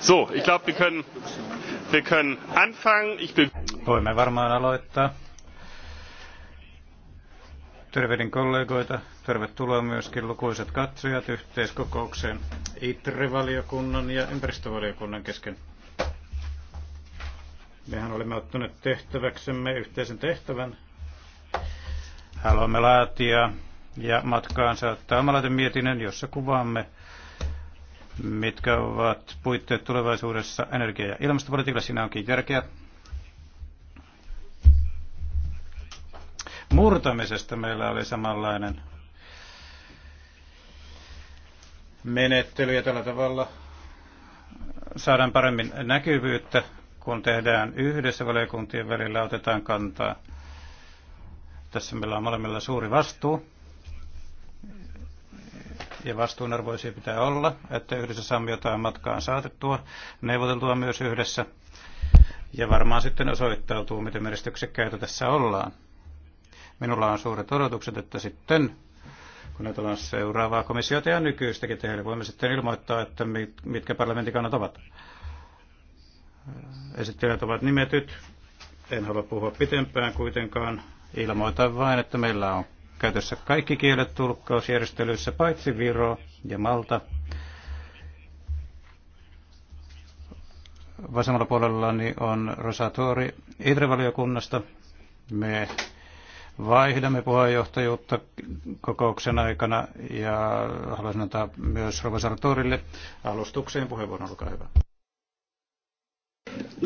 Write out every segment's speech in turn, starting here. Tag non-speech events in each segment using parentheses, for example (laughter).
So, ich glaube, wir können, wir können anfangen. Ich bin Voimme varmaan aloittaa. Tervehdin kollegoita. Tervetuloa myöskin lukuisat katsojat yhteiskokoukseen ITRE-valiokunnan ja ympäristövaliokunnan kesken. Mehän olemme ottaneet tehtäväksemme yhteisen tehtävän. Haluamme laatia ja matkaan saattaa omalaiten mietinnön, jossa kuvaamme mitkä ovat puitteet tulevaisuudessa energia- ja ilmastopolitiikalla. Siinä onkin järkeä. Murtamisesta meillä oli samanlainen menettely ja tällä tavalla saadaan paremmin näkyvyyttä, kun tehdään yhdessä valiokuntien välillä, otetaan kantaa. Tässä meillä on molemmilla suuri vastuu ja vastuunarvoisia pitää olla, että yhdessä saamme jotain matkaan saatettua, neuvoteltua myös yhdessä. Ja varmaan sitten osoittautuu, miten menestyksekkäitä tässä ollaan. Minulla on suuret odotukset, että sitten kun näitä on seuraavaa komissiota ja nykyistäkin teille, voimme sitten ilmoittaa, että mitkä parlamentin kannat ovat. Esittelijät ovat nimetyt. En halua puhua pitempään kuitenkaan. Ilmoitan vain, että meillä on käytössä kaikki kielet tulkkausjärjestelyissä, paitsi Viro ja Malta. Vasemmalla puolellani on Rosatori Itrevaliokunnasta. Me vaihdamme puheenjohtajuutta kokouksen aikana ja haluaisin antaa myös Rova Sartorille alustukseen puheenvuoron. Olkaa hyvä.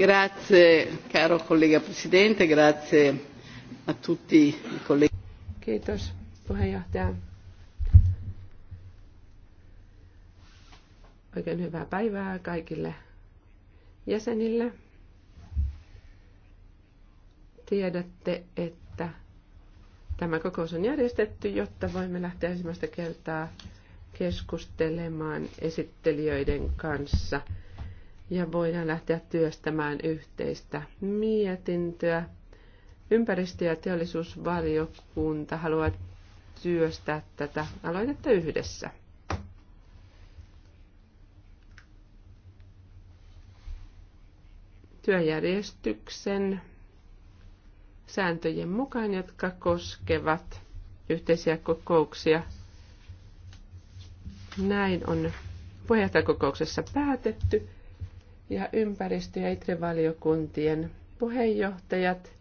Grazie, caro collega Presidente, grazie a tutti i colleghi. Kiitos puheenjohtaja. Oikein hyvää päivää kaikille jäsenille. Tiedätte, että tämä kokous on järjestetty, jotta voimme lähteä ensimmäistä kertaa keskustelemaan esittelijöiden kanssa ja voidaan lähteä työstämään yhteistä mietintöä Ympäristö- ja teollisuusvaliokunta haluaa työstää tätä aloitetta yhdessä. Työjärjestyksen sääntöjen mukaan, jotka koskevat yhteisiä kokouksia. Näin on puheenjohtajakokouksessa päätetty ja ympäristö- ja itrevaliokuntien puheenjohtajat –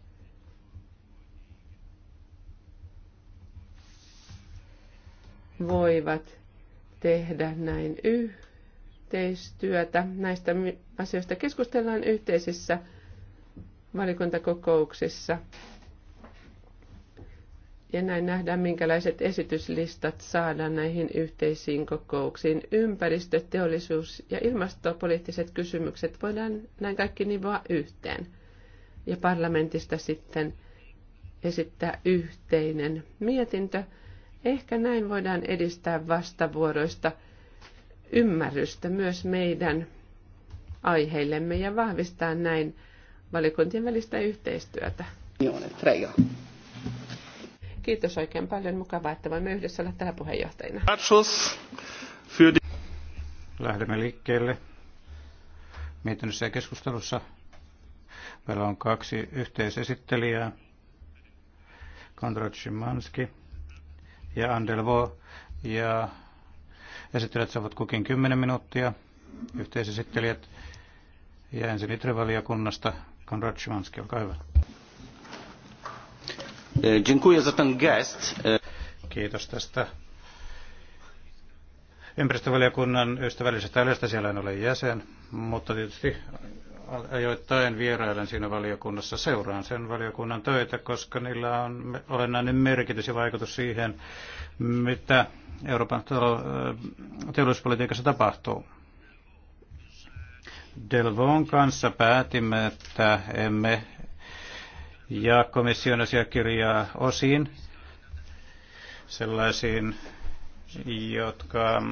voivat tehdä näin yhteistyötä. Näistä asioista keskustellaan yhteisissä valikuntakokouksissa. Ja näin nähdään, minkälaiset esityslistat saadaan näihin yhteisiin kokouksiin. Ympäristö, teollisuus ja ilmastopoliittiset kysymykset voidaan näin kaikki nivoa yhteen. Ja parlamentista sitten esittää yhteinen mietintö, Ehkä näin voidaan edistää vastavuoroista ymmärrystä myös meidän aiheillemme ja vahvistaa näin valikuntien välistä yhteistyötä. Kiitos oikein paljon. Mukavaa, että voimme yhdessä olla täällä puheenjohtajina. Lähdemme liikkeelle mietinnössä ja keskustelussa. Meillä on kaksi yhteisesittelijää. Kondrat Szymanski ja Andelvo ja esittelijät saavat kukin 10 minuuttia, yhteisesittelijät ja ensin itre Konrad Szymanski, olkaa hyvä. Dziękuję za ten gest. Kiitos tästä ympäristövaliokunnan ystävällisestä älystä, Siellä en ole jäsen, mutta tietysti ajoittain vierailen siinä valiokunnassa. Seuraan sen valiokunnan töitä, koska niillä on olennainen merkitys ja vaikutus siihen, mitä Euroopan teollisuuspolitiikassa tapahtuu. Delvon kanssa päätimme, että emme jaa komission asiakirjaa osiin sellaisiin, jotka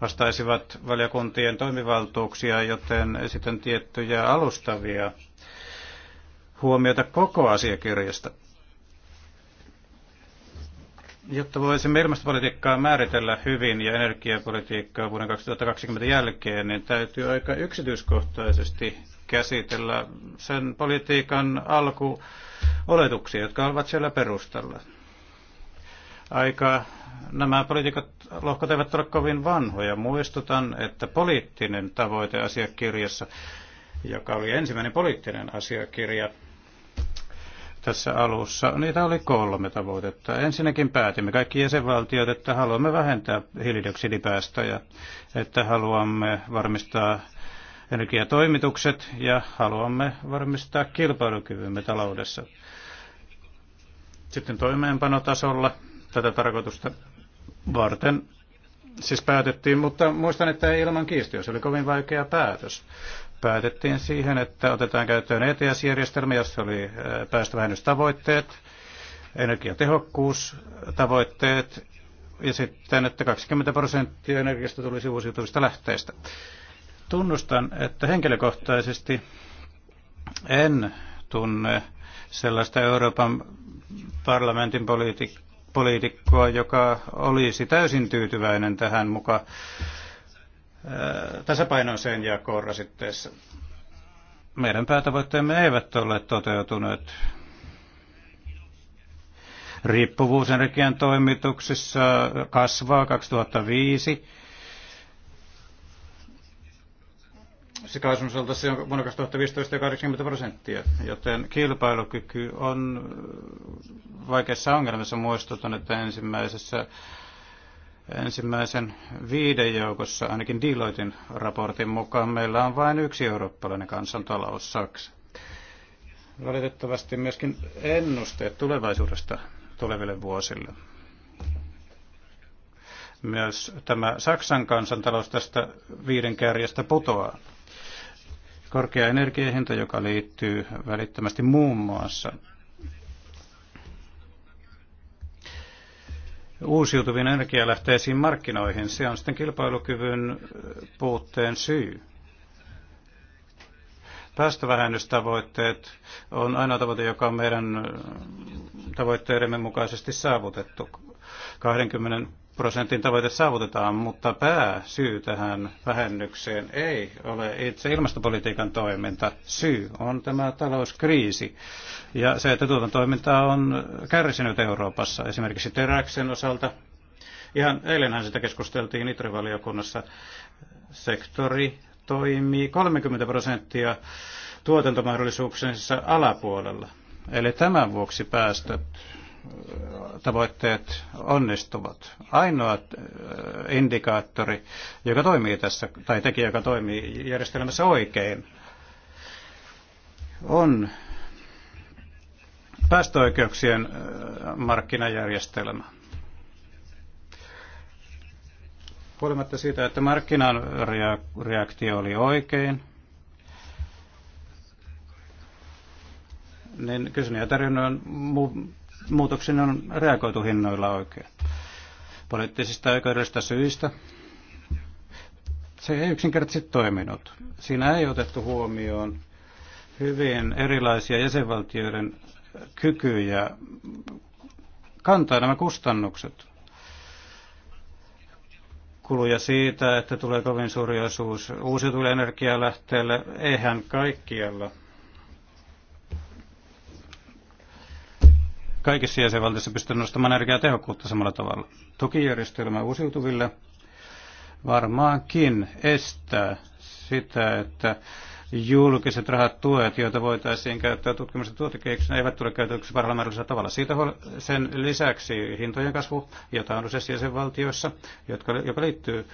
vastaisivat valiokuntien toimivaltuuksia, joten esitän tiettyjä alustavia huomioita koko asiakirjasta. Jotta voisimme ilmastopolitiikkaa määritellä hyvin ja energiapolitiikkaa vuoden 2020 jälkeen, niin täytyy aika yksityiskohtaisesti käsitellä sen politiikan alkuoletuksia, jotka ovat siellä perustalla. Aika nämä poliitikot lohkot eivät ole kovin vanhoja. Muistutan, että poliittinen tavoite asiakirjassa, joka oli ensimmäinen poliittinen asiakirja tässä alussa, niitä oli kolme tavoitetta. Ensinnäkin päätimme kaikki jäsenvaltiot, että haluamme vähentää hiilidioksidipäästöjä, että haluamme varmistaa energiatoimitukset ja haluamme varmistaa kilpailukyvymme taloudessa. Sitten toimeenpanotasolla tätä tarkoitusta varten siis päätettiin, mutta muistan, että ei ilman kiistiä, Se oli kovin vaikea päätös. Päätettiin siihen, että otetaan käyttöön ETS-järjestelmä, jossa oli äh, päästövähennystavoitteet, energiatehokkuustavoitteet ja sitten, että 20 prosenttia energiasta tulisi uusiutuvista lähteistä. Tunnustan, että henkilökohtaisesti en tunne sellaista Euroopan parlamentin politiikkaa poliitikkoa, joka olisi täysin tyytyväinen tähän mukaan äh, tasapainoiseen jakoon rasitteessa. Meidän päätavoitteemme eivät ole toteutuneet. Riippuvuus energian toimituksissa kasvaa 2005 se kaasun osalta se on vuonna 2015 80 prosenttia, joten kilpailukyky on äh, vaikeassa ongelmassa. Muistutan, että ensimmäisessä ensimmäisen viiden joukossa, ainakin Deloitin raportin mukaan, meillä on vain yksi eurooppalainen kansantalous, Saksa. Valitettavasti myöskin ennusteet tulevaisuudesta tuleville vuosille. Myös tämä Saksan kansantalous tästä viiden kärjestä putoaa. Korkea energiahinta, joka liittyy välittömästi muun muassa uusiutuviin energialähteisiin markkinoihin. Se on sitten kilpailukyvyn puutteen syy. Päästövähennystavoitteet on ainoa tavoite, joka on meidän tavoitteidemme mukaisesti saavutettu. 20 prosentin tavoite saavutetaan, mutta pääsyy tähän vähennykseen ei ole itse ilmastopolitiikan toiminta. Syy on tämä talouskriisi ja se, että tuotantoiminta on kärsinyt Euroopassa, esimerkiksi teräksen osalta. Ihan eilenhän sitä keskusteltiin Itrivaliokunnassa. Sektori toimii 30 prosenttia tuotantomahdollisuuksensa alapuolella. Eli tämän vuoksi päästöt tavoitteet onnistuvat. Ainoa äh, indikaattori, joka toimii tässä, tai tekijä, joka toimii järjestelmässä oikein, on päästöoikeuksien äh, markkinajärjestelmä. Huolimatta siitä, että markkinan reaktio oli oikein, niin kysyn ja tarjonnan muutoksen on reagoitu hinnoilla oikein. Poliittisista ja oikeudellisista syistä se ei yksinkertaisesti toiminut. Siinä ei otettu huomioon hyvin erilaisia jäsenvaltioiden kykyjä kantaa nämä kustannukset. Kuluja siitä, että tulee kovin suuri osuus uusiutuville energialähteille, eihän kaikkialla – kaikissa jäsenvaltioissa pystyä nostamaan energiatehokkuutta samalla tavalla. Tukijärjestelmä uusiutuville varmaankin estää sitä, että julkiset rahat tuet, joita voitaisiin käyttää tutkimus- ja tuotekehityksenä, eivät tule käytetyksi parhaalla mahdollisella tavalla. Siitä sen lisäksi hintojen kasvu, jota on useissa jäsenvaltioissa, jotka, joka liittyy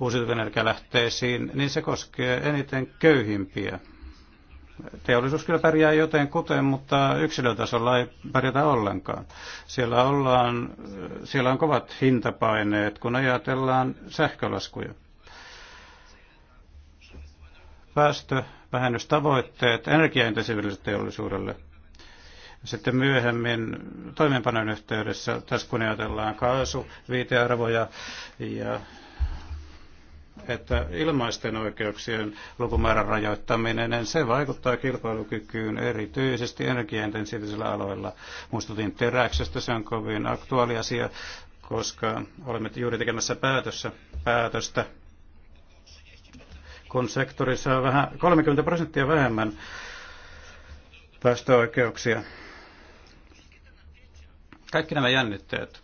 uusiutuvien energialähteisiin, niin se koskee eniten köyhimpiä Teollisuus kyllä pärjää joten kuten, mutta yksilötasolla ei pärjätä ollenkaan. Siellä, ollaan, siellä on kovat hintapaineet, kun ajatellaan sähkölaskuja. Päästövähennystavoitteet energiaintensiiviselle teollisuudelle sitten myöhemmin toimeenpanon yhteydessä, tässä kun ajatellaan kaasu, viitearvoja ja että ilmaisten oikeuksien lukumäärän rajoittaminen, se vaikuttaa kilpailukykyyn erityisesti energiaintensiivisillä aloilla. Muistutin teräksestä, se on kovin aktuaali asia, koska olemme juuri tekemässä päätössä, päätöstä, kun sektori saa vähän 30 prosenttia vähemmän päästöoikeuksia. Kaikki nämä jännitteet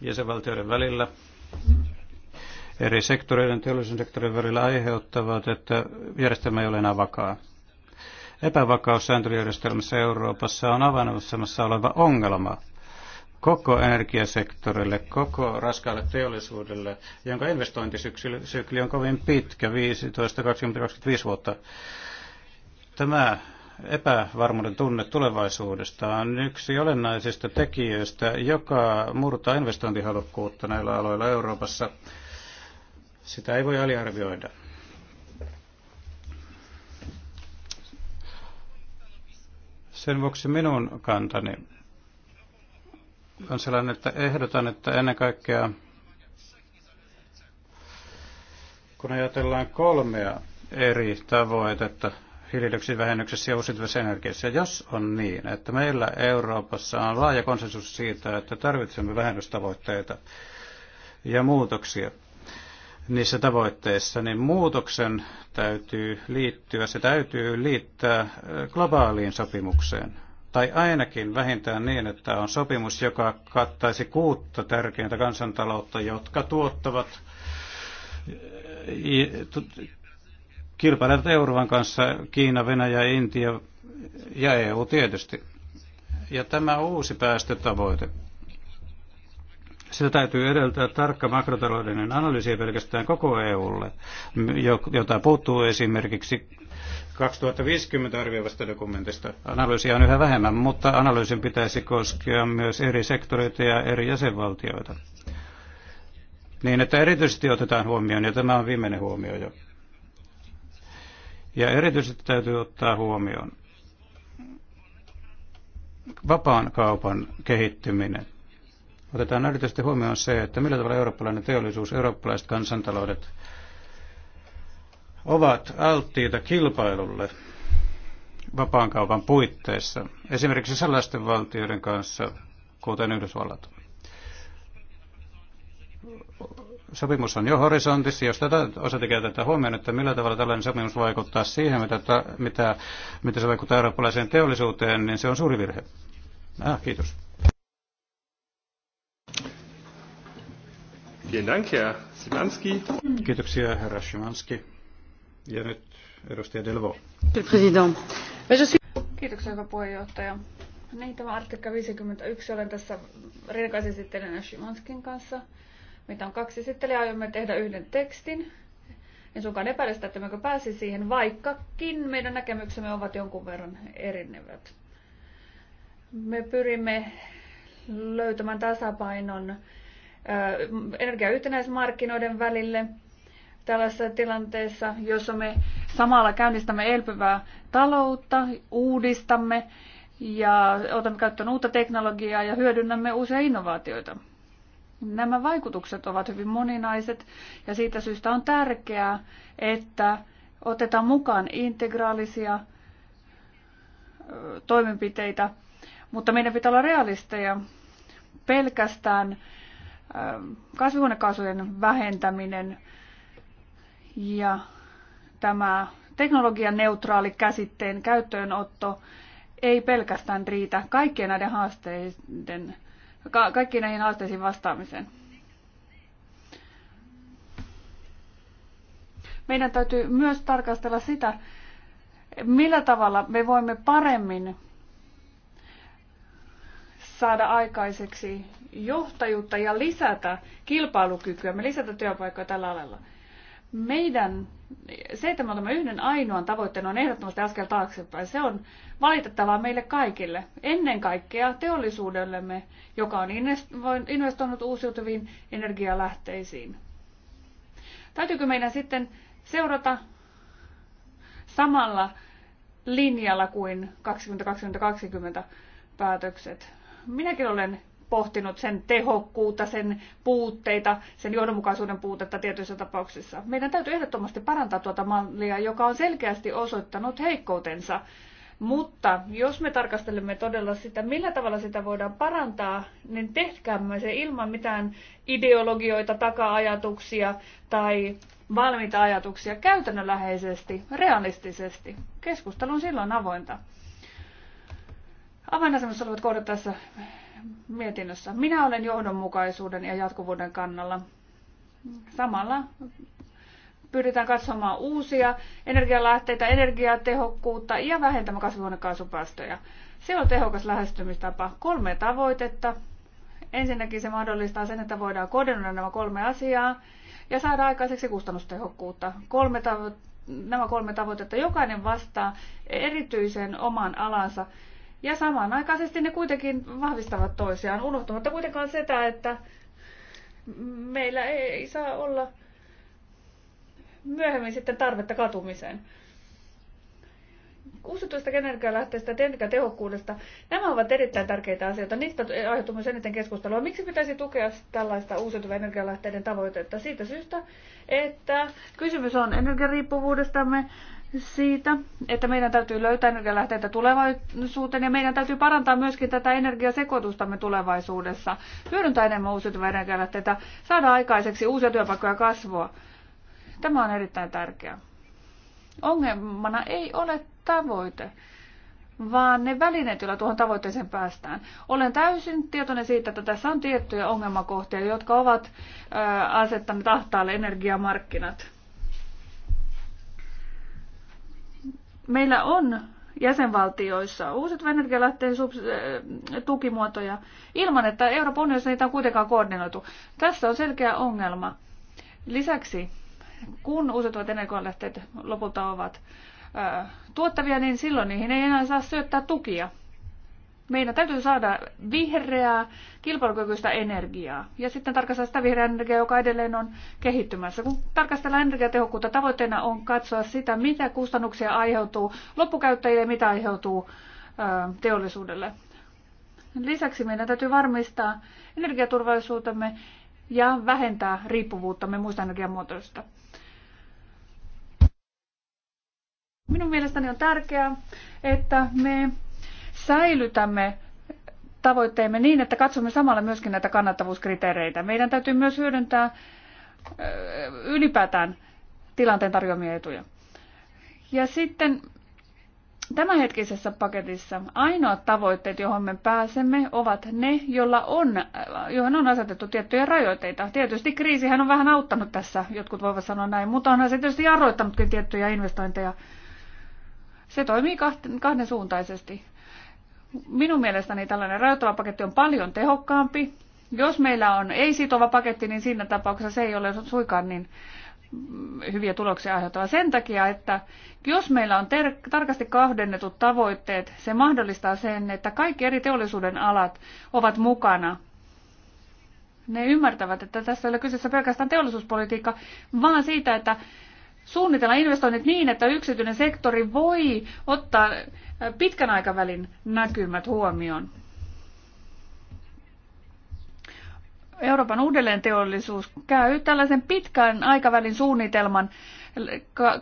jäsenvaltioiden välillä eri sektoreiden teollisuuden sektorin välillä aiheuttavat, että järjestelmä ei ole enää vakaa. Epävakaus sääntelyjärjestelmässä Euroopassa on avainasemassa oleva ongelma koko energiasektorille, koko raskaalle teollisuudelle, jonka investointisykli on kovin pitkä, 15, 20, 25 vuotta. Tämä epävarmuuden tunne tulevaisuudesta on yksi olennaisista tekijöistä, joka murtaa investointihalukkuutta näillä aloilla Euroopassa sitä ei voi aliarvioida. Sen vuoksi minun kantani on sellainen, että ehdotan, että ennen kaikkea kun ajatellaan kolmea eri tavoitetta hiilidioksidivähennyksessä ja uusiutuvassa energiassa, jos on niin, että meillä Euroopassa on laaja konsensus siitä, että tarvitsemme vähennystavoitteita ja muutoksia – niissä tavoitteissa, niin muutoksen täytyy liittyä, se täytyy liittää äh, globaaliin sopimukseen. Tai ainakin vähintään niin, että on sopimus, joka kattaisi kuutta tärkeintä kansantaloutta, jotka tuottavat äh, kilpailevat Euroopan kanssa Kiina, Venäjä, Intia ja EU tietysti. Ja tämä uusi päästötavoite sitä täytyy edeltää tarkka makrotaloudellinen analyysi pelkästään koko EUlle, jota puuttuu esimerkiksi 2050 arvioivasta dokumentista. Analyysiä on yhä vähemmän, mutta analyysin pitäisi koskea myös eri sektoreita ja eri jäsenvaltioita. Niin, että erityisesti otetaan huomioon, ja tämä on viimeinen huomio jo. Ja erityisesti täytyy ottaa huomioon vapaan kaupan kehittyminen Otetaan erityisesti huomioon se, että millä tavalla eurooppalainen teollisuus, eurooppalaiset kansantaloudet ovat alttiita kilpailulle vapaan kaupan puitteissa, esimerkiksi sellaisten valtioiden kanssa, kuten Yhdysvallat. Sopimus on jo horisontissa, jos tätä tekee tätä huomioon, että millä tavalla tällainen sopimus vaikuttaa siihen, mitä, mitä, mitä se vaikuttaa eurooppalaiseen teollisuuteen, niin se on suuri virhe. Ah, kiitos. Vielen Dank, Herr Simanski. Kiitoksia, herra Simanski. Ja nyt edustaja Kiitoksia, hyvä puheenjohtaja. Niin, tämä artikka 51. Olen tässä rinnakaisesittelijänä Shimanskin kanssa. Mitä on kaksi esittelijää, aiomme tehdä yhden tekstin. En suinkaan epäile sitä, että mekö pääsi siihen, vaikkakin meidän näkemyksemme ovat jonkun verran erinevät. Me pyrimme löytämään tasapainon energiayhtenäismarkkinoiden välille tällaisessa tilanteessa, jossa me samalla käynnistämme elpyvää taloutta, uudistamme ja otamme käyttöön uutta teknologiaa ja hyödynnämme uusia innovaatioita. Nämä vaikutukset ovat hyvin moninaiset ja siitä syystä on tärkeää, että otetaan mukaan integraalisia toimenpiteitä, mutta meidän pitää olla realisteja. Pelkästään kasvihuonekaasujen vähentäminen ja tämä teknologianeutraali käsitteen käyttöönotto ei pelkästään riitä kaikkien näiden haasteiden, ka- kaikkiin näihin haasteisiin vastaamiseen. Meidän täytyy myös tarkastella sitä, millä tavalla me voimme paremmin saada aikaiseksi johtajuutta ja lisätä kilpailukykyä, me lisätä työpaikkoja tällä alalla. Meidän, se, että me olemme yhden ainoan tavoitteen, on ehdottomasti askel taaksepäin. Se on valitettavaa meille kaikille. Ennen kaikkea teollisuudellemme, joka on investoinut uusiutuviin energialähteisiin. Täytyykö meidän sitten seurata samalla linjalla kuin 2020-2020 päätökset? Minäkin olen pohtinut sen tehokkuutta, sen puutteita, sen johdonmukaisuuden puutetta tietyissä tapauksissa. Meidän täytyy ehdottomasti parantaa tuota mallia, joka on selkeästi osoittanut heikkoutensa. Mutta jos me tarkastelemme todella sitä, millä tavalla sitä voidaan parantaa, niin tehkäämme se ilman mitään ideologioita, taka-ajatuksia tai valmiita ajatuksia käytännönläheisesti, realistisesti. Keskustelu on silloin avointa. Avainasemassa olevat kohdat tässä mietinnössä. Minä olen johdonmukaisuuden ja jatkuvuuden kannalla. Samalla pyritään katsomaan uusia energialähteitä, energiatehokkuutta ja vähentämään kasvihuonekaasupäästöjä. Se on tehokas lähestymistapa. Kolme tavoitetta. Ensinnäkin se mahdollistaa sen, että voidaan koordinoida nämä kolme asiaa ja saada aikaiseksi kustannustehokkuutta. Kolme tavo- nämä kolme tavoitetta. Jokainen vastaa erityisen oman alansa ja samanaikaisesti ne kuitenkin vahvistavat toisiaan, unohtamatta kuitenkaan sitä, että meillä ei saa olla myöhemmin sitten tarvetta katumiseen. Uusiutuista energialähteistä ja tehokkuudesta, Nämä ovat erittäin tärkeitä asioita. Niistä aiheutuu myös eniten keskustelua. Miksi pitäisi tukea tällaista uusiutuvien energialähteiden tavoitetta? Siitä syystä, että kysymys on energiariippuvuudestamme, siitä, että meidän täytyy löytää energialähteitä tulevaisuuteen ja meidän täytyy parantaa myöskin tätä energiasekoitustamme tulevaisuudessa, hyödyntää enemmän uusiutuvia energialähteitä, saada aikaiseksi uusia työpaikkoja kasvua. Tämä on erittäin tärkeää. Ongelmana ei ole tavoite, vaan ne välineet, joilla tuohon tavoitteeseen päästään. Olen täysin tietoinen siitä, että tässä on tiettyjä ongelmakohtia, jotka ovat asettaneet ahtaalle energiamarkkinat Meillä on jäsenvaltioissa uusiutuvan energialähteen äh, tukimuotoja ilman, että Euroopan unionissa niitä on kuitenkaan koordinoitu. Tässä on selkeä ongelma. Lisäksi, kun uusiutuvat energialähteet lopulta ovat äh, tuottavia, niin silloin niihin ei enää saa syöttää tukia. Meidän täytyy saada vihreää, kilpailukykyistä energiaa ja sitten tarkastella sitä vihreää energiaa, joka edelleen on kehittymässä. Kun tarkastellaan energiatehokkuutta, tavoitteena on katsoa sitä, mitä kustannuksia aiheutuu loppukäyttäjille ja mitä aiheutuu teollisuudelle. Lisäksi meidän täytyy varmistaa energiaturvallisuutemme ja vähentää riippuvuuttamme muista energiamuotoista. Minun mielestäni on tärkeää, että me säilytämme tavoitteemme niin, että katsomme samalla myöskin näitä kannattavuuskriteereitä. Meidän täytyy myös hyödyntää ylipäätään tilanteen tarjoamia etuja. Ja sitten tämänhetkisessä paketissa ainoat tavoitteet, johon me pääsemme, ovat ne, joilla on, johon on asetettu tiettyjä rajoitteita. Tietysti kriisihän on vähän auttanut tässä, jotkut voivat sanoa näin, mutta onhan se tietysti jarroittanutkin tiettyjä investointeja. Se toimii kahden, suuntaisesti. Minun mielestäni tällainen rajoittava paketti on paljon tehokkaampi. Jos meillä on ei-sitova paketti, niin siinä tapauksessa se ei ole suikaan niin mm, hyviä tuloksia aiheuttava sen takia, että jos meillä on ter- tarkasti kahdennetut tavoitteet, se mahdollistaa sen, että kaikki eri teollisuuden alat ovat mukana. Ne ymmärtävät, että tässä ei ole kyseessä pelkästään teollisuuspolitiikka, vaan siitä, että suunnitella investoinnit niin, että yksityinen sektori voi ottaa äh, pitkän aikavälin näkymät huomioon. Euroopan uudelleenteollisuus käy tällaisen pitkän aikavälin suunnitelman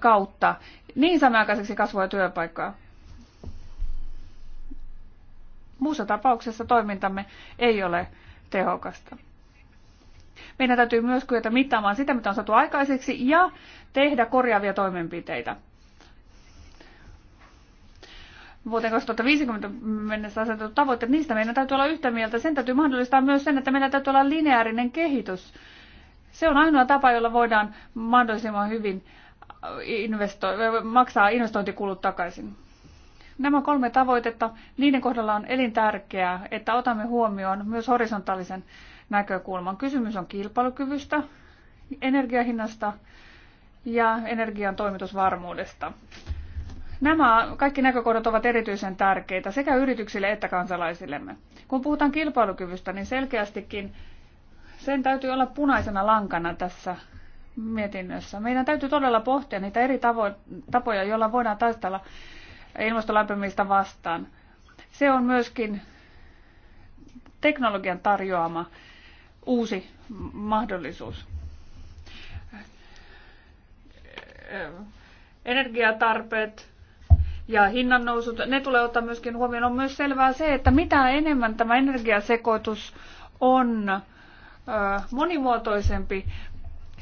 kautta niin samanaikaiseksi kasvua ja työpaikkaa. Muussa tapauksessa toimintamme ei ole tehokasta. Meidän täytyy myös kyetä mittaamaan sitä, mitä on saatu aikaiseksi ja tehdä korjaavia toimenpiteitä. Vuoteen 2050 mennessä asetetut tavoitteet, niistä meidän täytyy olla yhtä mieltä. Sen täytyy mahdollistaa myös sen, että meillä täytyy olla lineaarinen kehitys. Se on ainoa tapa, jolla voidaan mahdollisimman hyvin äh, investo- äh, maksaa investointikulut takaisin. Nämä kolme tavoitetta, niiden kohdalla on elintärkeää, että otamme huomioon myös horisontaalisen näkökulman. Kysymys on kilpailukyvystä, energiahinnasta ja energian toimitusvarmuudesta. Nämä kaikki näkökohdat ovat erityisen tärkeitä sekä yrityksille että kansalaisillemme. Kun puhutaan kilpailukyvystä, niin selkeästikin sen täytyy olla punaisena lankana tässä mietinnössä. Meidän täytyy todella pohtia niitä eri tavo- tapoja, joilla voidaan taistella ilmastolämpimistä vastaan. Se on myöskin teknologian tarjoama uusi mahdollisuus. Energiatarpeet ja hinnannousut, ne tulee ottaa myöskin huomioon. On myös selvää se, että mitä enemmän tämä energiasekoitus on monimuotoisempi,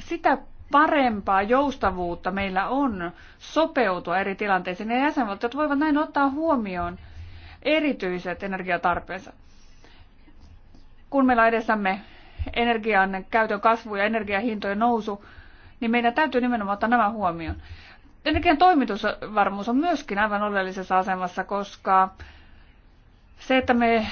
sitä parempaa joustavuutta meillä on sopeutua eri tilanteisiin. Ja jäsenvaltiot voivat näin ottaa huomioon erityiset energiatarpeensa. Kun meillä on edessämme energian käytön kasvu ja energiahintojen nousu, niin meidän täytyy nimenomaan ottaa nämä huomioon. Energian toimitusvarmuus on myöskin aivan oleellisessa asemassa, koska se, että me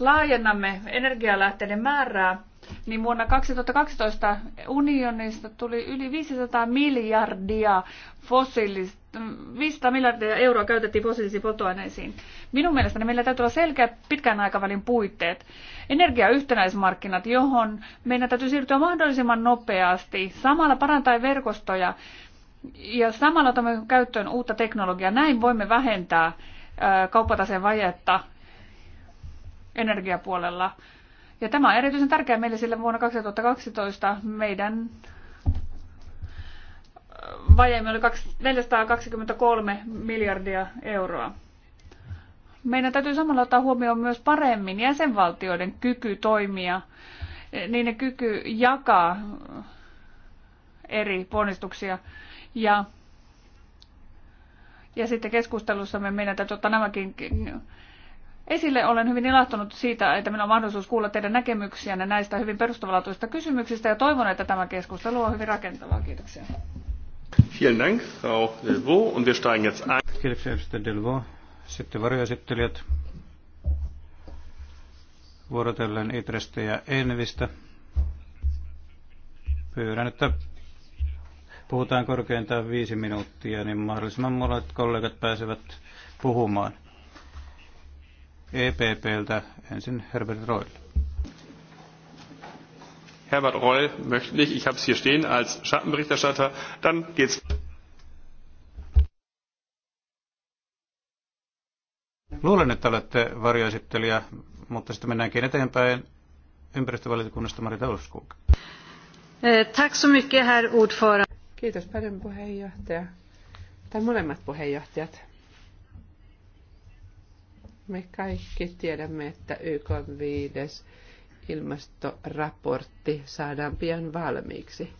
laajennamme energialähteiden määrää, niin vuonna 2012 unionista tuli yli 500 miljardia fossiilista, 500 miljardia euroa käytettiin fossiilisiin polttoaineisiin. Minun mielestäni meillä täytyy olla selkeät pitkän aikavälin puitteet. Energiayhtenäismarkkinat, johon meidän täytyy siirtyä mahdollisimman nopeasti, samalla parantaa verkostoja ja samalla otamme käyttöön uutta teknologiaa. Näin voimme vähentää kauppataseen vajetta energiapuolella ja tämä on erityisen tärkeää meille, sillä vuonna 2012 meidän äh, vajeemme oli 423 miljardia euroa. Meidän täytyy samalla ottaa huomioon myös paremmin jäsenvaltioiden kyky toimia, eh, ne kyky jakaa eri ponnistuksia. Ja, ja sitten keskustelussamme meidän täytyy ottaa nämäkin esille. Olen hyvin ilahtunut siitä, että minulla on mahdollisuus kuulla teidän näkemyksiänne näistä hyvin perustavanlaatuisista kysymyksistä ja toivon, että tämä keskustelu on hyvin rakentavaa. Kiitoksia. Vielen Dank, Frau Delvaux, und wir steigen jetzt ein. Kiitoksia, edustaja Delvaux. Sitten varjoesittelijät vuorotellen Itrestä ja Envistä. Pyydän, että puhutaan korkeintaan viisi minuuttia, niin mahdollisimman monet kollegat pääsevät puhumaan. EPPltä ensin Herbert Reul. Herbert Reul möchte nicht, ich habe es hier stehen als Schattenberichterstatter. Dann geht's. Luulen, että olette varjoesittelijä, mutta sitten mennäänkin eteenpäin ympäristövaliokunnasta Marita Ulfskog. Eh, tack så mycket, herr ordförande. Kiitos paljon puheenjohtaja. Tai molemmat puheenjohtajat. Me kaikki tiedämme, että YK viides ilmastoraportti saadaan pian valmiiksi.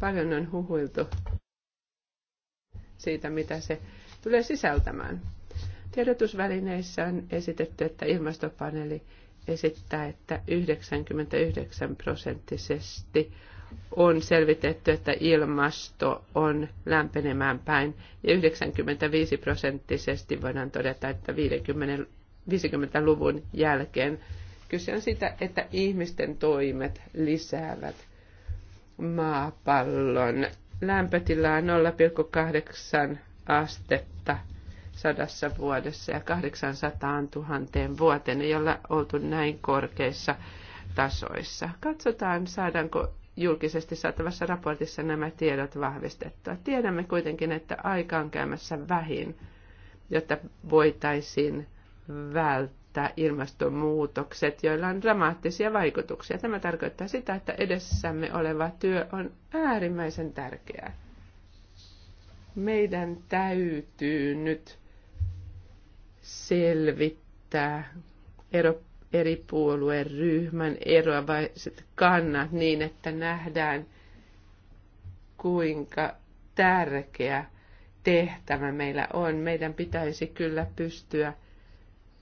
Paljon on huhuiltu siitä, mitä se tulee sisältämään. Tiedotusvälineissä on esitetty, että ilmastopaneeli esittää, että 99 prosenttisesti on selvitetty, että ilmasto on lämpenemään päin ja 95 prosenttisesti voidaan todeta, että 50, 50-luvun jälkeen kyse on sitä, että ihmisten toimet lisäävät maapallon lämpötilaa 0,8 astetta sadassa vuodessa ja 800 000 vuoteen, jolla oltu näin korkeissa tasoissa. Katsotaan, saadaanko julkisesti saatavassa raportissa nämä tiedot vahvistettua. Tiedämme kuitenkin, että aika on käymässä vähin, jotta voitaisiin välttää ilmastonmuutokset, joilla on dramaattisia vaikutuksia. Tämä tarkoittaa sitä, että edessämme oleva työ on äärimmäisen tärkeää. Meidän täytyy nyt selvittää ero eri ryhmän eroavaiset kannat niin, että nähdään kuinka tärkeä tehtävä meillä on. Meidän pitäisi kyllä pystyä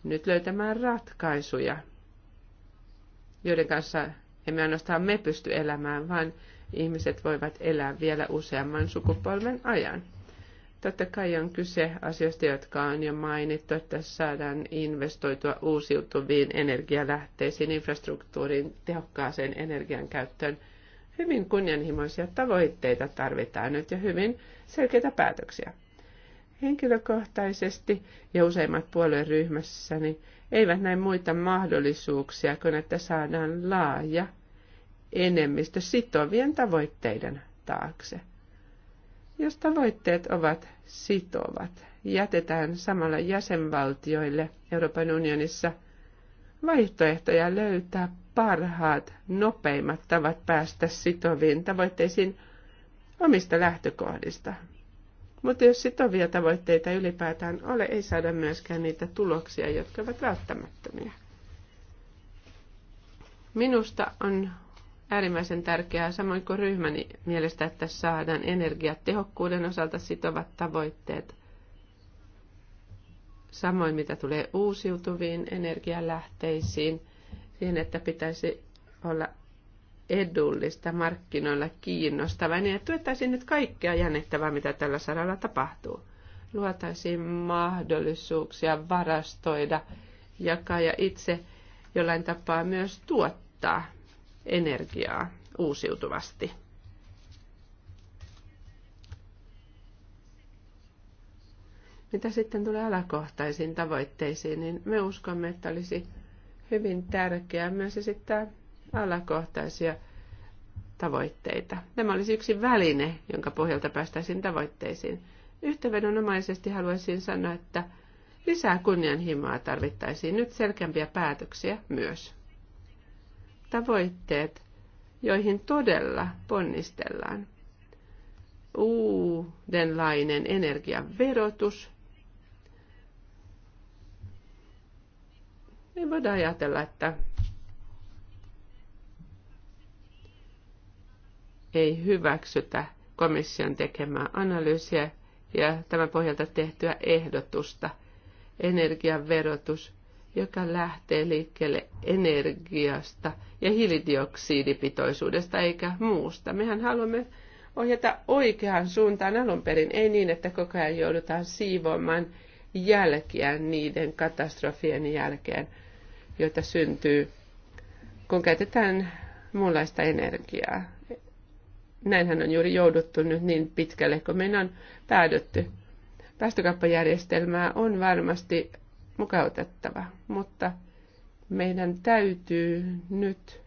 nyt löytämään ratkaisuja, joiden kanssa emme ainoastaan me pysty elämään, vaan ihmiset voivat elää vielä useamman sukupolven ajan. Totta kai on kyse asioista, jotka on jo mainittu, että saadaan investoitua uusiutuviin energialähteisiin, infrastruktuuriin, tehokkaaseen energian käyttöön. Hyvin kunnianhimoisia tavoitteita tarvitaan nyt ja hyvin selkeitä päätöksiä. Henkilökohtaisesti ja useimmat puolueryhmässäni eivät näin muita mahdollisuuksia kuin että saadaan laaja enemmistö sitovien tavoitteiden taakse jos tavoitteet ovat sitovat, jätetään samalla jäsenvaltioille Euroopan unionissa vaihtoehtoja löytää parhaat, nopeimmat tavat päästä sitoviin tavoitteisiin omista lähtökohdista. Mutta jos sitovia tavoitteita ylipäätään ole, ei saada myöskään niitä tuloksia, jotka ovat välttämättömiä. Minusta on äärimmäisen tärkeää, samoin kuin ryhmäni mielestä, että saadaan energiatehokkuuden osalta sitovat tavoitteet. Samoin mitä tulee uusiutuviin energialähteisiin, siihen, että pitäisi olla edullista markkinoilla kiinnostava, niin että tuettaisiin nyt kaikkea jännittävää, mitä tällä saralla tapahtuu. Luotaisiin mahdollisuuksia varastoida, jakaa ja itse jollain tapaa myös tuottaa energiaa uusiutuvasti. Mitä sitten tulee alakohtaisiin tavoitteisiin, niin me uskomme, että olisi hyvin tärkeää myös esittää alakohtaisia tavoitteita. Tämä olisi yksi väline, jonka pohjalta päästäisiin tavoitteisiin. Yhtävedonomaisesti haluaisin sanoa, että lisää kunnianhimoa tarvittaisiin nyt selkeämpiä päätöksiä myös tavoitteet, joihin todella ponnistellaan. Uudenlainen energiaverotus. Ei voida ajatella, että ei hyväksytä komission tekemää analyysiä ja tämän pohjalta tehtyä ehdotusta. Energiaverotus joka lähtee liikkeelle energiasta ja hiilidioksidipitoisuudesta eikä muusta. Mehän haluamme ohjata oikeaan suuntaan alun perin, ei niin, että koko ajan joudutaan siivoamaan jälkiä niiden katastrofien jälkeen, joita syntyy, kun käytetään muunlaista energiaa. Näinhän on juuri jouduttu nyt niin pitkälle, kun meidän on päädytty. Päästökauppajärjestelmää on varmasti mukautettava, mutta meidän täytyy nyt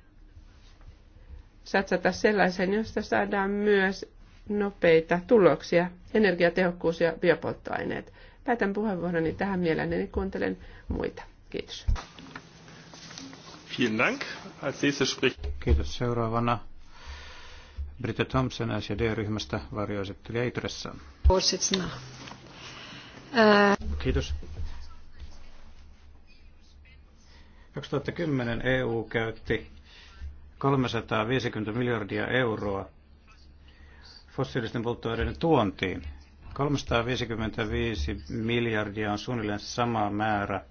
satsata sellaisen, josta saadaan myös nopeita tuloksia, energiatehokkuus ja biopolttoaineet. Päätän puheenvuoroni tähän mielelläni niin kuuntelen muita. Kiitos. Kiitos. Seuraavana Britta Thompson SJD-ryhmästä varjoesittelijä Itressa. Kiitos 2010 EU käytti 350 miljardia euroa fossiilisten polttoaineiden tuontiin. 355 miljardia on suunnilleen sama määrä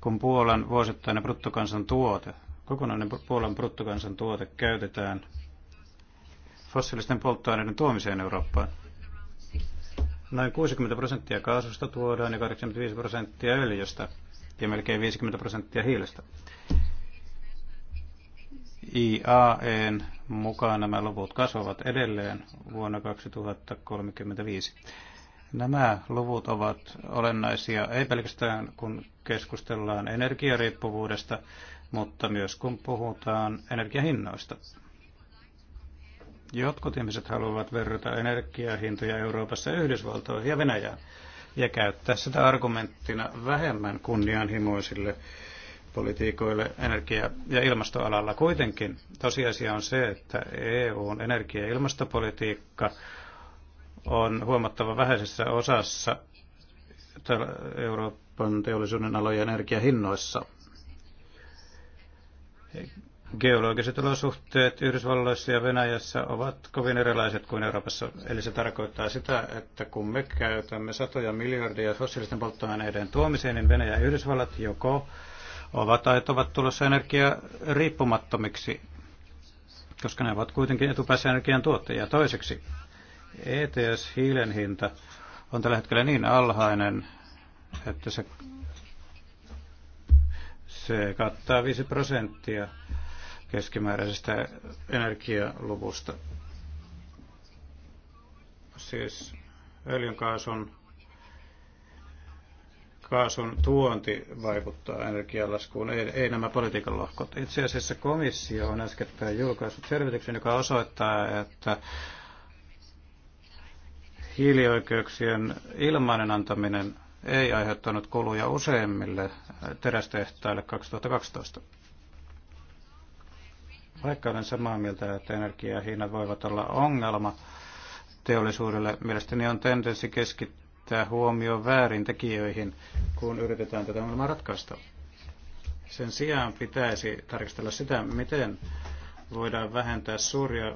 kuin Puolan vuosittainen bruttokansantuote. Kokonainen Puolan bruttokansantuote käytetään fossiilisten polttoaineiden tuomiseen Eurooppaan. Noin 60 prosenttia kaasusta tuodaan ja 85 prosenttia öljystä ja melkein 50 prosenttia hiilestä. IAEn mukaan nämä luvut kasvavat edelleen vuonna 2035. Nämä luvut ovat olennaisia ei pelkästään kun keskustellaan energiariippuvuudesta, mutta myös kun puhutaan energiahinnoista. Jotkut ihmiset haluavat verrata energiahintoja Euroopassa Yhdysvaltoihin ja Venäjään ja käyttää sitä argumenttina vähemmän kunnianhimoisille politiikoille energia- ja ilmastoalalla. Kuitenkin tosiasia on se, että EUn energia- ja ilmastopolitiikka on huomattava vähäisessä osassa Euroopan teollisuuden alojen energiahinnoissa geologiset olosuhteet Yhdysvalloissa ja Venäjässä ovat kovin erilaiset kuin Euroopassa. Eli se tarkoittaa sitä, että kun me käytämme satoja miljardia fossiilisten polttoaineiden tuomiseen, niin Venäjä ja Yhdysvallat joko ovat tai ovat tulossa energia riippumattomiksi, koska ne ovat kuitenkin etupäässä energian tuottajia. Toiseksi, ETS-hiilen hinta on tällä hetkellä niin alhainen, että se, se kattaa 5 prosenttia keskimääräisestä energialuvusta. Siis öljynkaasun kaasun tuonti vaikuttaa energialaskuun, ei, ei nämä politiikan lohkot. Itse asiassa komissio on äskettäin julkaissut selvityksen, joka osoittaa, että hiilioikeuksien ilmainen antaminen ei aiheuttanut kuluja useimmille terästehtaille 2012. Vaikka olen samaa mieltä, että energiahinnat voivat olla ongelma teollisuudelle, mielestäni on tendenssi keskittää huomio väärin tekijöihin, kun yritetään tätä ongelmaa ratkaista. Sen sijaan pitäisi tarkastella sitä, miten voidaan vähentää suuria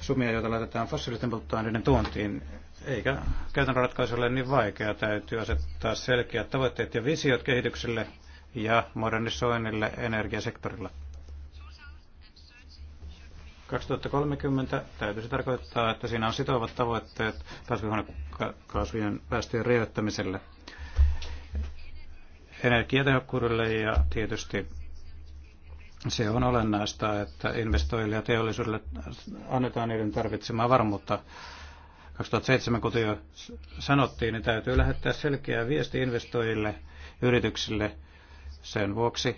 sumia, joita laitetaan fossiilisten polttoaineiden tuontiin, eikä käytännön ratkaisu ole niin vaikea. Täytyy asettaa selkeät tavoitteet ja visiot kehitykselle ja modernisoinnille energiasektorilla. 2030 täytyisi tarkoittaa, että siinä on sitovat tavoitteet kasvihuonekaasujen päästöjen rajoittamiselle, energiatehokkuudelle ja tietysti se on olennaista, että investoijille ja teollisuudelle annetaan niiden tarvitsemaa varmuutta. 2007, kuten jo sanottiin, niin täytyy lähettää selkeä viesti investoijille, yrityksille – sen vuoksi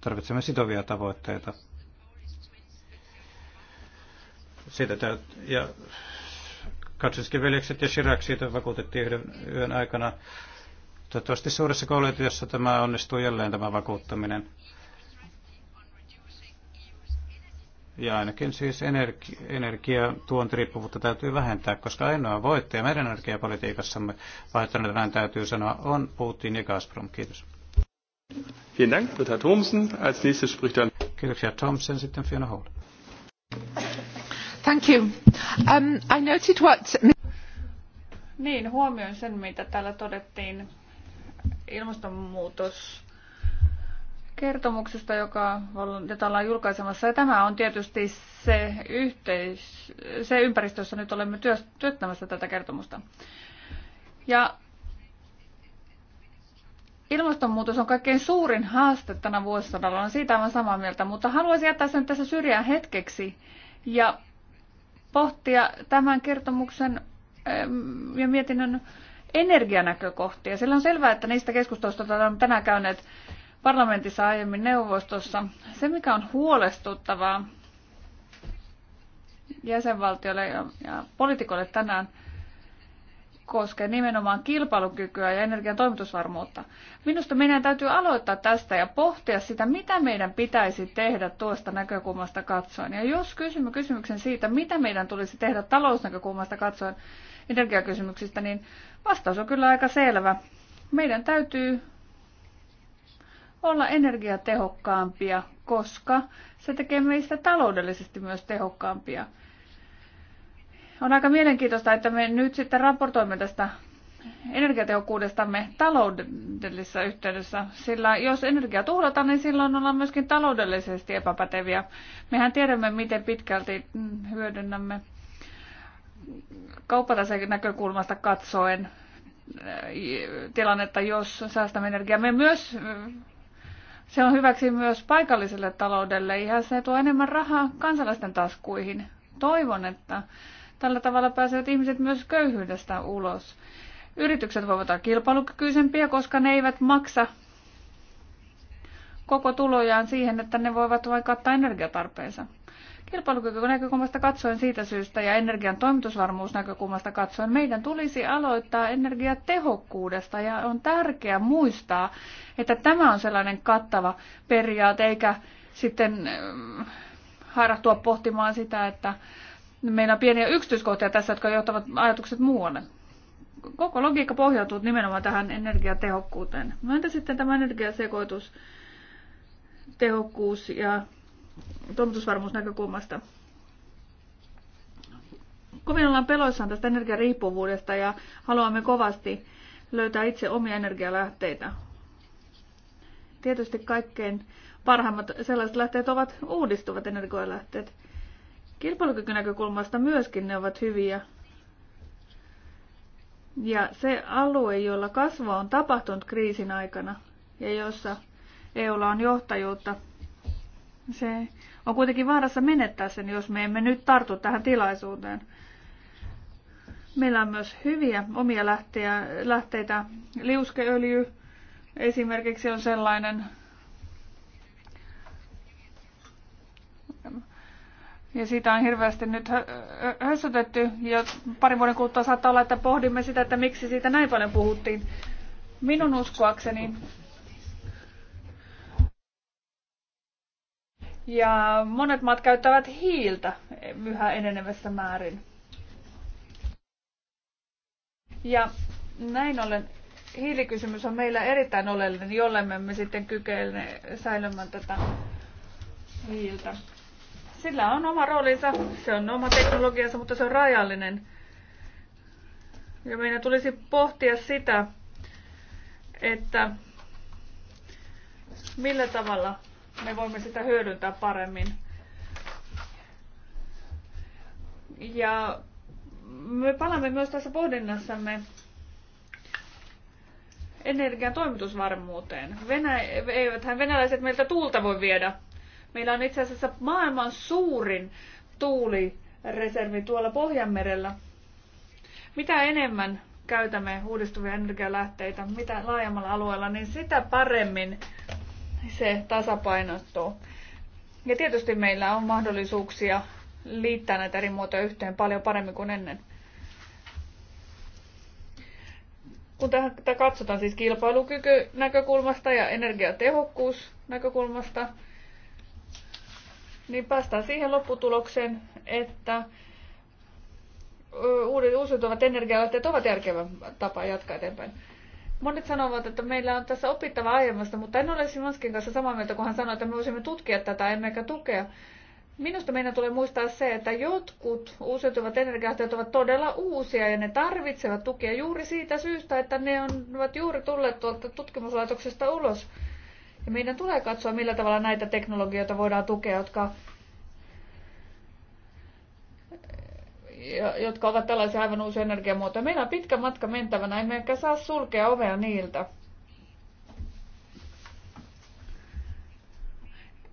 tarvitsemme sitovia tavoitteita. Siitä ja Katsiskin veljekset ja Shirak siitä vakuutettiin yhden yön aikana. Toivottavasti suuressa koulutuksessa tämä onnistuu jälleen tämä vakuuttaminen. Ja ainakin siis energi- energiatuontiriippuvuutta täytyy vähentää, koska ainoa voittaja meidän energiapolitiikassamme, vaihtoehtoinen näin täytyy sanoa, on Putin ja Gazprom. Kiitos. Vielen Dank, Britta Thomsen. Als nächstes spricht dann... Kiitoksia Thomsen, sitten Fiona Hall. Thank you. Um, I noted what... Niin, huomioin sen, mitä täällä todettiin. Ilmastonmuutos kertomuksesta, joka, jota ollaan julkaisemassa. Ja tämä on tietysti se, yhteis, se ympäristö, jossa nyt olemme työttämässä tätä kertomusta. Ja Ilmastonmuutos on kaikkein suurin haaste tänä vuosisadalla, on siitä aivan samaa mieltä, mutta haluaisin jättää sen tässä syrjään hetkeksi ja pohtia tämän kertomuksen ja mietinnön energianäkökohtia. Sillä on selvää, että niistä keskustelusta olemme tänään käyneet parlamentissa aiemmin neuvostossa. Se, mikä on huolestuttavaa jäsenvaltioille ja, ja poliitikoille tänään, koskee nimenomaan kilpailukykyä ja energian toimitusvarmuutta. Minusta meidän täytyy aloittaa tästä ja pohtia sitä, mitä meidän pitäisi tehdä tuosta näkökulmasta katsoen. Ja jos kysymme kysymyksen siitä, mitä meidän tulisi tehdä talousnäkökulmasta katsoen energiakysymyksistä, niin vastaus on kyllä aika selvä. Meidän täytyy olla energiatehokkaampia, koska se tekee meistä taloudellisesti myös tehokkaampia. On aika mielenkiintoista, että me nyt sitten raportoimme tästä energiatehokkuudestamme taloudellisessa yhteydessä, sillä jos energiaa tuhlataan, niin silloin ollaan myöskin taloudellisesti epäpäteviä. Mehän tiedämme, miten pitkälti hyödynnämme kauppataseen näkökulmasta katsoen eh, tilannetta, jos säästämme energiaa. Me myös se on hyväksi myös paikalliselle taloudelle ja se tuo enemmän rahaa kansalaisten taskuihin. Toivon, että tällä tavalla pääsevät ihmiset myös köyhyydestä ulos. Yritykset voivat olla kilpailukykyisempiä, koska ne eivät maksa koko tulojaan siihen, että ne voivat vaikka ottaa energiatarpeensa. Kilpailukykynäkökulmasta katsoen siitä syystä ja energian toimitusvarmuusnäkökulmasta katsoen meidän tulisi aloittaa energiatehokkuudesta ja on tärkeää muistaa, että tämä on sellainen kattava periaate eikä sitten ähm, hairahtua pohtimaan sitä, että meillä on pieniä yksityiskohtia tässä, jotka johtavat ajatukset muualle. Koko logiikka pohjautuu nimenomaan tähän energiatehokkuuteen. No entä sitten tämä energiasekoitus, tehokkuus ja toimitusvarmuusnäkökulmasta. Kovin ollaan peloissaan tästä energiariippuvuudesta ja haluamme kovasti löytää itse omia energialähteitä. Tietysti kaikkein parhaimmat sellaiset lähteet ovat uudistuvat energialähteet. Kilpailukykynäkökulmasta myöskin ne ovat hyviä. Ja se alue, jolla kasvua on tapahtunut kriisin aikana ja jossa EUlla on johtajuutta, se on kuitenkin vaarassa menettää sen, jos me emme nyt tartu tähän tilaisuuteen. Meillä on myös hyviä omia lähteä, lähteitä. Liuskeöljy esimerkiksi on sellainen. Ja siitä on hirveästi nyt hössötetty ja parin vuoden kuluttua saattaa olla, että pohdimme sitä, että miksi siitä näin paljon puhuttiin. Minun uskoakseni Ja monet maat käyttävät hiiltä yhä enenevässä määrin. Ja näin ollen hiilikysymys on meillä erittäin oleellinen, jolle me emme sitten kykene säilymään tätä hiiltä. Sillä on oma roolinsa, se on oma teknologiansa, mutta se on rajallinen. Ja meidän tulisi pohtia sitä, että millä tavalla me voimme sitä hyödyntää paremmin. Ja me palaamme myös tässä pohdinnassamme energian toimitusvarmuuteen. Venä- eiväthän venäläiset meiltä tuulta voi viedä. Meillä on itse asiassa maailman suurin tuulireservi tuolla Pohjanmerellä. Mitä enemmän käytämme uudistuvia energialähteitä, mitä laajemmalla alueella, niin sitä paremmin se tasapainottuu. Ja tietysti meillä on mahdollisuuksia liittää näitä eri muotoja yhteen paljon paremmin kuin ennen. Kun tätä katsotaan siis kilpailukyky näkökulmasta ja energiatehokkuus näkökulmasta, niin päästään siihen lopputulokseen, että uudet uusiutuvat energialähteet ovat järkevä tapa jatkaa eteenpäin. Monet sanovat, että meillä on tässä opittava aiemmasta, mutta en ole Simonskin kanssa samaa mieltä, kun hän sanoi, että me voisimme tutkia tätä emmekä tukea. Minusta meidän tulee muistaa se, että jotkut uusiutuvat energialähteet ovat todella uusia ja ne tarvitsevat tukea juuri siitä syystä, että ne ovat juuri tulleet tuolta tutkimuslaitoksesta ulos. Ja meidän tulee katsoa, millä tavalla näitä teknologioita voidaan tukea, jotka jotka ovat tällaisia aivan uusia energiamuotoja. Meillä on pitkä matka mentävänä, ehkä saa sulkea ovea niiltä.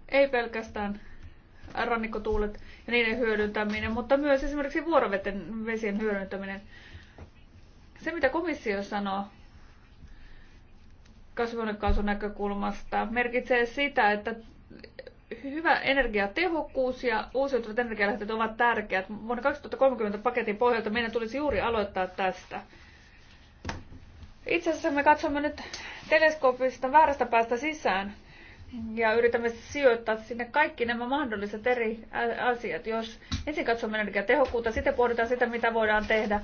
Ei pelkästään rannikkotuulet ja niiden hyödyntäminen, mutta myös esimerkiksi vesien hyödyntäminen. Se, mitä komissio sanoo kasvihuonekaasun näkökulmasta, merkitsee sitä, että hyvä energiatehokkuus ja uusiutuvat energialähteet ovat tärkeät. Vuonna 2030 paketin pohjalta meidän tulisi juuri aloittaa tästä. Itse asiassa me katsomme nyt teleskoopista väärästä päästä sisään ja yritämme sijoittaa sinne kaikki nämä mahdolliset eri asiat. Jos ensin katsomme energiatehokkuutta, sitten pohditaan sitä, mitä voidaan tehdä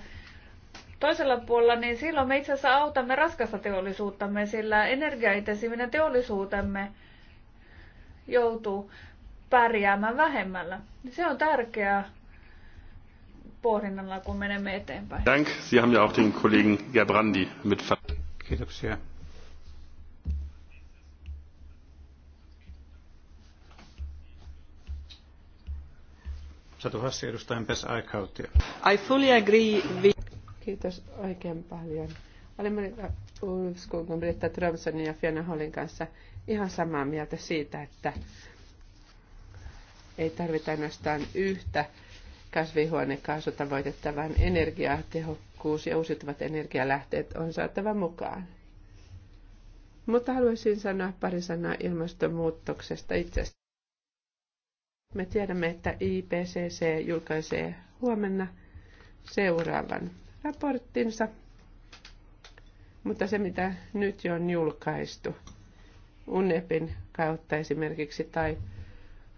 toisella puolella, niin silloin me itse asiassa autamme raskasta teollisuuttamme, sillä energiaintensiivinen teollisuutemme joutuu pärjäämään vähemmällä. Se on tärkeää pohdinnalla, kun menemme eteenpäin. Dank. Sie haben ja auch den Kollegen Gerbrandi mit Kiitoksia. Satu edustajan Pes I fully agree with... Kiitos oikein paljon. Olemme äh, Uskoon Britta Tromsonin ja Fiona Hallin kanssa ihan samaa mieltä siitä, että ei tarvita ainoastaan yhtä kasvihuonekaasutavoitetta, vaan energiatehokkuus ja uusiutuvat energialähteet on saatava mukaan. Mutta haluaisin sanoa pari sanaa ilmastonmuutoksesta itsestä. Me tiedämme, että IPCC julkaisee huomenna seuraavan raporttinsa, mutta se mitä nyt jo on julkaistu – UNEPin kautta esimerkiksi tai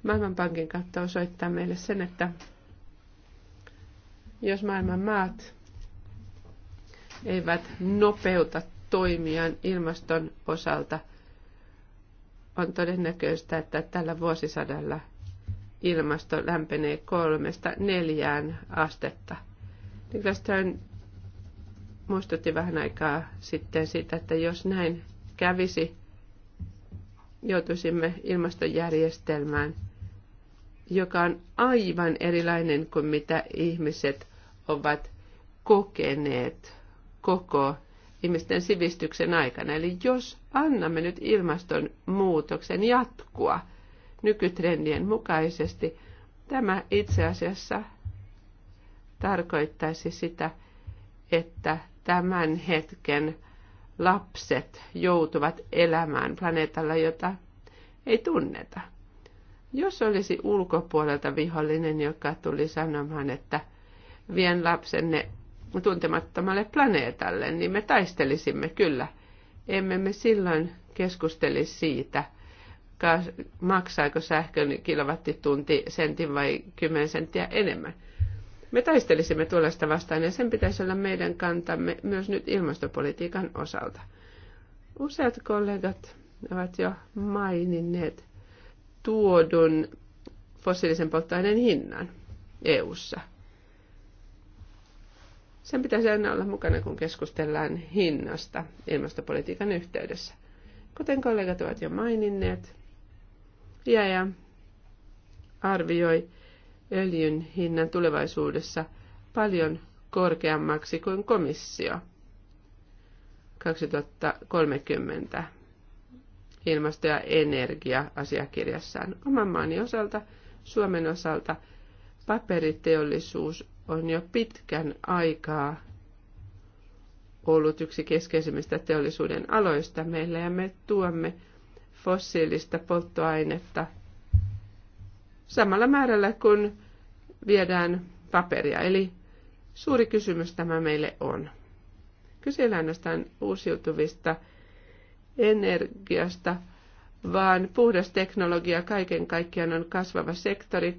Maailmanpankin kautta osoittaa meille sen, että jos maailman maat eivät nopeuta toimiaan ilmaston osalta, on todennäköistä, että tällä vuosisadalla ilmasto lämpenee kolmesta neljään astetta. Niklas Stern muistutti vähän aikaa sitten siitä, että jos näin kävisi, joutuisimme ilmastojärjestelmään, joka on aivan erilainen kuin mitä ihmiset ovat kokeneet koko ihmisten sivistyksen aikana. Eli jos annamme nyt ilmastonmuutoksen jatkua nykytrendien mukaisesti, tämä itse asiassa tarkoittaisi sitä, että tämän hetken lapset joutuvat elämään planeetalla, jota ei tunneta. Jos olisi ulkopuolelta vihollinen, joka tuli sanomaan, että vien lapsenne tuntemattomalle planeetalle, niin me taistelisimme kyllä. Emme me silloin keskusteli siitä, maksaako sähkön kilowattitunti sentin vai kymmenen senttiä enemmän. Me taistelisimme tuollaista vastaan ja sen pitäisi olla meidän kantamme myös nyt ilmastopolitiikan osalta. Useat kollegat ovat jo maininneet tuodun fossiilisen polttoaineen hinnan EU:ssa. Sen pitäisi aina olla mukana, kun keskustellaan hinnasta ilmastopolitiikan yhteydessä. Kuten kollegat ovat jo maininneet, IAEA arvioi, öljyn hinnan tulevaisuudessa paljon korkeammaksi kuin komissio 2030 ilmasto- ja energia-asiakirjassaan. Oman maani osalta, Suomen osalta, paperiteollisuus on jo pitkän aikaa ollut yksi keskeisimmistä teollisuuden aloista meillä ja me tuomme fossiilista polttoainetta – samalla määrällä kuin viedään paperia. Eli suuri kysymys tämä meille on. Kyse ainoastaan uusiutuvista energiasta, vaan puhdas teknologia kaiken kaikkiaan on kasvava sektori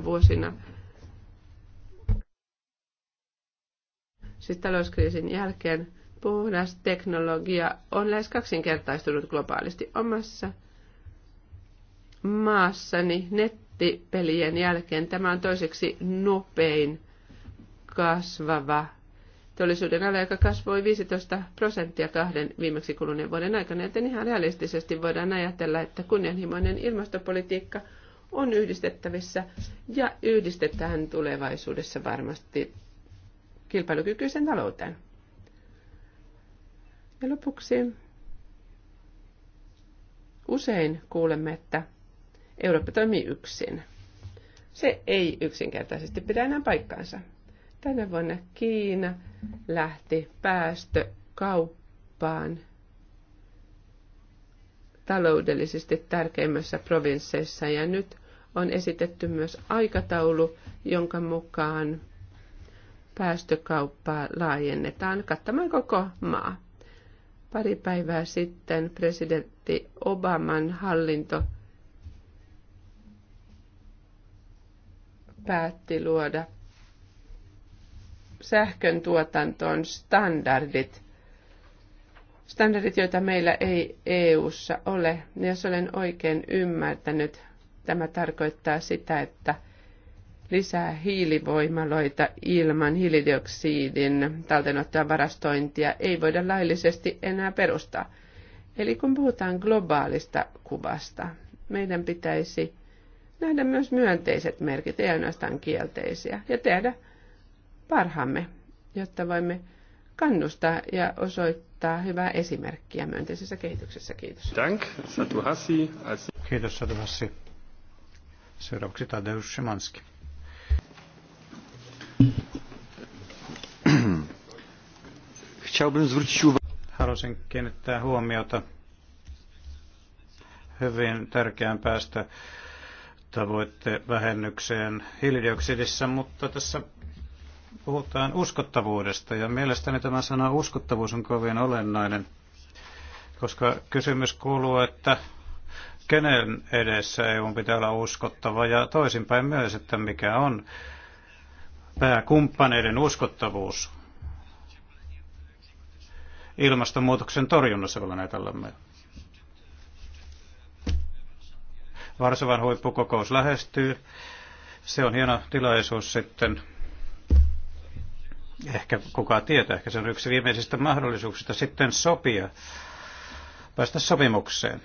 2008-2011 vuosina. Siis talouskriisin jälkeen puhdas teknologia on lähes kaksinkertaistunut globaalisti omassa maassani nettipelien jälkeen tämä on toiseksi nopein kasvava teollisuuden ala, joka kasvoi 15 prosenttia kahden viimeksi kuluneen vuoden aikana, joten ihan realistisesti voidaan ajatella, että kunnianhimoinen ilmastopolitiikka on yhdistettävissä ja yhdistetään tulevaisuudessa varmasti kilpailukykyisen talouteen. Ja lopuksi usein kuulemme, että Eurooppa toimii yksin. Se ei yksinkertaisesti pidä enää paikkaansa. Tänä vuonna Kiina lähti päästökauppaan taloudellisesti tärkeimmässä provinsseissa ja nyt on esitetty myös aikataulu, jonka mukaan päästökauppaa laajennetaan kattamaan koko maa. Pari päivää sitten presidentti Obaman hallinto päätti luoda sähkön tuotantoon standardit, standardit, joita meillä ei EU:ssa ole. Ja jos olen oikein ymmärtänyt, tämä tarkoittaa sitä, että lisää hiilivoimaloita ilman hiilidioksidin talteenottoa varastointia ei voida laillisesti enää perustaa. Eli kun puhutaan globaalista kuvasta, meidän pitäisi nähdä myös myönteiset merkit, ei ainoastaan kielteisiä, ja tehdä parhaamme, jotta voimme kannustaa ja osoittaa hyvää esimerkkiä myönteisessä kehityksessä. Kiitos. Dank, Satu Hassi. Kiitos, Satu Hassi. Seuraavaksi Tadeusz Szymanski. Haluaisin kiinnittää huomiota hyvin tärkeään päästä Tavoitteen vähennykseen hiilidioksidissa, mutta tässä puhutaan uskottavuudesta ja mielestäni tämä sana uskottavuus on kovin olennainen, koska kysymys kuuluu, että kenen edessä EU pitää olla uskottava ja toisinpäin myös, että mikä on pääkumppaneiden uskottavuus ilmastonmuutoksen torjunnassa, kun näitä olemme Varsovan huippukokous lähestyy. Se on hieno tilaisuus sitten. Ehkä kuka tietää, ehkä se on yksi viimeisistä mahdollisuuksista sitten sopia, päästä sopimukseen,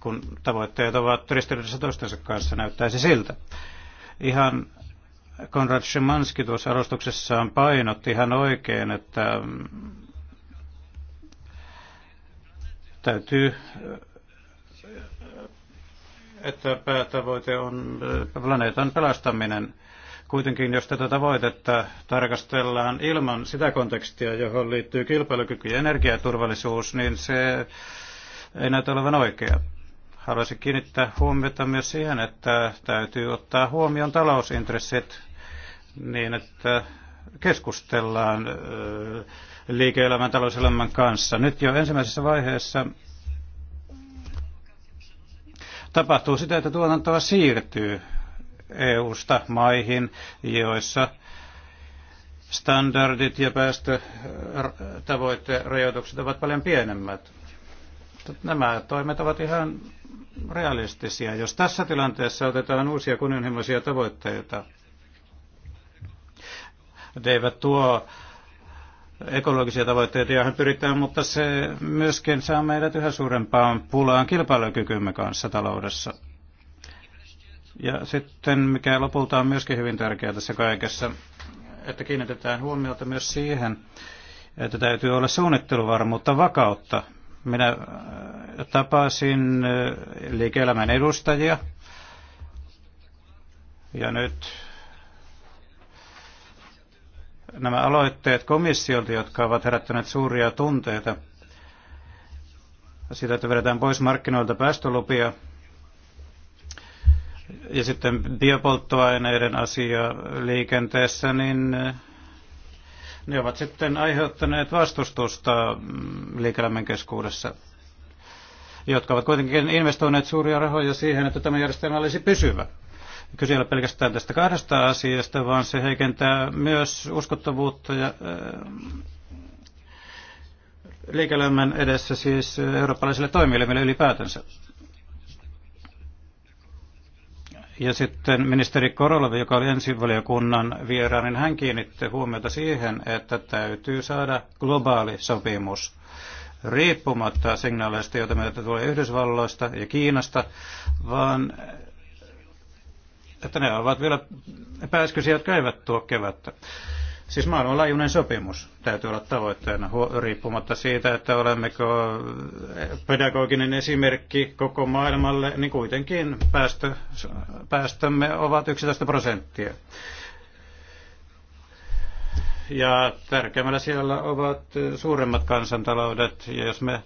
kun tavoitteet ovat ristiriidassa toistensa kanssa, näyttäisi siltä. Ihan Konrad Szymanski tuossa alustuksessaan painotti ihan oikein, että mm, täytyy että päätavoite on planeetan pelastaminen. Kuitenkin jos tätä tavoitetta tarkastellaan ilman sitä kontekstia, johon liittyy kilpailukyky ja energiaturvallisuus, niin se ei näytä olevan oikea. Haluaisin kiinnittää huomiota myös siihen, että täytyy ottaa huomioon talousintressit niin, että keskustellaan liike-elämän talouselämän kanssa. Nyt jo ensimmäisessä vaiheessa Tapahtuu sitä, että tuotantoa siirtyy EU-sta maihin, joissa standardit ja päästötavoiterajoitukset ovat paljon pienemmät. Nämä toimet ovat ihan realistisia. Jos tässä tilanteessa otetaan uusia kunnianhimoisia tavoitteita, ne eivät tuo ekologisia tavoitteita, joihin pyritään, mutta se myöskin saa meidät yhä suurempaan pulaan kilpailukykymme kanssa taloudessa. Ja sitten, mikä lopulta on myöskin hyvin tärkeää tässä kaikessa, että kiinnitetään huomiota myös siihen, että täytyy olla suunnitteluvarmuutta, vakautta. Minä äh, tapasin äh, liike-elämän edustajia ja nyt nämä aloitteet komissiolta, jotka ovat herättäneet suuria tunteita siitä, että vedetään pois markkinoilta päästölupia ja sitten biopolttoaineiden asia liikenteessä, niin ne ovat sitten aiheuttaneet vastustusta liikelämän keskuudessa, jotka ovat kuitenkin investoineet suuria rahoja siihen, että tämä järjestelmä olisi pysyvä. Kyse ei ole pelkästään tästä kahdesta asiasta, vaan se heikentää myös uskottavuutta ja äh, liikelämän edessä siis eurooppalaisille toimielimille ylipäätänsä. Ja sitten ministeri Korolovi, joka oli valiokunnan vieraan, niin hän kiinnitti huomiota siihen, että täytyy saada globaali sopimus riippumatta signaaleista, joita meiltä tulee Yhdysvalloista ja Kiinasta, vaan että ne ovat vielä pääskysiä, jotka eivät tuo kevättä. Siis maailmanlaajuinen sopimus täytyy olla tavoitteena, riippumatta siitä, että olemmeko eh, pedagoginen esimerkki koko maailmalle, niin kuitenkin päästö, päästömme ovat 11 prosenttia. Ja tärkeimmällä siellä ovat suuremmat kansantaloudet, ja jos me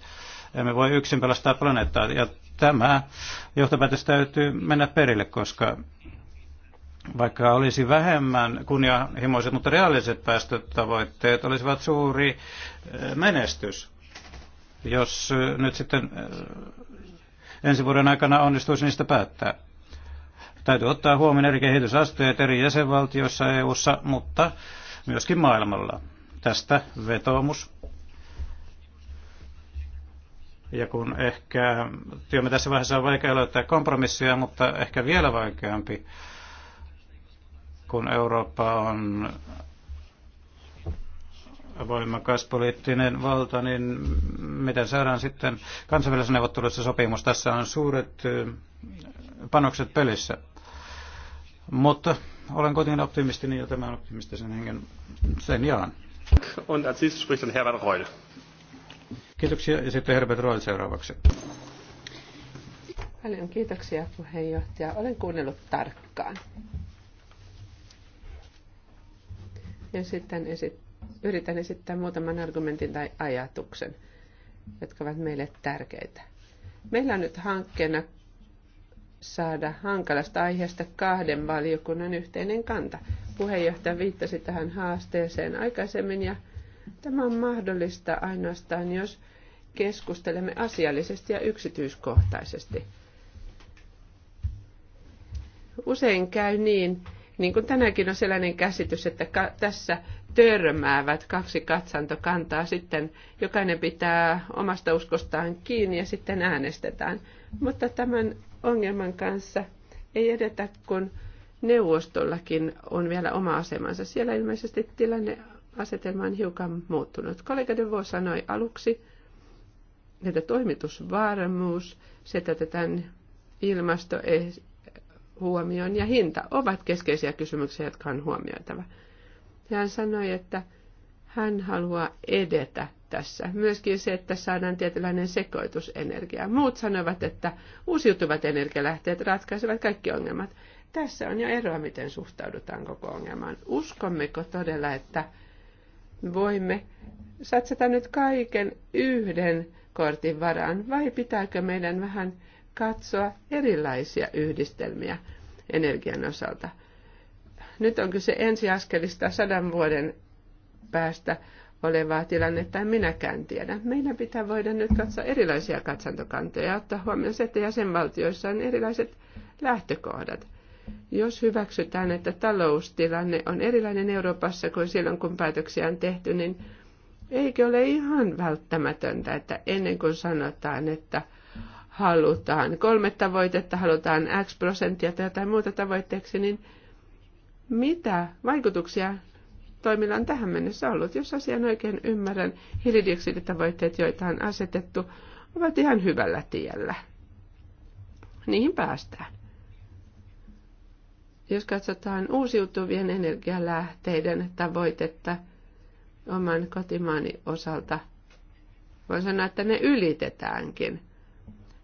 emme voi yksin pelastaa planeettaa, ja tämä johtopäätös täytyy mennä perille, koska vaikka olisi vähemmän kunnianhimoiset, mutta reaaliset päästötavoitteet olisivat suuri eh, menestys, jos eh, nyt sitten eh, ensi vuoden aikana onnistuisi niistä päättää. Täytyy ottaa huomioon eri kehitysasteet eri jäsenvaltioissa EU-ssa, mutta myöskin maailmalla. Tästä vetoomus. Ja kun ehkä työmme tässä vaiheessa on vaikea löytää kompromissia, mutta ehkä vielä vaikeampi kun Eurooppa on voimakas poliittinen valta, niin miten saadaan sitten kansainvälisessä neuvottelussa sopimus? Tässä on suuret eh, panokset pelissä. Mutta olen kuitenkin optimistinen ja tämän optimistisen hengen sen jaan. Und als nächstes spricht dann Herbert Reul. Kiitoksia ja sitten Herbert Reul seuraavaksi. Paljon kiitoksia puheenjohtaja. Olen kuunnellut tarkkaan. ja sitten esit- yritän esittää muutaman argumentin tai ajatuksen, jotka ovat meille tärkeitä. Meillä on nyt hankkeena saada hankalasta aiheesta kahden valiokunnan yhteinen kanta. Puheenjohtaja viittasi tähän haasteeseen aikaisemmin ja tämä on mahdollista ainoastaan, jos keskustelemme asiallisesti ja yksityiskohtaisesti. Usein käy niin, niin kuin tänäänkin on sellainen käsitys, että ka- tässä törmäävät kaksi katsantokantaa, sitten jokainen pitää omasta uskostaan kiinni ja sitten äänestetään. Mutta tämän ongelman kanssa ei edetä, kun neuvostollakin on vielä oma asemansa. Siellä ilmeisesti tilanne asetelma on hiukan muuttunut. Kollega Devo sanoi aluksi, että toimitusvarmuus, se, että tämän ilmasto huomioon ja hinta ovat keskeisiä kysymyksiä, jotka on huomioitava. Ja hän sanoi, että hän haluaa edetä tässä. Myöskin se, että saadaan tietynlainen sekoitus Muut sanovat, että uusiutuvat energialähteet ratkaisevat kaikki ongelmat. Tässä on jo eroa, miten suhtaudutaan koko ongelmaan. Uskommeko todella, että voimme satsata nyt kaiken yhden kortin varaan, vai pitääkö meidän vähän katsoa erilaisia yhdistelmiä energian osalta. Nyt on kyse ensiaskelista sadan vuoden päästä olevaa tilannetta, en minäkään tiedä. Meidän pitää voida nyt katsoa erilaisia katsantokantoja ja ottaa huomioon se, että jäsenvaltioissa on erilaiset lähtökohdat. Jos hyväksytään, että taloustilanne on erilainen Euroopassa kuin silloin, kun päätöksiä on tehty, niin eikö ole ihan välttämätöntä, että ennen kuin sanotaan, että – halutaan kolme tavoitetta, halutaan X prosenttia tai jotain muuta tavoitteeksi, niin mitä vaikutuksia toimilla on tähän mennessä ollut? Jos asian oikein ymmärrän, hiilidioksiditavoitteet, joita on asetettu, ovat ihan hyvällä tiellä. Niihin päästään. Jos katsotaan uusiutuvien energialähteiden tavoitetta oman kotimaani osalta, voin sanoa, että ne ylitetäänkin –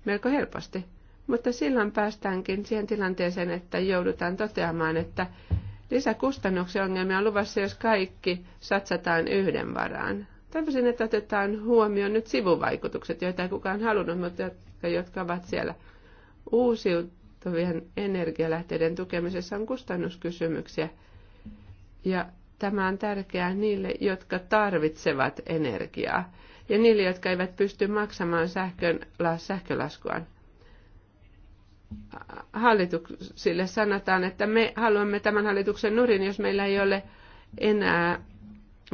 melko helposti. Mutta silloin päästäänkin siihen tilanteeseen, että joudutaan toteamaan, että lisäkustannuksia ongelmia on luvassa, jos kaikki satsataan yhden varaan. Tämmöisen, että otetaan huomioon nyt sivuvaikutukset, joita ei kukaan halunnut, mutta jotka, jotka ovat siellä uusiutuvien energialähteiden tukemisessa on kustannuskysymyksiä. Ja tämä on tärkeää niille, jotka tarvitsevat energiaa ja niille, jotka eivät pysty maksamaan sähkön, sähkölaskuaan. Hallituksille sanotaan, että me haluamme tämän hallituksen nurin, jos meillä ei ole enää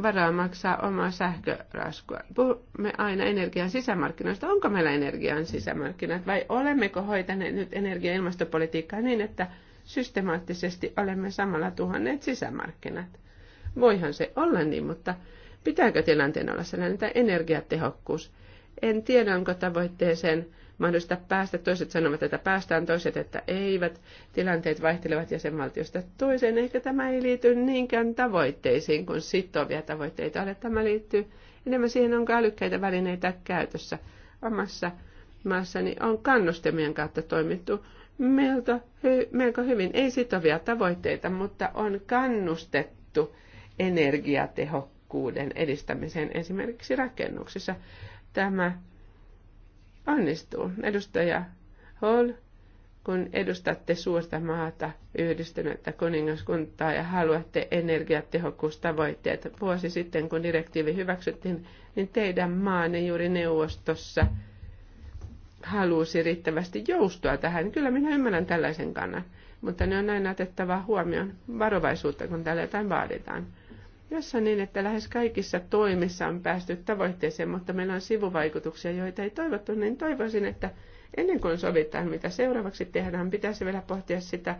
varaa maksaa omaa sähkölaskua. Puhumme aina energian sisämarkkinoista. Onko meillä energian sisämarkkinat vai olemmeko hoitaneet nyt energia- ja ilmastopolitiikkaa niin, että systemaattisesti olemme samalla tuhanneet sisämarkkinat? Voihan se olla niin, mutta Pitääkö tilanteen olla sellainen, että energiatehokkuus? En tiedä, onko tavoitteeseen mahdollista päästä. Toiset sanovat, että päästään, toiset, että eivät. Tilanteet vaihtelevat jäsenvaltiosta toiseen. Ehkä tämä ei liity niinkään tavoitteisiin kuin sitovia tavoitteita ole. Tämä liittyy enemmän siihen, onko älykkäitä välineitä käytössä. Omassa maassani on kannustemien kautta toimittu melko, hy, melko hyvin. Ei sitovia tavoitteita, mutta on kannustettu energiatehokkuutta tehokkuuden edistämiseen esimerkiksi rakennuksissa. Tämä onnistuu. Edustaja Hall, kun edustatte suurta maata, yhdistynyttä kuningaskuntaa ja haluatte energiatehokkuustavoitteet. Vuosi sitten, kun direktiivi hyväksyttiin, niin teidän maanne juuri neuvostossa halusi riittävästi joustoa tähän. Kyllä minä ymmärrän tällaisen kannan, mutta ne on aina otettava huomioon varovaisuutta, kun täällä jotain vaaditaan. Jossain niin, että lähes kaikissa toimissa on päästy tavoitteeseen, mutta meillä on sivuvaikutuksia, joita ei toivottu, niin toivoisin, että ennen kuin sovitaan, mitä seuraavaksi tehdään, pitäisi vielä pohtia sitä,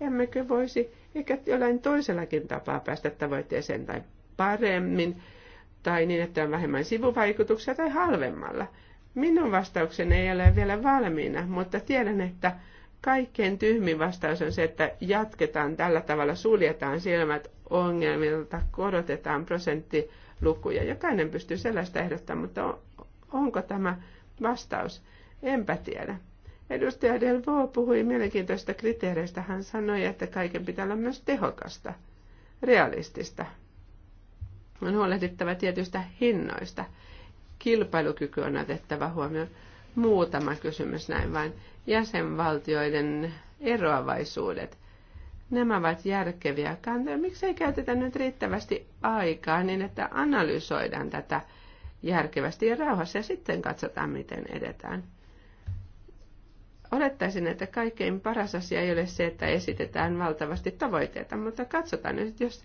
emmekö voisi ehkä jollain toisellakin tapaa päästä tavoitteeseen tai paremmin, tai niin, että on vähemmän sivuvaikutuksia tai halvemmalla. Minun vastaukseni ei ole vielä valmiina, mutta tiedän, että kaikkein tyhmin vastaus on se, että jatketaan tällä tavalla, suljetaan silmät, ongelmilta korotetaan prosenttilukuja. Jokainen pystyy sellaista ehdottamaan, mutta onko tämä vastaus? Enpä tiedä. Edustaja Delvo puhui mielenkiintoista kriteereistä. Hän sanoi, että kaiken pitää olla myös tehokasta, realistista. On huolehdittava tietyistä hinnoista. Kilpailukyky on otettava huomioon. Muutama kysymys näin vain. Jäsenvaltioiden eroavaisuudet Nämä ovat järkeviä kantoja. Miksei käytetä nyt riittävästi aikaa niin, että analysoidaan tätä järkevästi ja rauhassa ja sitten katsotaan, miten edetään. Olettaisin, että kaikkein paras asia ei ole se, että esitetään valtavasti tavoitteita, mutta katsotaan nyt, jos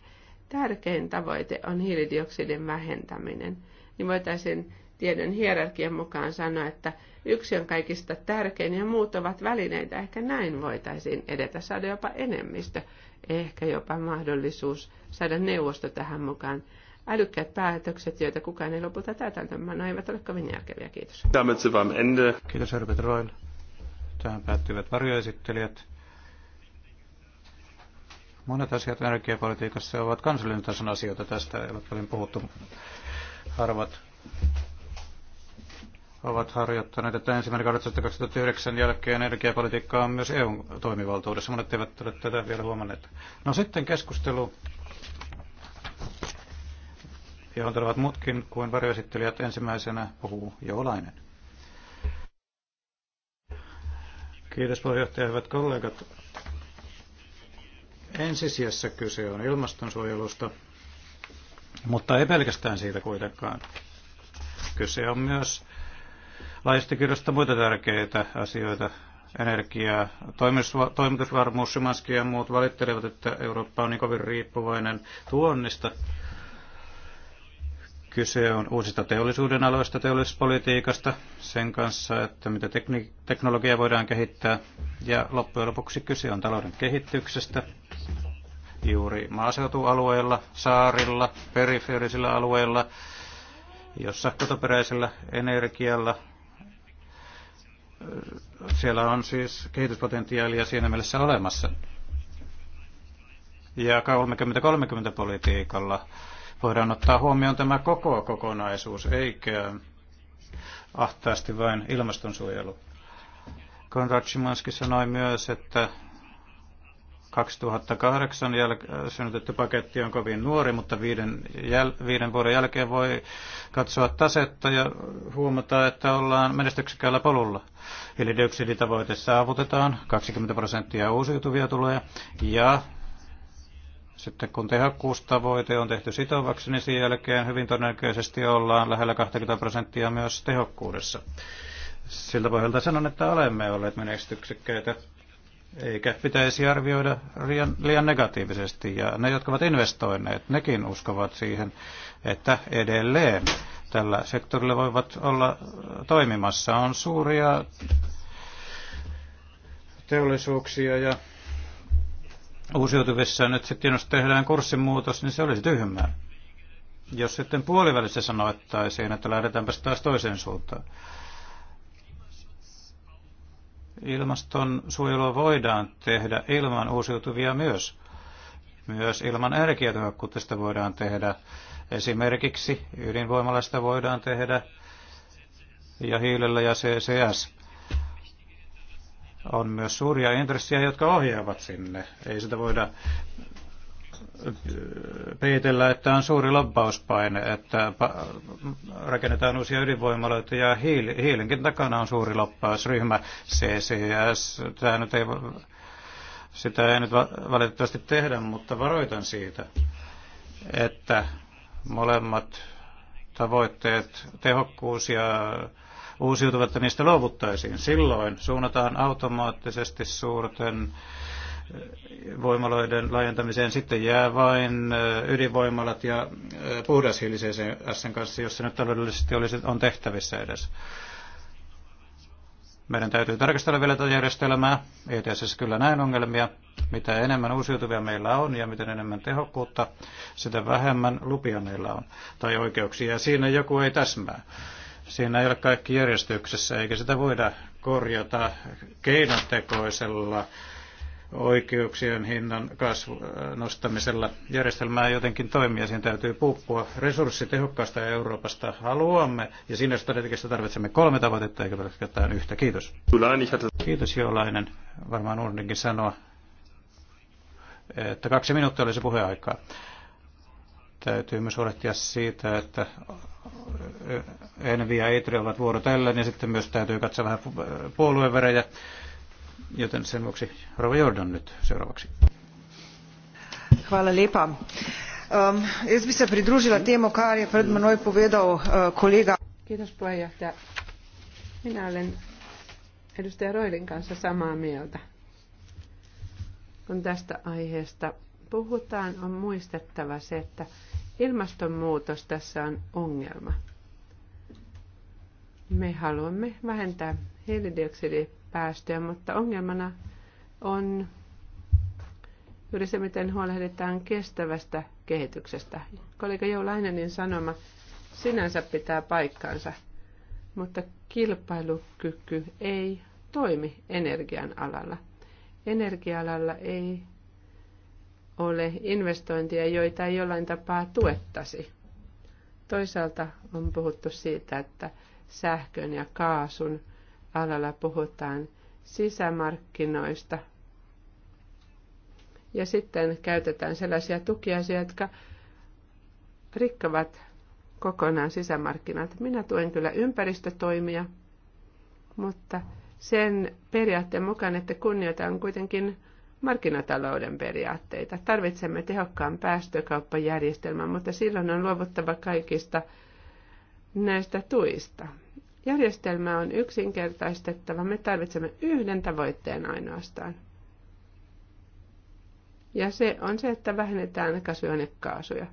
tärkein tavoite on hiilidioksidin vähentäminen, niin voitaisiin tiedon hierarkian mukaan sanoa, että yksi on kaikista tärkein ja muut ovat välineitä. Ehkä näin voitaisiin edetä, saada jopa enemmistö, ehkä jopa mahdollisuus saada neuvosto tähän mukaan. Älykkäät päätökset, joita kukaan ei lopulta täytäntöön eivät ole kovin järkeviä. Kiitos. Kiitos Herbert Roil. Tähän päättyvät varjoesittelijät. Monet asiat energiapolitiikassa ovat kansallinen tason asioita, tästä ei ole paljon puhuttu. Harvat ovat harjoittaneet, että ensimmäinen 2009 jälkeen energiapolitiikka on myös EUn toimivaltuudessa. Monet eivät ole tätä vielä huomanneet. No sitten keskustelu, johon tulevat muutkin kuin varjoesittelijät. Ensimmäisenä puhuu Joulainen. Kiitos puheenjohtaja, hyvät kollegat. Ensisijassa kyse on ilmastonsuojelusta, mutta ei pelkästään siitä kuitenkaan. Kyse on myös laajasta muita tärkeitä asioita, energiaa. Toimitusvarmuus, Symanski ja muut valittelevat, että Eurooppa on niin kovin riippuvainen tuonnista. Kyse on uusista teollisuuden aloista, teollisuuspolitiikasta, sen kanssa, että mitä tekni- teknologiaa voidaan kehittää. Ja loppujen lopuksi kyse on talouden kehityksestä juuri maaseutualueilla, saarilla, periferisillä alueilla, jossa kotoperäisellä energialla siellä on siis kehityspotentiaalia siinä mielessä olemassa. Ja 30-30 politiikalla voidaan ottaa huomioon tämä koko kokonaisuus, eikä ahtaasti vain ilmastonsuojelu. Konrad Szymanski sanoi myös, että 2008 jäl- äh, synnytetty paketti on kovin nuori, mutta viiden, jäl- viiden vuoden jälkeen voi katsoa tasetta ja huomata, että ollaan menestyksekkäällä polulla. Hiilidioksiditavoite saavutetaan, 20 prosenttia uusiutuvia tulee ja sitten kun tehokkuustavoite on tehty sitovaksi, niin sen jälkeen hyvin todennäköisesti ollaan lähellä 20 prosenttia myös tehokkuudessa. Siltä pohjalta sanon, että olemme olleet menestyksekkäitä eikä pitäisi arvioida liian negatiivisesti. Ja ne, jotka ovat investoineet, nekin uskovat siihen, että edelleen tällä sektorilla voivat olla toimimassa. On suuria teollisuuksia ja uusiutuvissa nyt sitten, jos tehdään kurssimuutos, niin se olisi tyhmää. Jos sitten puolivälissä sanoittaisiin, että lähdetäänpä taas toiseen suuntaan. Ilmaston suojelua voidaan tehdä ilman uusiutuvia myös. Myös ilman energiatehokkuutta sitä voidaan tehdä. Esimerkiksi ydinvoimalasta voidaan tehdä ja hiilellä ja CCS. On myös suuria intressejä, jotka ohjaavat sinne. Ei sitä voida peitellä, että on suuri lobbauspaine, että rakennetaan uusia ydinvoimaloita ja hiil, hiilenkin takana on suuri lobbausryhmä CCS. Tämä nyt ei, sitä ei nyt valitettavasti tehdä, mutta varoitan siitä, että molemmat tavoitteet, tehokkuus ja uusiutuvat, että niistä luovuttaisiin. Silloin suunnataan automaattisesti suurten voimaloiden laajentamiseen. Sitten jää vain ydinvoimalat ja puhdashiiliseen SN kanssa, jos se nyt taloudellisesti olisi, on tehtävissä edes. Meidän täytyy tarkastella vielä tätä järjestelmää. ETS kyllä näin ongelmia. Mitä enemmän uusiutuvia meillä on ja miten enemmän tehokkuutta, sitä vähemmän lupia meillä on tai oikeuksia. Siinä joku ei täsmää. Siinä ei ole kaikki järjestyksessä, eikä sitä voida korjata keinotekoisella oikeuksien hinnan kasvu, äh, nostamisella. Järjestelmää jotenkin toimia ja siihen täytyy puuppua. Resurssitehokkaasta Euroopasta haluamme ja siinä strategiassa tarvitsemme kolme tavoitetta eikä pelkästään yhtä. Kiitos. Kiitos Jolainen. Varmaan uudenkin sanoa, että kaksi minuuttia olisi puheaikaa. Täytyy myös huolehtia siitä, että Envi ja Eitri ovat vuorotellen ja sitten myös täytyy katsoa vähän puolueverejä. Joten sen vuoksi Rova Jordan nyt seuraavaksi. Hvala lepa. Um, jaz bi se pridružila temu, kar je pred menoj povedal uh, kollega. Kiitos puheenjohtaja. Minä olen edustaja Roilin kanssa samaa mieltä. Kun tästä aiheesta puhutaan, on muistettava se, että ilmastonmuutos tässä on ongelma. Me haluamme vähentää hiilidioksidipäästöjä päästöjä, mutta ongelmana on juuri se, miten huolehditaan kestävästä kehityksestä. Kollega Joulainenin sanoma sinänsä pitää paikkansa, mutta kilpailukyky ei toimi energian alalla. Energia-alalla ei ole investointia, joita ei jollain tapaa tuettasi. Toisaalta on puhuttu siitä, että sähkön ja kaasun alalla puhutaan sisämarkkinoista. Ja sitten käytetään sellaisia tukiaisia, jotka rikkovat kokonaan sisämarkkinat. Minä tuen kyllä ympäristötoimia, mutta sen periaatteen mukaan, että kunnioitan kuitenkin markkinatalouden periaatteita. Tarvitsemme tehokkaan päästökauppajärjestelmän, mutta silloin on luovuttava kaikista näistä tuista. Järjestelmää on yksinkertaistettava. Me tarvitsemme yhden tavoitteen ainoastaan. Ja se on se, että vähennetään kasvihuonekaasuja.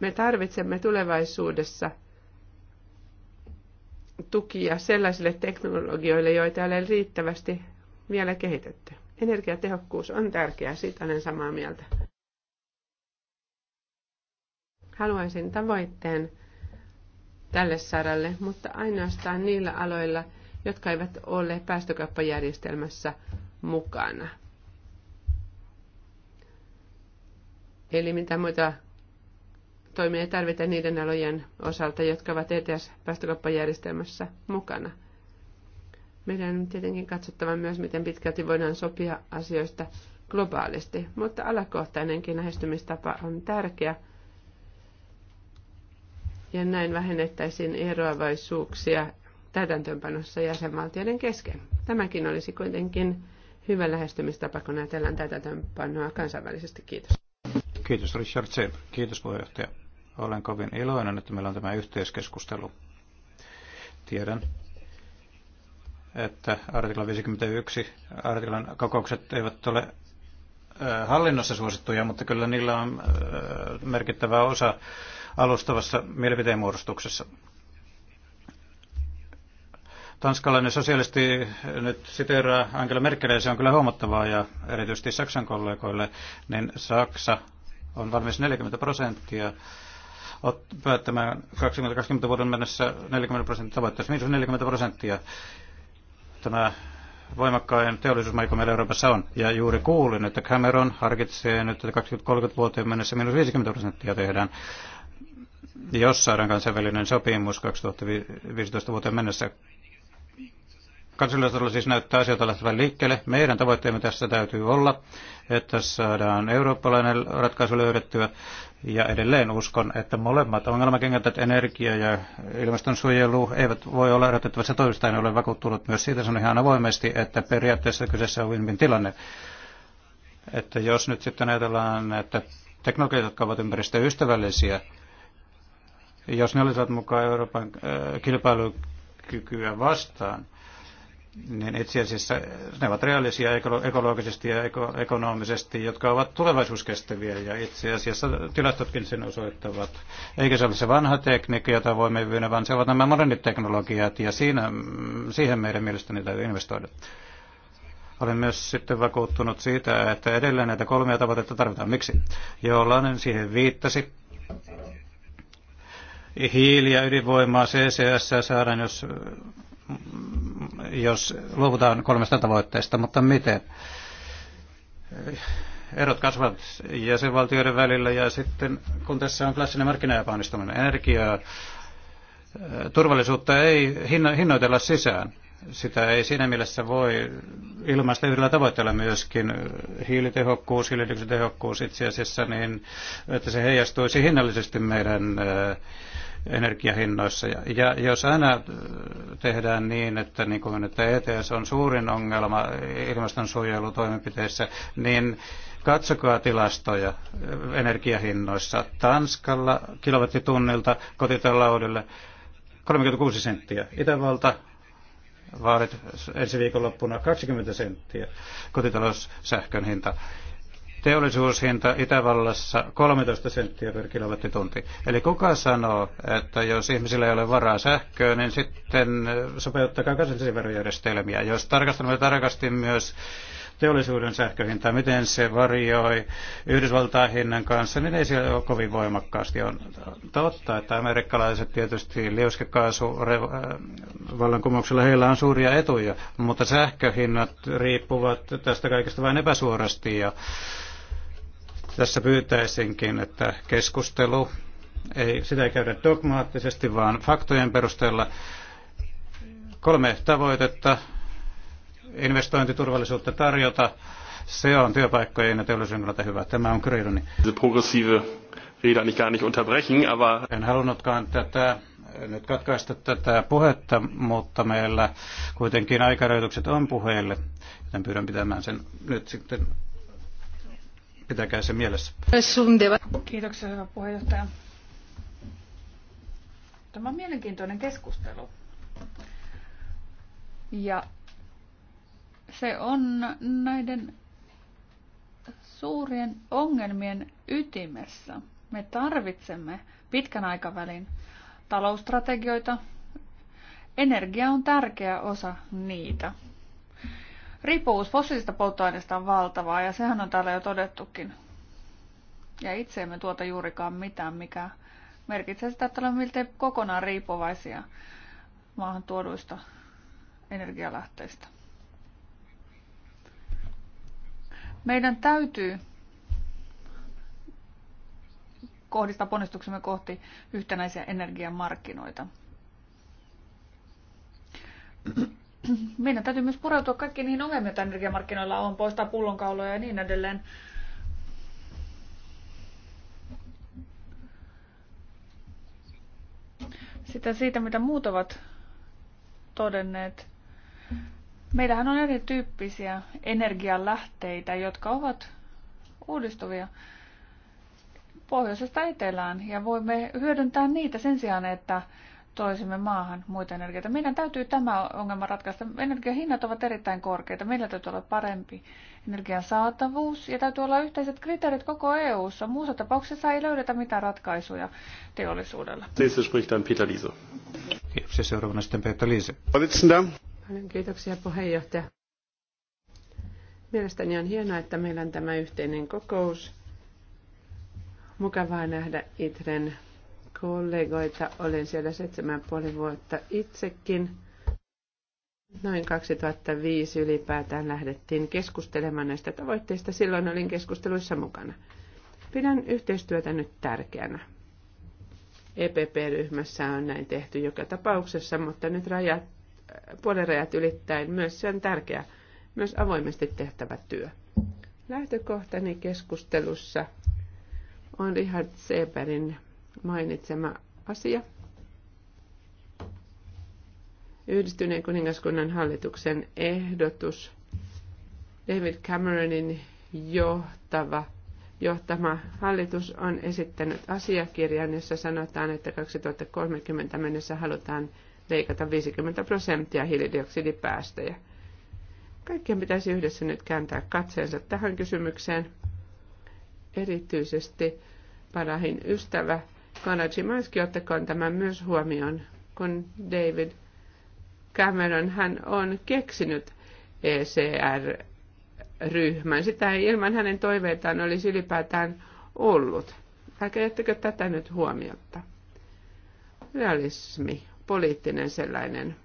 Me tarvitsemme tulevaisuudessa tukia sellaisille teknologioille, joita ei ole riittävästi vielä kehitetty. Energiatehokkuus on tärkeää, siitä olen samaa mieltä. Haluaisin tavoitteen tälle saralle, mutta ainoastaan niillä aloilla, jotka eivät ole päästökauppajärjestelmässä mukana. Eli mitä muita toimia ei tarvita niiden alojen osalta, jotka ovat ETS-päästökauppajärjestelmässä mukana. Meidän on tietenkin katsottava myös, miten pitkälti voidaan sopia asioista globaalisti, mutta alakohtainenkin lähestymistapa on tärkeä – ja näin vähennettäisiin eroavaisuuksia täytäntöönpanossa jäsenvaltioiden kesken. Tämäkin olisi kuitenkin hyvä lähestymistapa, kun ajatellaan täytäntöönpanoa kansainvälisesti. Kiitos. Kiitos Richard Sepp. Kiitos puheenjohtaja. Olen kovin iloinen, että meillä on tämä yhteiskeskustelu. Tiedän, että artikla 51, artiklan kokoukset eivät ole äh, hallinnossa suosittuja, mutta kyllä niillä on äh, merkittävä osa alustavassa mielipiteenmuodostuksessa. Tanskalainen sosialisti nyt siteeraa Angela Merkelia, se on kyllä huomattavaa, ja erityisesti Saksan kollegoille, niin Saksa on valmis 40 prosenttia päättämään 2020 vuoden mennessä 40 prosenttia tavoitteessa, miinus 40 prosenttia. Tämä voimakkain teollisuusmaa, meillä Euroopassa on. Ja juuri kuulin, että Cameron harkitsee nyt, että 2030 vuoteen mennessä miinus 50 prosenttia tehdään jos saadaan kansainvälinen sopimus 2015 vuoteen mennessä. Kansallisella siis näyttää asioita lähtevän liikkeelle. Meidän tavoitteemme tässä täytyy olla, että saadaan eurooppalainen ratkaisu löydettyä. Ja edelleen uskon, että molemmat ongelmakengät, energia ja ilmastonsuojelu, eivät voi olla erotettavissa toisistaan. Olen vakuuttunut myös siitä, sanon ihan avoimesti, että periaatteessa kyseessä on win tilanne. Että jos nyt sitten ajatellaan, että teknologiat, jotka ovat ympäristöystävällisiä, jos ne olisivat mukaan Euroopan äh, kilpailukykyä vastaan, niin itse asiassa ne ovat reaalisia ekologisesti ja ekonomisesti, jotka ovat tulevaisuuskestäviä ja itse asiassa tilastotkin sen osoittavat. Eikä se ole se vanha tekniikka, jota voimme viedä, vaan se ovat nämä modernit teknologiat ja siinä, siihen meidän mielestäni täytyy investoida. Olen myös sitten vakuuttunut siitä, että edelleen näitä kolmea tavoitetta tarvitaan. Miksi? Jollainen siihen viittasi hiili- ja ydinvoimaa CCS saadaan, jos, jos luovutaan kolmesta tavoitteesta, mutta miten? Erot kasvavat jäsenvaltioiden välillä ja sitten kun tässä on klassinen markkinaepäonnistuminen, energiaa, turvallisuutta ei hinnoitella sisään. Sitä ei siinä mielessä voi ilmaista yhdellä tavoitteella myöskin hiilitehokkuus, tehokkuus itse asiassa, niin että se heijastuisi hinnallisesti meidän energiahinnoissa. Ja jos aina äh, tehdään niin, että, niin kuin, että ETS on suurin ongelma ilmastonsuojelutoimenpiteissä, niin Katsokaa tilastoja äh, energiahinnoissa. Tanskalla kilowattitunnilta kotitaloudelle 36 senttiä. Itävalta vaalit ensi viikonloppuna 20 senttiä kotitaloussähkön hinta teollisuushinta Itävallassa 13 senttiä per kilowattitunti. Eli kuka sanoo, että jos ihmisillä ei ole varaa sähköä, niin sitten äh, sopeuttakaa kansallisia verojärjestelmiä. Jos tarkastamme tarkasti myös teollisuuden sähköhintaa, miten se varjoi Yhdysvaltain hinnan kanssa, niin ei siellä ole kovin voimakkaasti. On totta, että amerikkalaiset tietysti liuskekaasuvallankumouksella äh, heillä on suuria etuja, mutta sähköhinnat riippuvat tästä kaikesta vain epäsuorasti ja tässä pyytäisinkin, että keskustelu, ei, sitä ei käydä dogmaattisesti, vaan faktojen perusteella. Kolme tavoitetta. Investointiturvallisuutta tarjota. Se on työpaikkojen ja teollisuuden kannalta hyvä. Tämä on Gryloni. En halunnutkaan tätä nyt katkaista tätä puhetta, mutta meillä kuitenkin aikarajoitukset on puheille, joten pyydän pitämään sen nyt sitten Pitäkää se mielessä. Kiitoksia, hyvä puheenjohtaja. Tämä on mielenkiintoinen keskustelu. Ja se on näiden suurien ongelmien ytimessä. Me tarvitsemme pitkän aikavälin talousstrategioita. Energia on tärkeä osa niitä. Riippuvuus fossiilisista polttoaineista on valtavaa ja sehän on täällä jo todettukin. Ja itse emme tuota juurikaan mitään, mikä merkitsee sitä, että olemme miltei kokonaan riippuvaisia maahan tuoduista energialähteistä. Meidän täytyy kohdistaa ponnistuksemme kohti yhtenäisiä energiamarkkinoita meidän täytyy myös pureutua kaikkiin niihin ongelmiin, joita energiamarkkinoilla on, poistaa pullonkauloja ja niin edelleen. Sitä siitä, mitä muut ovat todenneet. Meillähän on erityyppisiä energialähteitä, jotka ovat uudistuvia pohjoisesta etelään ja voimme hyödyntää niitä sen sijaan, että toisimme maahan muita energioita. Meidän täytyy tämä ongelma ratkaista. Energian hinnat ovat erittäin korkeita. Meillä täytyy olla parempi energian saatavuus ja täytyy olla yhteiset kriteerit koko EU-ssa. Muussa tapauksessa ei löydetä mitään ratkaisuja teollisuudella. Peter Liese. Kiitoksia. Seuraavana sitten Peter Liese. kiitoksia puheenjohtaja. Mielestäni on hienoa, että meillä on tämä yhteinen kokous. Mukavaa nähdä Itren kollegoita. Olen siellä seitsemän puoli vuotta itsekin. Noin 2005 ylipäätään lähdettiin keskustelemaan näistä tavoitteista. Silloin olin keskusteluissa mukana. Pidän yhteistyötä nyt tärkeänä. EPP-ryhmässä on näin tehty joka tapauksessa, mutta nyt rajat, rajat ylittäen myös se on tärkeä, myös avoimesti tehtävä työ. Lähtökohtani keskustelussa on Richard Seberin mainitsema asia. Yhdistyneen kuningaskunnan hallituksen ehdotus, David Cameronin johtava, johtama hallitus on esittänyt asiakirjan, jossa sanotaan, että 2030 mennessä halutaan leikata 50 prosenttia hiilidioksidipäästöjä. Kaikkien pitäisi yhdessä nyt kääntää katseensa tähän kysymykseen. Erityisesti Parahin ystävä Konajimanski, ottakoon tämän myös huomioon, kun David Cameron hän on keksinyt ECR-ryhmän. Sitä ei ilman hänen toiveitaan olisi ylipäätään ollut. Älkää tätä nyt huomiota. Realismi, poliittinen sellainen,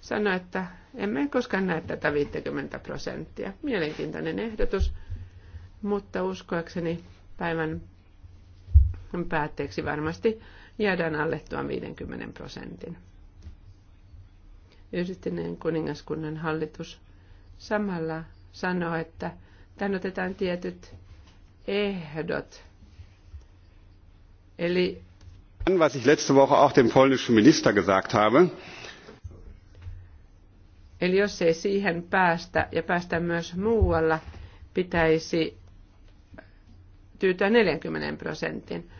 Sano, että emme koskaan näe tätä 50 prosenttia. Mielenkiintoinen ehdotus, mutta uskoakseni päivän päätteeksi varmasti jäädään alle tuon 50 prosentin. Yhdistyneen kuningaskunnan hallitus samalla sanoo, että tämän otetaan tietyt ehdot. Eli was ich letzte Woche auch dem polnischen Minister gesagt habe. Eli jos ei siihen päästä ja päästä myös muualla, pitäisi tyytyä 40 prosentin.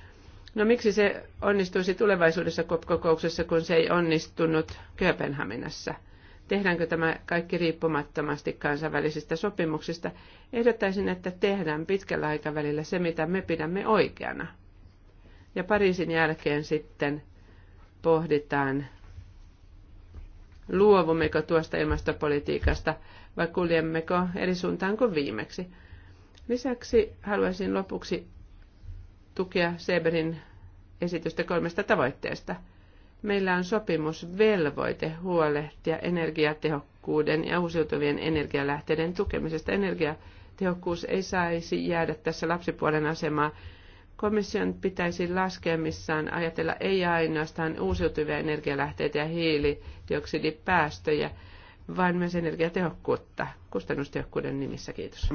No miksi se onnistuisi tulevaisuudessa COP-kokouksessa, kun se ei onnistunut Kööpenhaminassa? Tehdäänkö tämä kaikki riippumattomasti kansainvälisistä sopimuksista? Ehdottaisin, että tehdään pitkällä aikavälillä se, mitä me pidämme oikeana. Ja Pariisin jälkeen sitten pohditaan, luovummeko tuosta ilmastopolitiikasta vai kuljemmeko eri suuntaan kuin viimeksi. Lisäksi haluaisin lopuksi tukea Seberin esitystä kolmesta tavoitteesta. Meillä on sopimusvelvoite huolehtia energiatehokkuuden ja uusiutuvien energialähteiden tukemisesta. Energiatehokkuus ei saisi jäädä tässä lapsipuolen asemaa. Komission pitäisi laskemissaan ajatella ei ainoastaan uusiutuvia energialähteitä ja hiilidioksidipäästöjä, vaan myös energiatehokkuutta kustannustehokkuuden nimissä. Kiitos.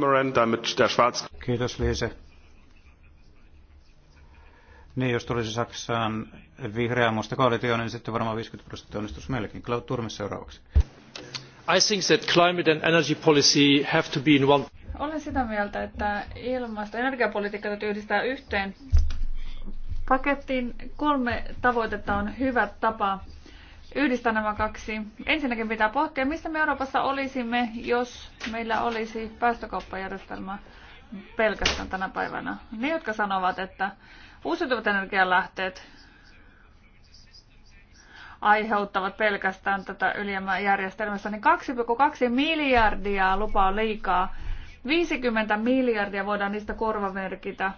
Kiitos Liise. Niin, jos tulisi Saksaan vihreä musta koalitio, niin sitten varmaan 50 prosenttia onnistuisi meillekin. Claude Turmes seuraavaksi. I think that climate and energy policy have to be in one... Olen sitä mieltä, että ilmasto- ja energiapolitiikka täytyy yhdistää yhteen. Pakettiin kolme tavoitetta on hyvä tapa yhdistää nämä kaksi. Ensinnäkin pitää pohtia, mistä me Euroopassa olisimme, jos meillä olisi päästökauppajärjestelmä pelkästään tänä päivänä. Ne, jotka sanovat, että Uusiutuvat energialähteet aiheuttavat pelkästään tätä järjestelmässä niin 2,2 miljardia lupaa liikaa. 50 miljardia voidaan niistä korvamerkitä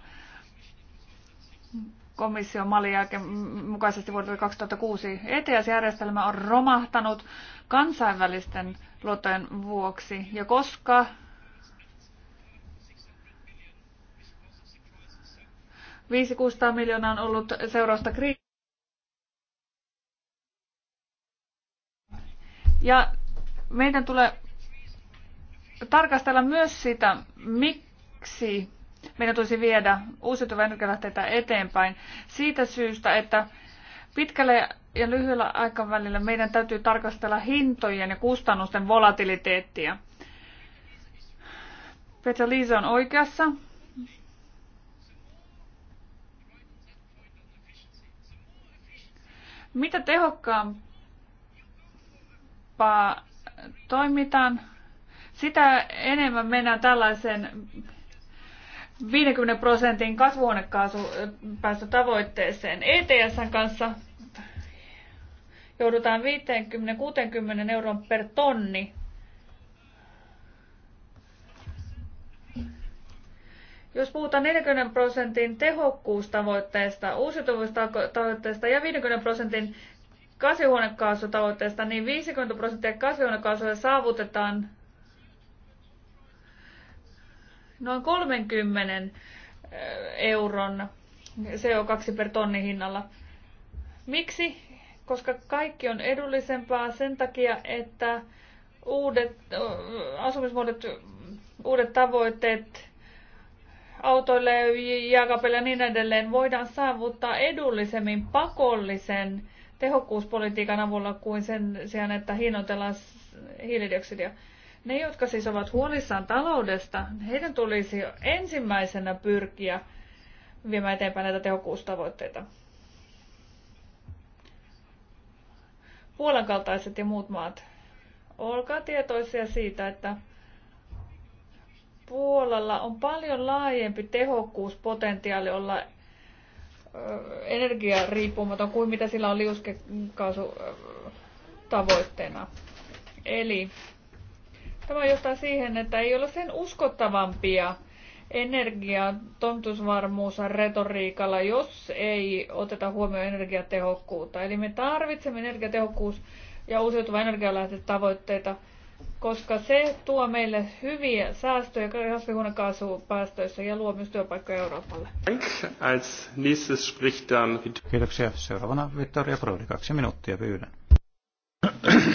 komission mallin jälkeen mukaisesti vuodelta 2006. ETS-järjestelmä on romahtanut kansainvälisten luottojen vuoksi. Ja koska 500-600 miljoonaa on ollut seurausta kriisistä. Ja meidän tulee tarkastella myös sitä, miksi meidän tulisi viedä uusiutuvia energialähteitä eteenpäin siitä syystä, että pitkällä ja lyhyellä aikavälillä meidän täytyy tarkastella hintojen ja kustannusten volatiliteettia. Petra Liisa on oikeassa. Mitä tehokkaampaa toimitaan, sitä enemmän mennään tällaisen 50 prosentin kasvuhuonekaasupäästötavoitteeseen. ETSn kanssa joudutaan 50-60 euron per tonni Jos puhutaan 40 prosentin tehokkuustavoitteesta, uusiutuvuustavoitteesta ja 50 prosentin kasvihuonekaasutavoitteesta, niin 50 prosenttia kasvihuonekaasuja saavutetaan noin 30 eh, euron CO2 per tonni hinnalla. Miksi? Koska kaikki on edullisempaa sen takia, että uudet eh, asumismuodot, uudet tavoitteet autoille, jääkaapille ja niin edelleen voidaan saavuttaa edullisemmin pakollisen tehokkuuspolitiikan avulla kuin sen sijaan, että hinnoitellaan hiilidioksidia. Ne, jotka siis ovat huolissaan taloudesta, heidän tulisi ensimmäisenä pyrkiä viemään eteenpäin näitä tehokkuustavoitteita. Puolan kaltaiset ja muut maat, olkaa tietoisia siitä, että Puolalla on paljon laajempi tehokkuuspotentiaali olla energiariippumaton kuin mitä sillä on liuskekaasu tavoitteena. Eli tämä johtaa siihen, että ei ole sen uskottavampia energia tontusvarmuus retoriikalla, jos ei oteta huomioon energiatehokkuutta. Eli me tarvitsemme energiatehokkuus- ja uusiutuva energialähtetavoitteita tavoitteita koska se tuo meille hyviä säästöjä kasvihuonekaasupäästöissä ja luo myös työpaikkoja Euroopalle. Kiitoksia. Seuraavana Vittoria Prodi, kaksi minuuttia pyydän.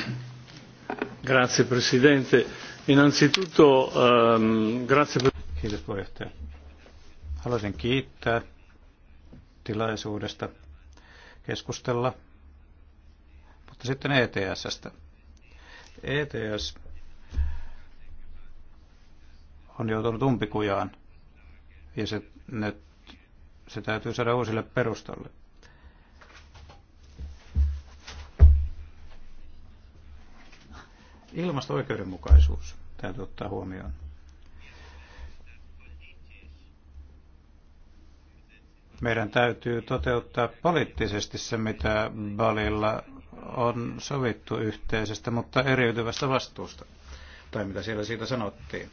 (clears throat) grazie Presidente. Innanzitutto, um, grazie... Kiitos puheenjohtaja. Haluaisin kiittää tilaisuudesta keskustella, mutta sitten ETSstä. ETS on joutunut umpikujaan ja se, ne, se täytyy saada uusille perustalle. Ilmasto-oikeudenmukaisuus täytyy ottaa huomioon. Meidän täytyy toteuttaa poliittisesti se, mitä Balilla on sovittu yhteisestä, mutta eriytyvästä vastuusta, tai mitä siellä siitä sanottiin.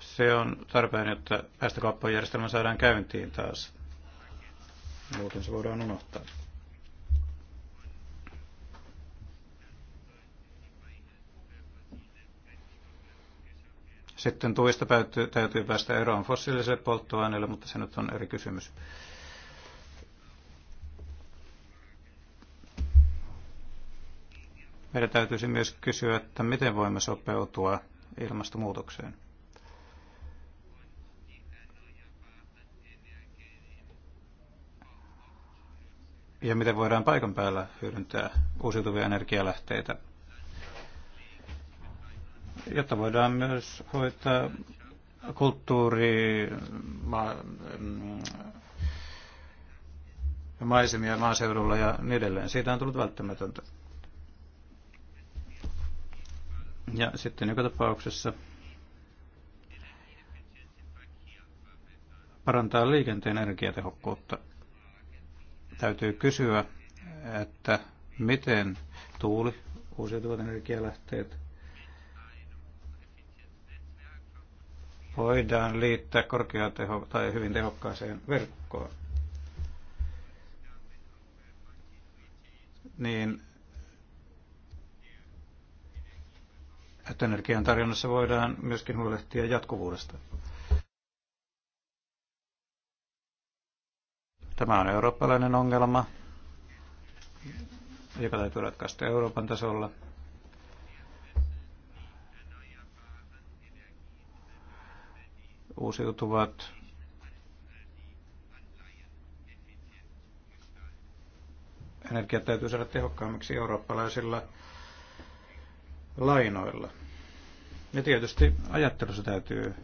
Se on tarpeen, että päästökauppajärjestelmä saadaan käyntiin taas. Muuten se voidaan unohtaa. Sitten tuista täytyy päästä eroon fossiiliselle polttoaineelle, mutta se nyt on eri kysymys. Meidän täytyisi myös kysyä, että miten voimme sopeutua ilmastonmuutokseen. Ja miten voidaan paikan päällä hyödyntää uusiutuvia energialähteitä, jotta voidaan myös hoitaa kulttuuri, ma, mm, maisemia maaseudulla ja niin edelleen. Siitä on tullut välttämätöntä. Ja sitten joka tapauksessa parantaa liikenteen energiatehokkuutta. Täytyy kysyä, että miten tuuli, uusiutuvat energialähteet voidaan liittää korkeateho- tai hyvin tehokkaaseen verkkoon. Niin että energian tarjonnassa voidaan myöskin huolehtia jatkuvuudesta. Tämä on eurooppalainen ongelma, joka täytyy ratkaista Euroopan tasolla. Uusiutuvat energiat täytyy saada tehokkaammiksi eurooppalaisilla lainoilla. Ja tietysti ajattelussa täytyy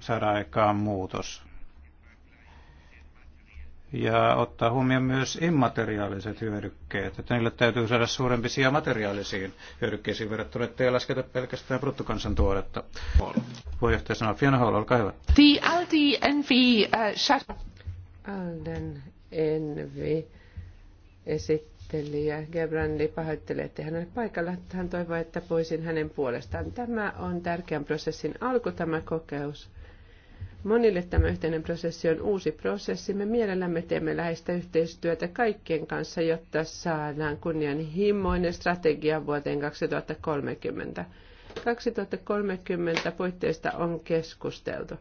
saada aikaan muutos. Ja ottaa huomioon myös immateriaaliset hyödykkeet, että niille täytyy saada suurempi sija materiaalisiin hyödykkeisiin verrattuna, ettei lasketa pelkästään bruttokansantuodetta. Puheenjohtaja sanoo, Fiona Hall, olkaa hyvä. The Aldi NV, uh, äh, Alden esittää ja Gebrandi pahoitteli, että hän paikalla. Hän toivoi, että poisin hänen puolestaan. Tämä on tärkeän prosessin alku, tämä kokeus. Monille tämä yhteinen prosessi on uusi prosessi. Me mielellämme teemme läheistä yhteistyötä kaikkien kanssa, jotta saadaan kunnianhimoinen strategia vuoteen 2030. 2030 puitteista on keskusteltu.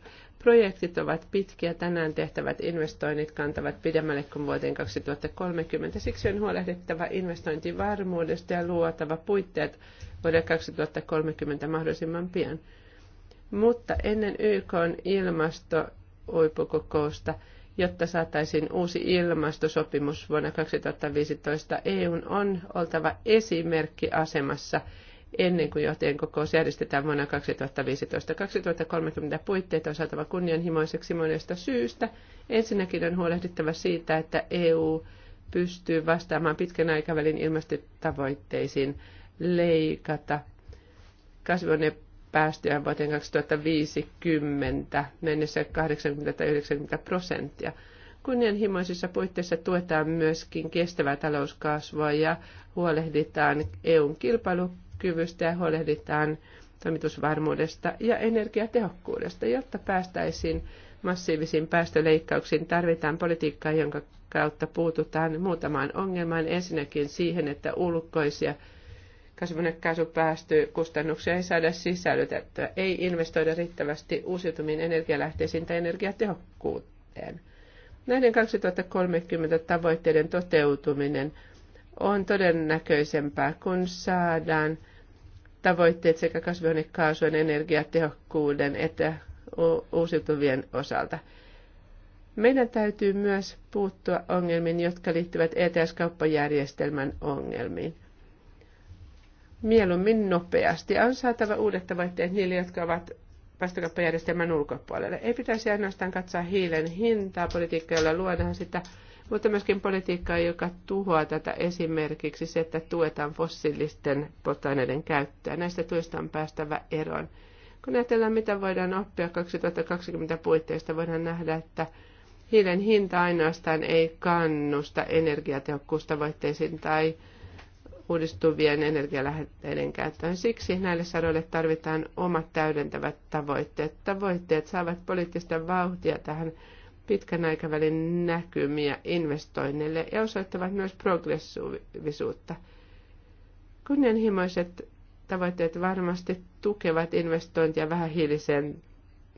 Projektit ovat pitkiä. Tänään tehtävät investoinnit kantavat pidemmälle kuin vuoteen 2030. Siksi on huolehdittava investointivarmuudesta ja luotava puitteet vuoden 2030 mahdollisimman pian. Mutta ennen YK on ilmastohuippukokousta, jotta saataisiin uusi ilmastosopimus vuonna 2015, EUn on oltava esimerkkiasemassa asemassa ennen kuin johtajien kokous järjestetään vuonna 2015. 2030 puitteet on saatava kunnianhimoiseksi monesta syystä. Ensinnäkin on huolehdittava siitä, että EU pystyy vastaamaan pitkän aikavälin ilmastotavoitteisiin leikata kasvihuonepäästöjä vuoteen 2050 mennessä 80-90 prosenttia. Kunnianhimoisissa puitteissa tuetaan myöskin kestävää talouskasvua ja huolehditaan EUn kilpailukyvystä kyvystä ja huolehditaan toimitusvarmuudesta ja energiatehokkuudesta. Jotta päästäisiin massiivisiin päästöleikkauksiin, tarvitaan politiikkaa, jonka kautta puututaan muutamaan ongelmaan. Ensinnäkin siihen, että ulkoisia kasvihuonekaasupäästökustannuksia ei saada sisällytettyä, ei investoida riittävästi uusiutumiin energialähteisiin tai energiatehokkuuteen. Näiden 2030 tavoitteiden toteutuminen on todennäköisempää, kun saadaan tavoitteet sekä kasvihuonekaasujen energiatehokkuuden että uusiutuvien osalta. Meidän täytyy myös puuttua ongelmiin, jotka liittyvät ETS-kauppajärjestelmän ongelmiin. Mieluummin nopeasti on saatava uudet tavoitteet niille, jotka ovat päästökauppajärjestelmän ulkopuolelle. Ei pitäisi ainoastaan katsoa hiilen hintaa politiikkaa, jolla luodaan sitä, mutta myöskin politiikkaa, joka tuhoaa tätä esimerkiksi se, että tuetaan fossiilisten polttoaineiden käyttöä. Näistä tuista on päästävä eroon. Kun ajatellaan, mitä voidaan oppia 2020 puitteista, voidaan nähdä, että hiilen hinta ainoastaan ei kannusta energiatehokkuustavoitteisiin tai uudistuvien energialähteiden käyttöön. Siksi näille sadoille tarvitaan omat täydentävät tavoitteet. Tavoitteet saavat poliittista vauhtia tähän pitkän aikavälin näkymiä investoinneille ja osoittavat myös progressiivisuutta. Kunnianhimoiset tavoitteet varmasti tukevat investointia hiiliseen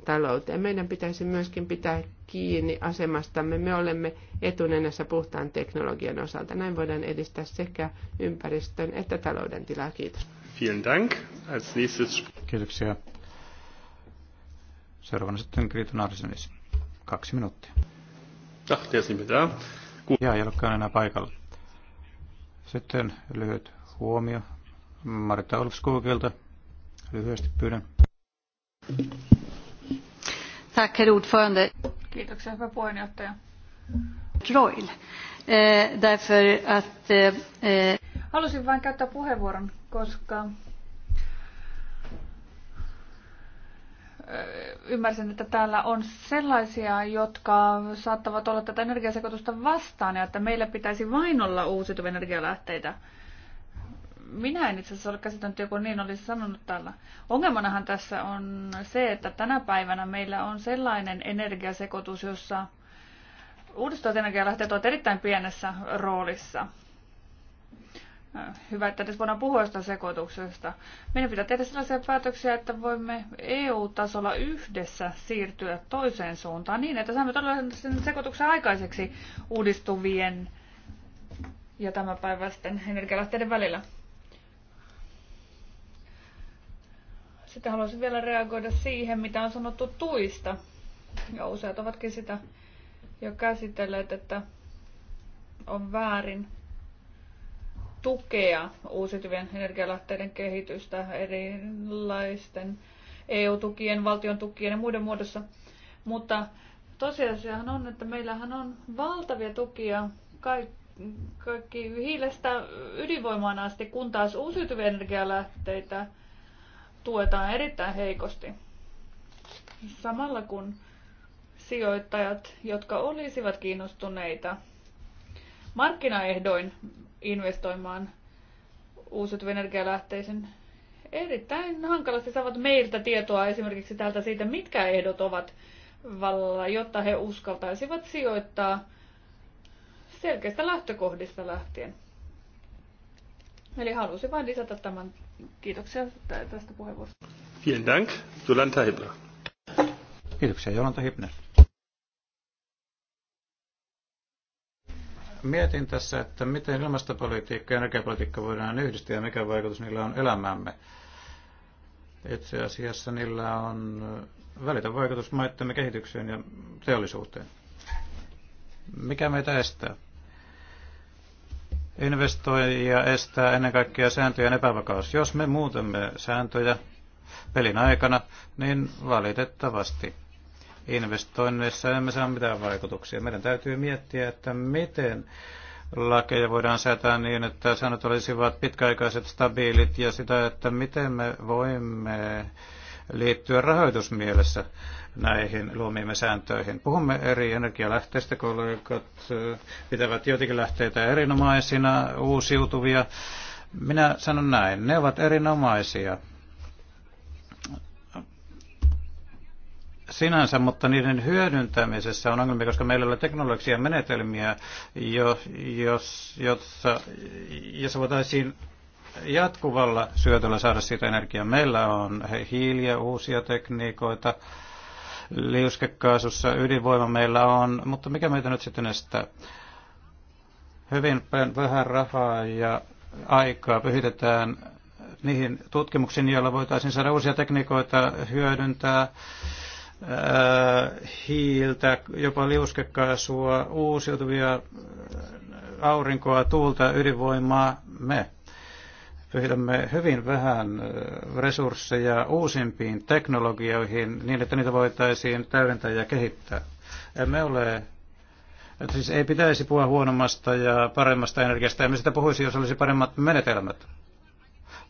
talouteen. Meidän pitäisi myöskin pitää kiinni asemastamme. Me olemme etunenässä puhtaan teknologian osalta. Näin voidaan edistää sekä ympäristön että talouden tilaa. Kiitos. Dank. Als nächstes... Kiitoksia. Seuraavana sitten Kriton Arsenis. Kaksi minuuttia. Ja ei olekaan enää paikalla. Sitten lyhyt huomio Marita Olfskogilta. Lyhyesti pyydän. Tack, herr ordförande. Kiitoksia, hyvä puheenjohtaja. Roil. Eh, därför att, eh, eh- Halusin vain käyttää puheenvuoron, koska ymmärsin, että täällä on sellaisia, jotka saattavat olla tätä energiasekoitusta vastaan ja että meillä pitäisi vain olla uusiutuvia energialähteitä. Minä en itse asiassa ole käsittänyt, joku niin olisi sanonut täällä. Ongelmanahan tässä on se, että tänä päivänä meillä on sellainen energiasekoitus, jossa uudistuvat energialähteet ovat erittäin pienessä roolissa – hyvä, että edes voidaan puhua jostain sekoituksesta. Meidän pitää tehdä sellaisia päätöksiä, että voimme EU-tasolla yhdessä siirtyä toiseen suuntaan niin, että saamme todella sen sekoituksen aikaiseksi uudistuvien ja päiväisten energialähteiden välillä. Sitten haluaisin vielä reagoida siihen, mitä on sanottu tuista. Ja useat ovatkin sitä jo käsitelleet, että on väärin tukea uusiutuvien energialähteiden kehitystä erilaisten EU-tukien, valtion tukien ja muiden muodossa. Mutta tosiasiahan on, että meillähän on valtavia tukia kaikki, kaikki hiilestä ydinvoimaan asti, kun taas uusiutuvia energialähteitä tuetaan erittäin heikosti. Samalla kun sijoittajat, jotka olisivat kiinnostuneita markkinaehdoin investoimaan uusiutuvien energialähteisiin. Erittäin hankalasti saavat meiltä tietoa esimerkiksi täältä siitä, mitkä ehdot ovat vallalla, jotta he uskaltaisivat sijoittaa selkeistä lähtökohdista lähtien. Eli halusin vain lisätä tämän. Kiitoksia tästä puheenvuorosta. Vielen Dank, Jolanta Hibner. Kiitoksia, Jolanta Hibner. Mietin tässä, että miten ilmastopolitiikka ja energiapolitiikka voidaan yhdistää ja mikä vaikutus niillä on elämämme. Itse asiassa niillä on välitä vaikutus maittemme kehitykseen ja teollisuuteen. Mikä meitä estää? Investoijia estää ennen kaikkea sääntöjen epävakaus. Jos me muutamme sääntöjä pelin aikana, niin valitettavasti investoinneissa emme saa mitään vaikutuksia. Meidän täytyy miettiä, että miten lakeja voidaan säätää niin, että säännöt olisivat pitkäaikaiset, stabiilit ja sitä, että miten me voimme liittyä rahoitusmielessä näihin luomiimme sääntöihin. Puhumme eri energialähteistä, kollegat pitävät joitakin lähteitä erinomaisina, uusiutuvia. Minä sanon näin, ne ovat erinomaisia sinänsä, mutta niiden hyödyntämisessä on ongelmia, koska meillä ei ole teknologisia menetelmiä, jo, jos, jossa, jossa voitaisiin jatkuvalla syötöllä saada siitä energiaa. Meillä on hiiliä, uusia tekniikoita, liuskekaasussa, ydinvoima meillä on, mutta mikä meitä nyt sitten estää? Hyvin vähän rahaa ja aikaa pyhitetään niihin tutkimuksiin, joilla voitaisiin saada uusia tekniikoita hyödyntää hiiltä, jopa liuskekaasua, uusiutuvia aurinkoa, tuulta, ydinvoimaa me pyhitämme hyvin vähän resursseja uusimpiin teknologioihin niin, että niitä voitaisiin täydentää ja kehittää. Emme ole, että siis ei pitäisi puhua huonommasta ja paremmasta energiasta, emme sitä puhuisi, jos olisi paremmat menetelmät.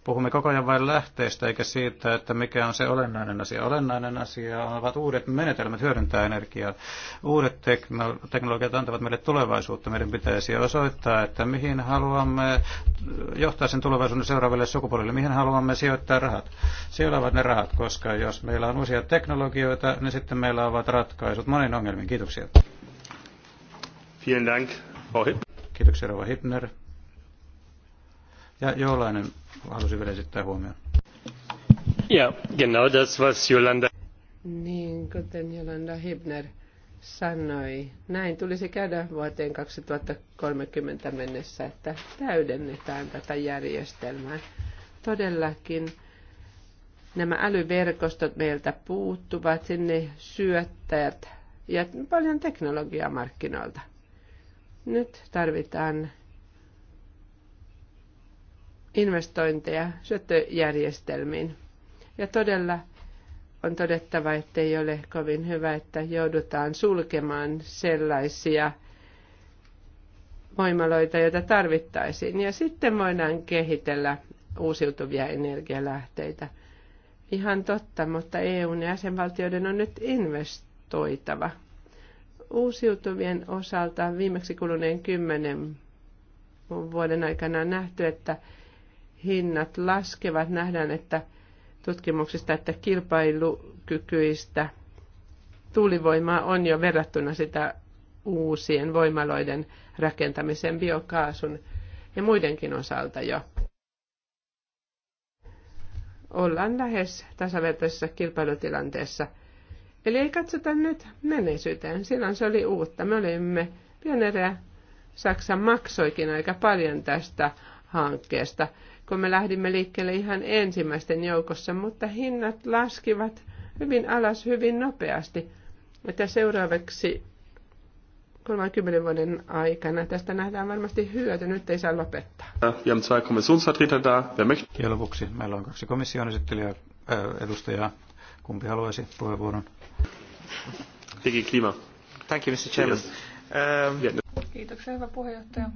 Puhumme koko ajan vain lähteistä eikä siitä, että mikä on se olennainen asia. Olennainen asia ovat uudet menetelmät hyödyntää energiaa. Uudet teknologiat antavat meille tulevaisuutta. Meidän pitäisi osoittaa, että mihin haluamme johtaa sen tulevaisuuden seuraaville sukupolville, mihin haluamme sijoittaa rahat. Siellä ovat ne rahat, koska jos meillä on uusia teknologioita, niin sitten meillä ovat ratkaisut monin ongelmiin. Kiitoksia. Vielen Dank, Frau Kiitoksia, Rova Hipner. Ja Joulainen halusi vielä esittää huomioon. Ja genau das, was Jolanda... Niin, kuten Jolanda Hibner sanoi, näin tulisi käydä vuoteen 2030 mennessä, että täydennetään tätä järjestelmää. Todellakin nämä älyverkostot meiltä puuttuvat, sinne syöttäjät ja paljon teknologiaa markkinoilta. Nyt tarvitaan investointeja syöttöjärjestelmiin. Ja todella on todettava, että ei ole kovin hyvä, että joudutaan sulkemaan sellaisia voimaloita, joita tarvittaisiin. Ja sitten voidaan kehitellä uusiutuvia energialähteitä. Ihan totta, mutta EUn ja jäsenvaltioiden on nyt investoitava. Uusiutuvien osalta viimeksi kuluneen kymmenen vuoden aikana on nähty, että hinnat laskevat. Nähdään, että tutkimuksista, että kilpailukykyistä tuulivoimaa on jo verrattuna sitä uusien voimaloiden rakentamisen biokaasun ja muidenkin osalta jo. Ollaan lähes tasavertaisessa kilpailutilanteessa. Eli ei katsota nyt menneisyyteen. Silloin se oli uutta. Me olimme pioneereja. Saksa maksoikin aika paljon tästä hankkeesta kun me lähdimme liikkeelle ihan ensimmäisten joukossa, mutta hinnat laskivat hyvin alas hyvin nopeasti. Että seuraavaksi 30 vuoden aikana. Tästä nähdään varmasti hyöty, nyt ei saa lopettaa. Wir haben Ja lopuksi meillä on kaksi komission esittelijää, äh, edustajaa. Kumpi haluaisi puheenvuoron? Digi Klima. Thank you, Mr. Chairman. Um, Kiitoksia, hyvä puheenjohtaja.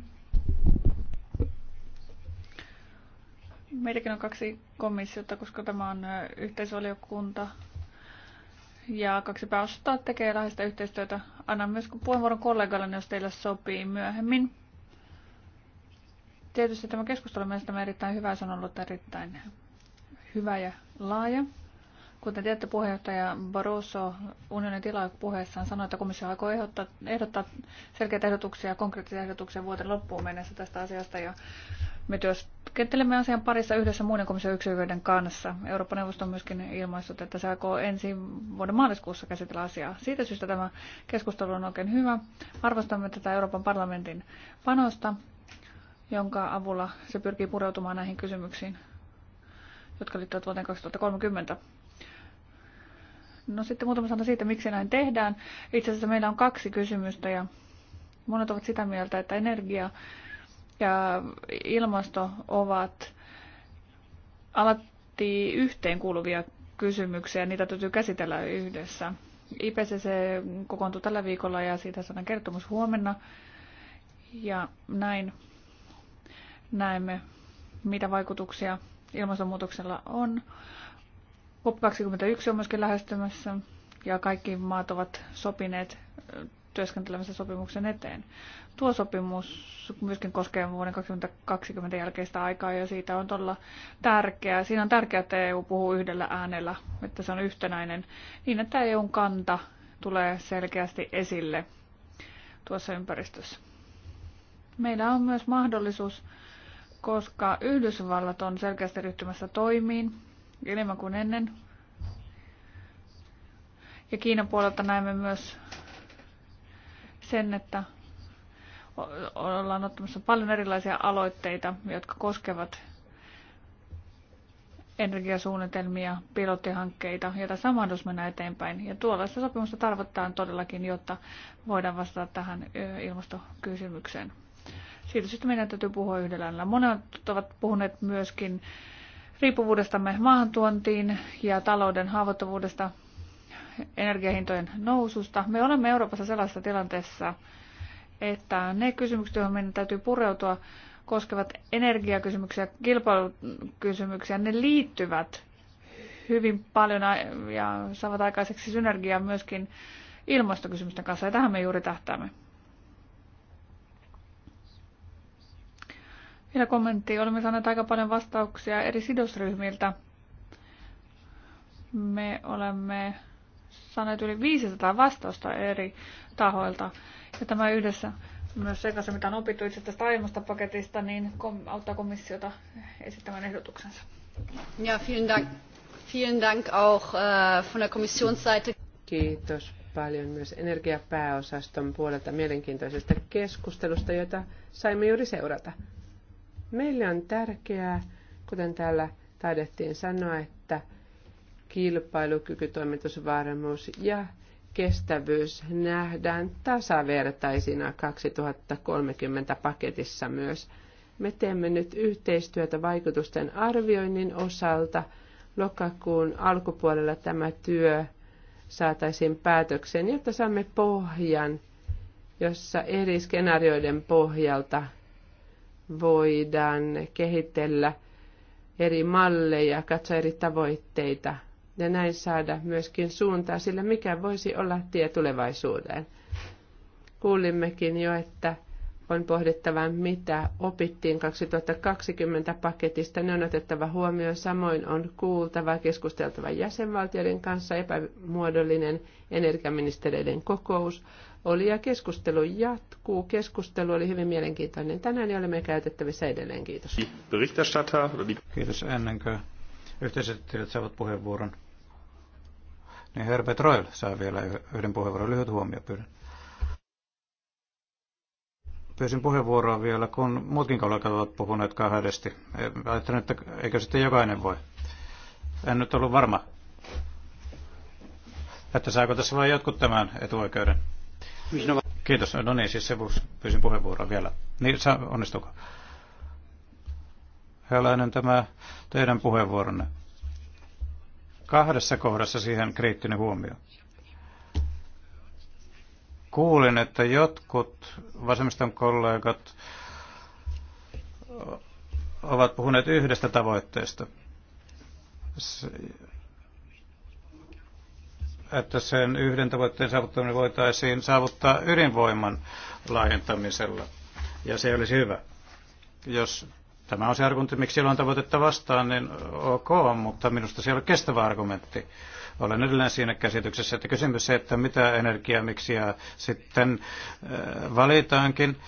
Meitäkin on kaksi komissiota, koska tämä on yhteisvaliokunta. Ja kaksi pääosasta tekee läheistä yhteistyötä. Annan myös puheenvuoron kollegalle, jos teille sopii myöhemmin. Tietysti tämä keskustelu mielestäni on erittäin hyvä. Se on ollut erittäin hyvä ja laaja. Kuten tiedätte, puheenjohtaja Barroso unionin tilapuheessaan sanoi, että komissio aikoo ehdottaa, ehdottaa selkeitä ehdotuksia, konkreettisia ehdotuksia vuoden loppuun mennessä tästä asiasta. Ja me työskentelemme asian parissa yhdessä muiden komission yksiköiden kanssa. Euroopan neuvosto on myöskin ilmaissut, että se aikoo ensi vuoden maaliskuussa käsitellä asiaa. Siitä syystä tämä keskustelu on oikein hyvä. Arvostamme tätä Euroopan parlamentin panosta, jonka avulla se pyrkii pureutumaan näihin kysymyksiin, jotka liittyvät vuoteen 2030 No sitten muutama sana siitä, miksi näin tehdään. Itse asiassa meillä on kaksi kysymystä ja monet ovat sitä mieltä, että energia ja ilmasto ovat alatti yhteenkuuluvia kysymyksiä ja niitä täytyy käsitellä yhdessä. IPCC kokoontuu tällä viikolla ja siitä saadaan kertomus huomenna. Ja näin näemme, mitä vaikutuksia ilmastonmuutoksella on COP21 on myöskin lähestymässä ja kaikki maat ovat sopineet työskentelemässä sopimuksen eteen. Tuo sopimus myöskin koskee vuoden 2020 jälkeistä aikaa ja siitä on todella tärkeää. Siinä on tärkeää, että EU puhuu yhdellä äänellä, että se on yhtenäinen, niin että EUn kanta tulee selkeästi esille tuossa ympäristössä. Meillä on myös mahdollisuus, koska Yhdysvallat on selkeästi ryhtymässä toimiin enemmän kuin ennen. Ja Kiinan puolelta näemme myös sen, että ollaan ottamassa paljon erilaisia aloitteita, jotka koskevat energiasuunnitelmia, pilottihankkeita, ja tässä on mahdollisuus mennä eteenpäin. Ja tuollaista sopimusta tarvitaan todellakin, jotta voidaan vastata tähän ilmastokysymykseen. Siitä syystä meidän täytyy puhua yhdellä Monet ovat puhuneet myöskin riippuvuudestamme maahantuontiin ja talouden haavoittuvuudesta, energiahintojen noususta. Me olemme Euroopassa sellaisessa tilanteessa, että ne kysymykset, joihin meidän täytyy pureutua, koskevat energiakysymyksiä, kilpailukysymyksiä, ne liittyvät hyvin paljon ja saavat aikaiseksi synergiaa myöskin ilmastokysymysten kanssa, ja tähän me juuri tähtäämme. Vielä kommentti. Olemme saaneet aika paljon vastauksia eri sidosryhmiltä. Me olemme saaneet yli 500 vastausta eri tahoilta. Ja tämä yhdessä myös se kanssa, mitä on opittu itse tästä aiemmasta paketista, niin auttaa komissiota esittämään ehdotuksensa. Ja, vielen dank. Vielen dank auch äh, von der Kommissionsseite. Kiitos paljon myös energiapääosaston puolelta mielenkiintoisesta keskustelusta, jota saimme juuri seurata. Meille on tärkeää, kuten täällä taidettiin sanoa, että kilpailukyky, toimitusvarmuus ja kestävyys nähdään tasavertaisina 2030 paketissa myös. Me teemme nyt yhteistyötä vaikutusten arvioinnin osalta. Lokakuun alkupuolella tämä työ saataisiin päätökseen, jotta saamme pohjan, jossa eri skenaarioiden pohjalta voidaan kehitellä eri malleja, katsoa eri tavoitteita ja näin saada myöskin suuntaa sillä, mikä voisi olla tie tulevaisuuteen. Kuulimmekin jo, että on pohdittava, mitä opittiin 2020 paketista. Ne on otettava huomioon. Samoin on kuultava, keskusteltava jäsenvaltioiden kanssa epämuodollinen energiaministereiden kokous oli ja keskustelu jatkuu. Keskustelu oli hyvin mielenkiintoinen tänään ja olemme käytettävissä edelleen. Kiitos. Niin, Kiitos ennen kuin yhteisesittelijät saavat puheenvuoron. Niin Herbert Royal saa vielä yhden puheenvuoron. Lyhyt huomio pyydän. Pyysin puheenvuoroa vielä, kun muutkin kollegat ovat puhuneet kahdesti. Ajattelin, että eikö sitten jokainen voi. En nyt ollut varma, että saako tässä vain jotkut tämän etuoikeuden. Kiitos. No niin, siis Sevus pyysin puheenvuoroa vielä. Niin, saa, onnistuko? Höläinen tämä teidän puheenvuoronne. Kahdessa kohdassa siihen kriittinen huomio. Kuulin, että jotkut vasemmiston kollegat ovat puhuneet yhdestä tavoitteesta että sen yhden tavoitteen saavuttaminen voitaisiin saavuttaa ydinvoiman laajentamisella. Ja se olisi hyvä. Jos tämä on se argumentti, miksi on tavoitetta vastaan, niin ok, mutta minusta siellä on kestävä argumentti. Olen edelleen siinä käsityksessä, että kysymys se, että mitä energiaa, miksi ja sitten äh, valitaankin,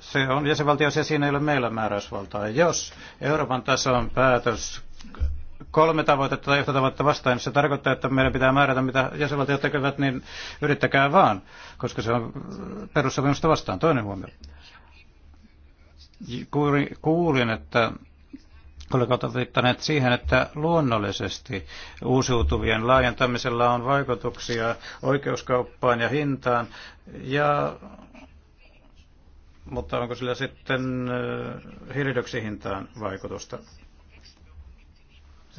se on jäsenvaltio, se siinä ei ole meillä määräysvaltaa. Jos Euroopan tason päätös kolme tavoitetta tai yhtä tavoitetta vastaan, jos se tarkoittaa, että meidän pitää määrätä, mitä jäsenvaltiot tekevät, niin yrittäkää vaan, koska se on perussopimusta vastaan. Toinen huomio. Kuulin, että kollegat ovat viittaneet siihen, että luonnollisesti uusiutuvien laajentamisella on vaikutuksia oikeuskauppaan ja hintaan, ja, mutta onko sillä sitten hiilidioksihintaan vaikutusta?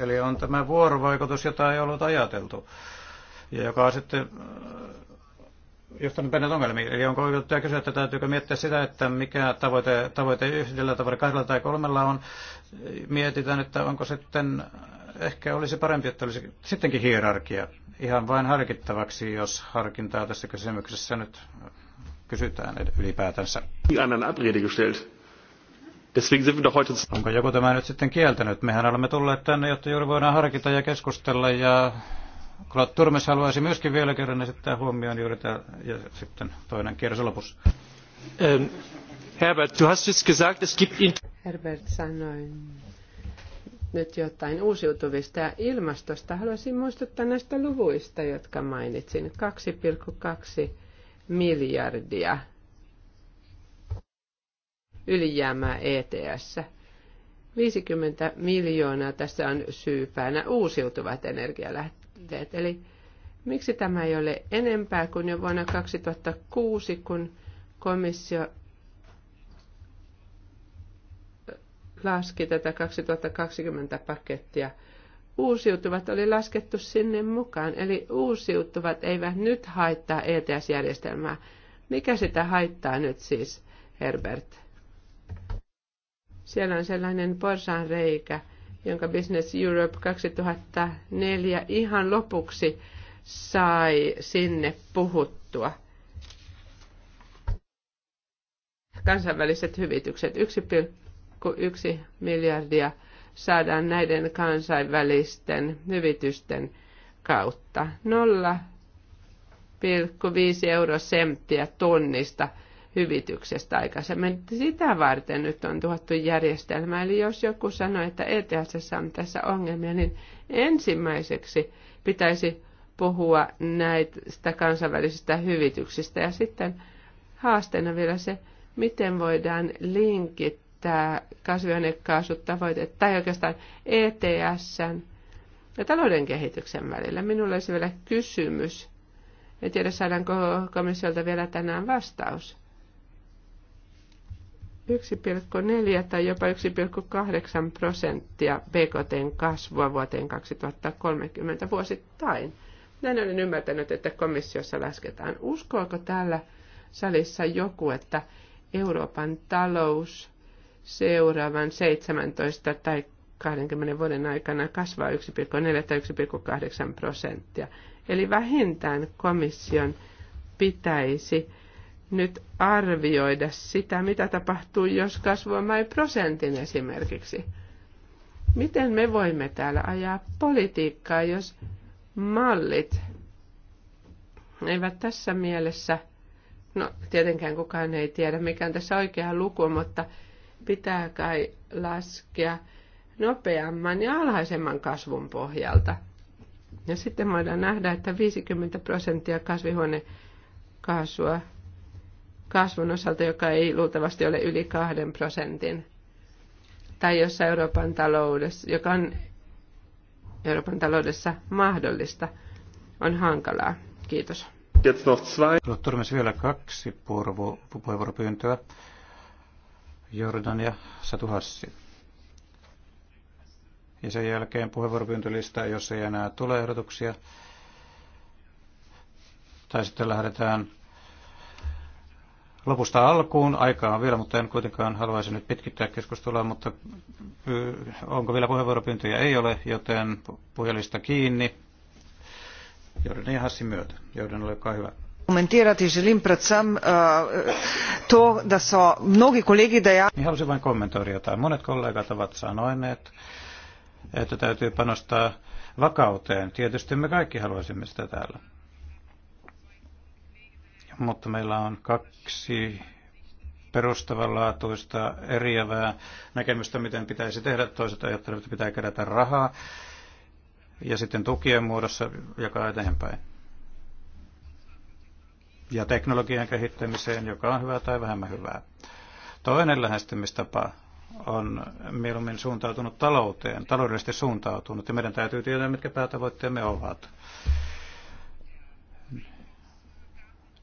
Eli on tämä vuorovaikutus, jota ei ollut ajateltu, ja joka on sitten äh, johtanut pennet ongelmiin. Eli onko oikeutettua kysyä, että täytyykö miettiä sitä, että mikä tavoite, tavoite yhdellä tavalla, kahdella tai kolmella on. Mietitään, että onko sitten, ehkä olisi parempi, että olisi sittenkin hierarkia ihan vain harkittavaksi, jos harkintaa tässä kysymyksessä nyt kysytään ylipäätänsä. Die anderen Abrede gestellt. Deswegen sind wir doch heute... Onko joku tämä nyt sitten kieltänyt? Mehän olemme tulleet tänne, jotta juuri voidaan harkita ja keskustella ja Claude Turmes haluaisi myöskin vielä kerran esittää huomioon juuri tämä ja sitten toinen kierros lopussa. Ähm, Herbert, du hast just gesagt, es gibt... Herbert sanoi nyt jotain uusiutuvista ja ilmastosta. Haluaisin muistuttaa näistä luvuista, jotka mainitsin. 2,2 miljardia ylijäämää ETS. 50 miljoonaa tässä on syypäänä uusiutuvat energialähteet. Eli miksi tämä ei ole enempää kuin jo vuonna 2006, kun komissio laski tätä 2020 pakettia. Uusiutuvat oli laskettu sinne mukaan, eli uusiutuvat eivät nyt haittaa ETS-järjestelmää. Mikä sitä haittaa nyt siis, Herbert? Siellä on sellainen reikä, jonka Business Europe 2004 ihan lopuksi sai sinne puhuttua. Kansainväliset hyvitykset 1,1 miljardia saadaan näiden kansainvälisten hyvitysten kautta. 0,5 eurosenttiä tonnista – hyvityksestä aikaisemmin. Sitä varten nyt on tuhattu järjestelmä. Eli jos joku sanoo, että ETS on tässä ongelmia, niin ensimmäiseksi pitäisi puhua näistä kansainvälisistä hyvityksistä. Ja sitten haasteena vielä se, miten voidaan linkittää tavoitteet, tai oikeastaan ETSn ja talouden kehityksen välillä. Minulla olisi vielä kysymys. En tiedä, saadaanko komissiolta vielä tänään vastaus. 1,4 tai jopa 1,8 prosenttia BKTn kasvua vuoteen 2030 vuosittain. Näin olen ymmärtänyt, että komissiossa lasketaan. Uskoako täällä salissa joku, että Euroopan talous seuraavan 17 tai 20 vuoden aikana kasvaa 1,4 tai 1,8 prosenttia? Eli vähintään komission pitäisi nyt arvioida sitä, mitä tapahtuu, jos kasvu on prosentin esimerkiksi. Miten me voimme täällä ajaa politiikkaa, jos mallit eivät tässä mielessä, no tietenkään kukaan ei tiedä, mikä on tässä oikea luku, mutta pitää kai laskea nopeamman ja alhaisemman kasvun pohjalta. Ja sitten voidaan nähdä, että 50 prosenttia kasvihuonekaasua kasvun osalta, joka ei luultavasti ole yli kahden prosentin. Tai jossa Euroopan taloudessa, joka on Euroopan taloudessa mahdollista, on hankalaa. Kiitos. Jetzt noch Turmes vielä kaksi puheenvuoropyyntöä. Jordan ja Satu Hassi. Ja sen jälkeen puheenvuoropyyntölista, jos ei enää tule ehdotuksia. Tai sitten lähdetään lopusta alkuun. Aikaa on vielä, mutta en kuitenkaan haluaisi nyt pitkittää keskustelua, mutta äh, onko vielä puheenvuoropyyntöjä? Ei ole, joten puhelista kiinni. Jordan ja Hassi myötä. Jordan, olkaa hyvä. Komentirati želim predvsem äh, to, da so mnogi kolegi dejali. Niin halusin vain kommentoida jotain. Monet kollegat ovat sanoineet, että täytyy panostaa vakauteen. Tietysti me kaikki haluaisimme sitä täällä mutta meillä on kaksi perustavanlaatuista eriävää näkemystä, miten pitäisi tehdä. Toiset ajattelevat, että pitää kerätä rahaa ja sitten tukien muodossa jakaa eteenpäin. Ja teknologian kehittämiseen, joka on hyvää tai vähemmän hyvää. Toinen lähestymistapa on mieluummin suuntautunut talouteen, taloudellisesti suuntautunut, ja meidän täytyy tietää, mitkä päätavoitteemme ovat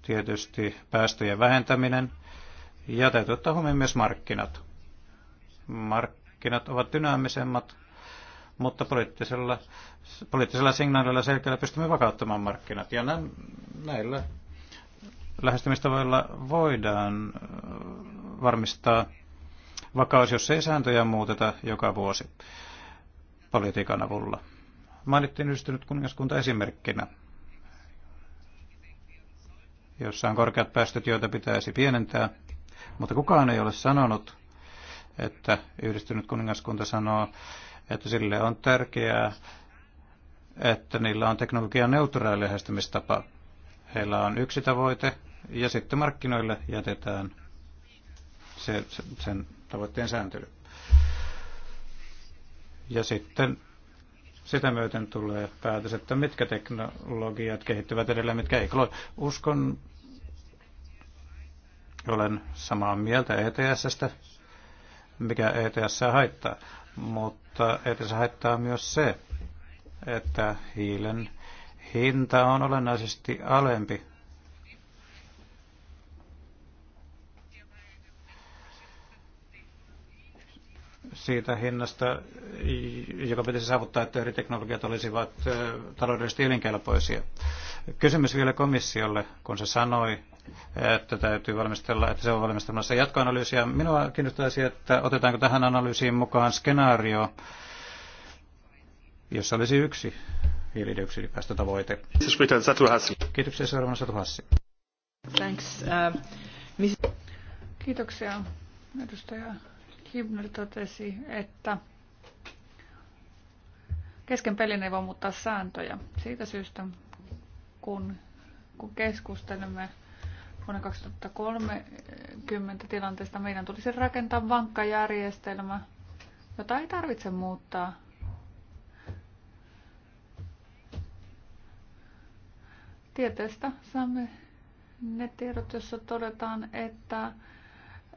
tietysti päästöjen vähentäminen ja täytyy ottaa huomioon myös markkinat. Markkinat ovat dynaamisemmat, mutta poliittisella, poliittisella signaalilla selkeällä pystymme vakauttamaan markkinat. Ja näillä lähestymistavoilla voidaan äh, varmistaa vakaus, jos ei sääntöjä muuteta joka vuosi politiikan avulla. Mainittiin yhdistynyt kuningaskunta esimerkkinä jossa on korkeat päästöt, joita pitäisi pienentää. Mutta kukaan ei ole sanonut, että yhdistynyt kuningaskunta sanoo, että sille on tärkeää, että niillä on teknologian neutraali lähestymistapa. Heillä on yksi tavoite ja sitten markkinoille jätetään se, sen tavoitteen sääntely. Ja sitten sitä myöten tulee päätös, että mitkä teknologiat kehittyvät edelleen, mitkä ei. Uskon olen samaa mieltä ETSstä, mikä ETS haittaa, mutta ETS haittaa myös se, että hiilen hinta on olennaisesti alempi siitä hinnasta, joka pitäisi saavuttaa, että eri teknologiat olisivat äh, taloudellisesti elinkelpoisia. Kysymys vielä komissiolle, kun se sanoi, että täytyy valmistella, että se on valmistelmassa jatkoanalyysiä. Minua kiinnostaisi, että otetaanko tähän analyysiin mukaan skenaario, jossa olisi yksi hiilidioksidipäästötavoite. Kiitoksia seuraavana Satu Hassi. Thanks. Uh, mis... Kiitoksia. Edustaja Hibner totesi, että kesken pelin ei voi muuttaa sääntöjä. Siitä syystä, kun, kun keskustelemme vuonna 2030 tilanteesta meidän tulisi rakentaa vankka järjestelmä, jota ei tarvitse muuttaa. Tieteestä saamme ne tiedot, joissa todetaan, että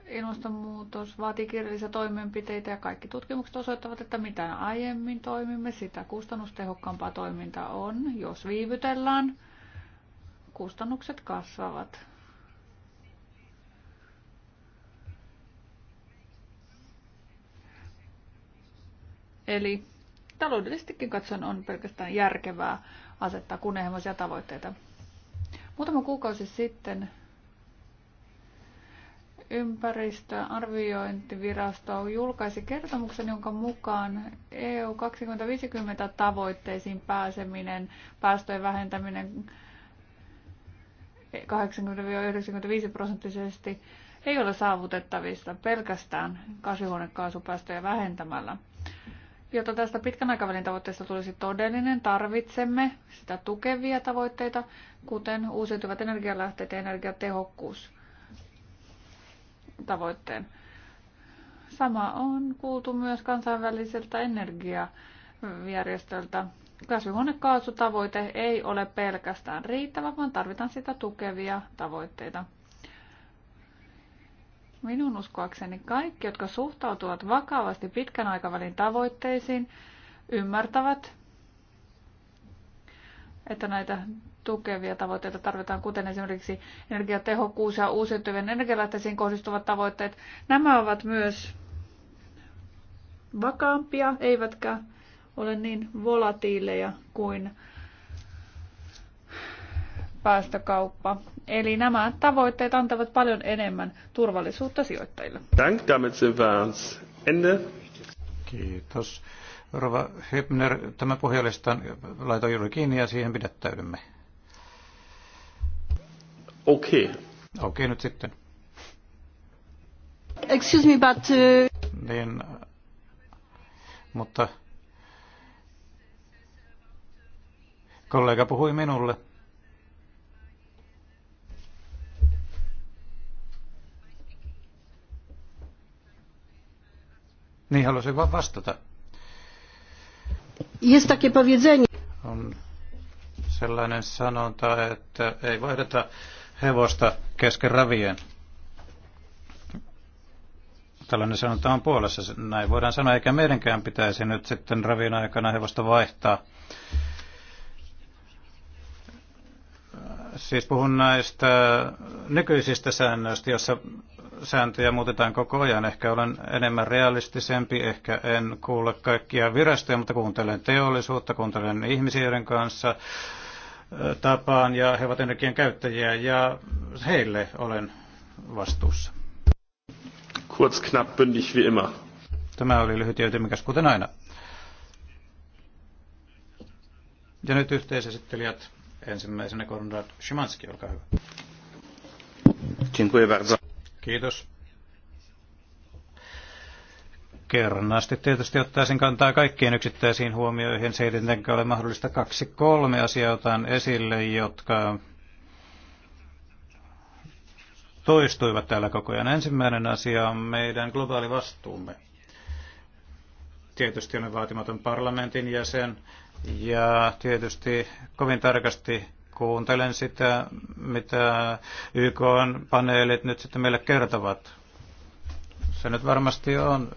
ilmastonmuutos vaatii kirjallisia toimenpiteitä ja kaikki tutkimukset osoittavat, että mitä aiemmin toimimme, sitä kustannustehokkaampaa toiminta on. Jos viivytellään, kustannukset kasvavat. Eli taloudellisestikin katsoen on pelkästään järkevää asettaa kunnianhimoisia tavoitteita. Muutama kuukausi sitten ympäristöarviointivirasto julkaisi kertomuksen, jonka mukaan EU 2050 tavoitteisiin pääseminen, päästöjen vähentäminen 80-95 prosenttisesti ei ole saavutettavissa pelkästään kasvihuonekaasupäästöjä vähentämällä. Jotta tästä pitkän aikavälin tavoitteesta tulisi todellinen, tarvitsemme sitä tukevia tavoitteita, kuten uusiutuvat energialähteet ja energiatehokkuus tavoitteen. Sama on kuultu myös kansainväliseltä energiajärjestöltä. Kasvihuonekaasutavoite ei ole pelkästään riittävä, vaan tarvitaan sitä tukevia tavoitteita. Minun uskoakseni kaikki, jotka suhtautuvat vakavasti pitkän aikavälin tavoitteisiin, ymmärtävät, että näitä tukevia tavoitteita tarvitaan, kuten esimerkiksi energiatehokkuus ja uusiutuvien energialähteisiin kohdistuvat tavoitteet. Nämä ovat myös vakaampia, eivätkä ole niin volatiileja kuin päästökauppa. Eli nämä tavoitteet antavat paljon enemmän turvallisuutta sijoittajille. Dank, Ende. Kiitos. Rova Hübner, tämä puhujalistan laitoin juuri kiinni ja siihen pidättäydymme. Okei. Okay. Okei, okay, nyt sitten. Excuse me, but... Uh... Niin, mutta kollega puhui minulle. Niin haluaisin vaan vastata. Jest takie powiedzenie. On sellainen sanonta, että ei vaihdeta hevosta kesken ravien. Tällainen sanonta on puolessa, näin voidaan sanoa, eikä meidänkään pitäisi nyt sitten ravien aikana hevosta vaihtaa. Siis puhun näistä nykyisistä säännöistä, jossa sääntöjä muutetaan koko ajan. Ehkä olen enemmän realistisempi, ehkä en kuule kaikkia virastoja, mutta kuuntelen teollisuutta, kuuntelen ihmisiä, joiden kanssa tapaan ja he ovat energian käyttäjiä ja heille olen vastuussa. Kurz, knapp, bündig wie immer. Tämä oli lyhyt ja kuten aina. Ja nyt yhteisesittelijät. Ensimmäisenä Konrad Szymanski, olkaa hyvä. Dziękuję bardzo. Kiitos. Kerran asti tietysti ottaisin kantaa kaikkien yksittäisiin huomioihin. Se ei tietenkään ole mahdollista. Kaksi kolme asiaa otan esille, jotka toistuivat täällä koko ajan. Ensimmäinen asia on meidän globaali vastuumme. Tietysti olen vaatimaton parlamentin jäsen ja tietysti kovin tarkasti kuuntelen sitä, mitä YK paneelit nyt sitten meille kertovat. Se nyt varmasti on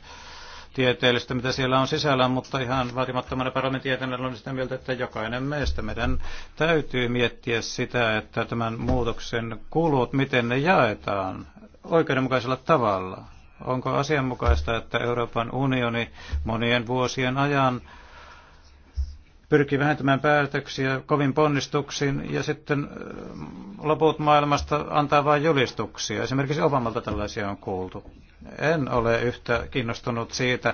tieteellistä, mitä siellä on sisällä, mutta ihan vaatimattomana parlamentin jäsenellä on sitä mieltä, että jokainen meistä meidän täytyy miettiä sitä, että tämän muutoksen kulut, miten ne jaetaan oikeudenmukaisella tavalla. Onko asianmukaista, että Euroopan unioni monien vuosien ajan pyrki vähentämään päätöksiä kovin ponnistuksin ja sitten loput maailmasta antaa vain julistuksia. Esimerkiksi Obamalta tällaisia on kuultu. En ole yhtä kiinnostunut siitä,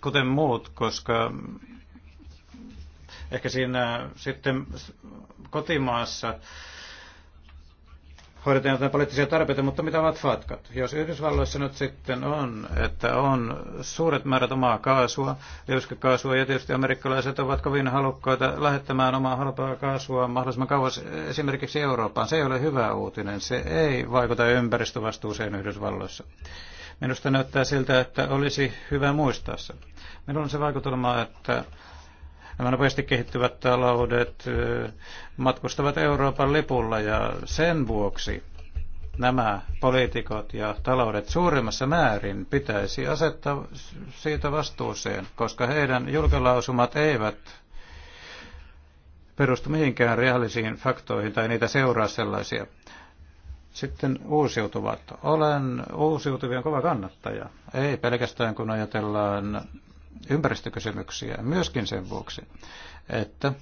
kuten muut, koska ehkä siinä sitten kotimaassa hoidetaan jotain poliittisia tarpeita, mutta mitä ovat fatkat? Jos Yhdysvalloissa nyt sitten on, että on suuret määrät omaa kaasua, liuskakaasua, ja tietysti amerikkalaiset ovat kovin halukkaita lähettämään omaa halpaa kaasua mahdollisimman kauas esimerkiksi Eurooppaan. Se ei ole hyvä uutinen, se ei vaikuta ympäristövastuuseen Yhdysvalloissa. Minusta näyttää siltä, että olisi hyvä muistaa se. Minulla on se vaikutelma, että Nämä nopeasti kehittyvät taloudet matkustavat Euroopan lipulla ja sen vuoksi nämä poliitikot ja taloudet suurimmassa määrin pitäisi asettaa siitä vastuuseen, koska heidän julkilausumat eivät perustu mihinkään reaalisiin faktoihin tai niitä seuraa sellaisia. Sitten uusiutuvat. Olen uusiutuvien kova kannattaja. Ei pelkästään kun ajatellaan ympäristökysymyksiä myöskin sen vuoksi, että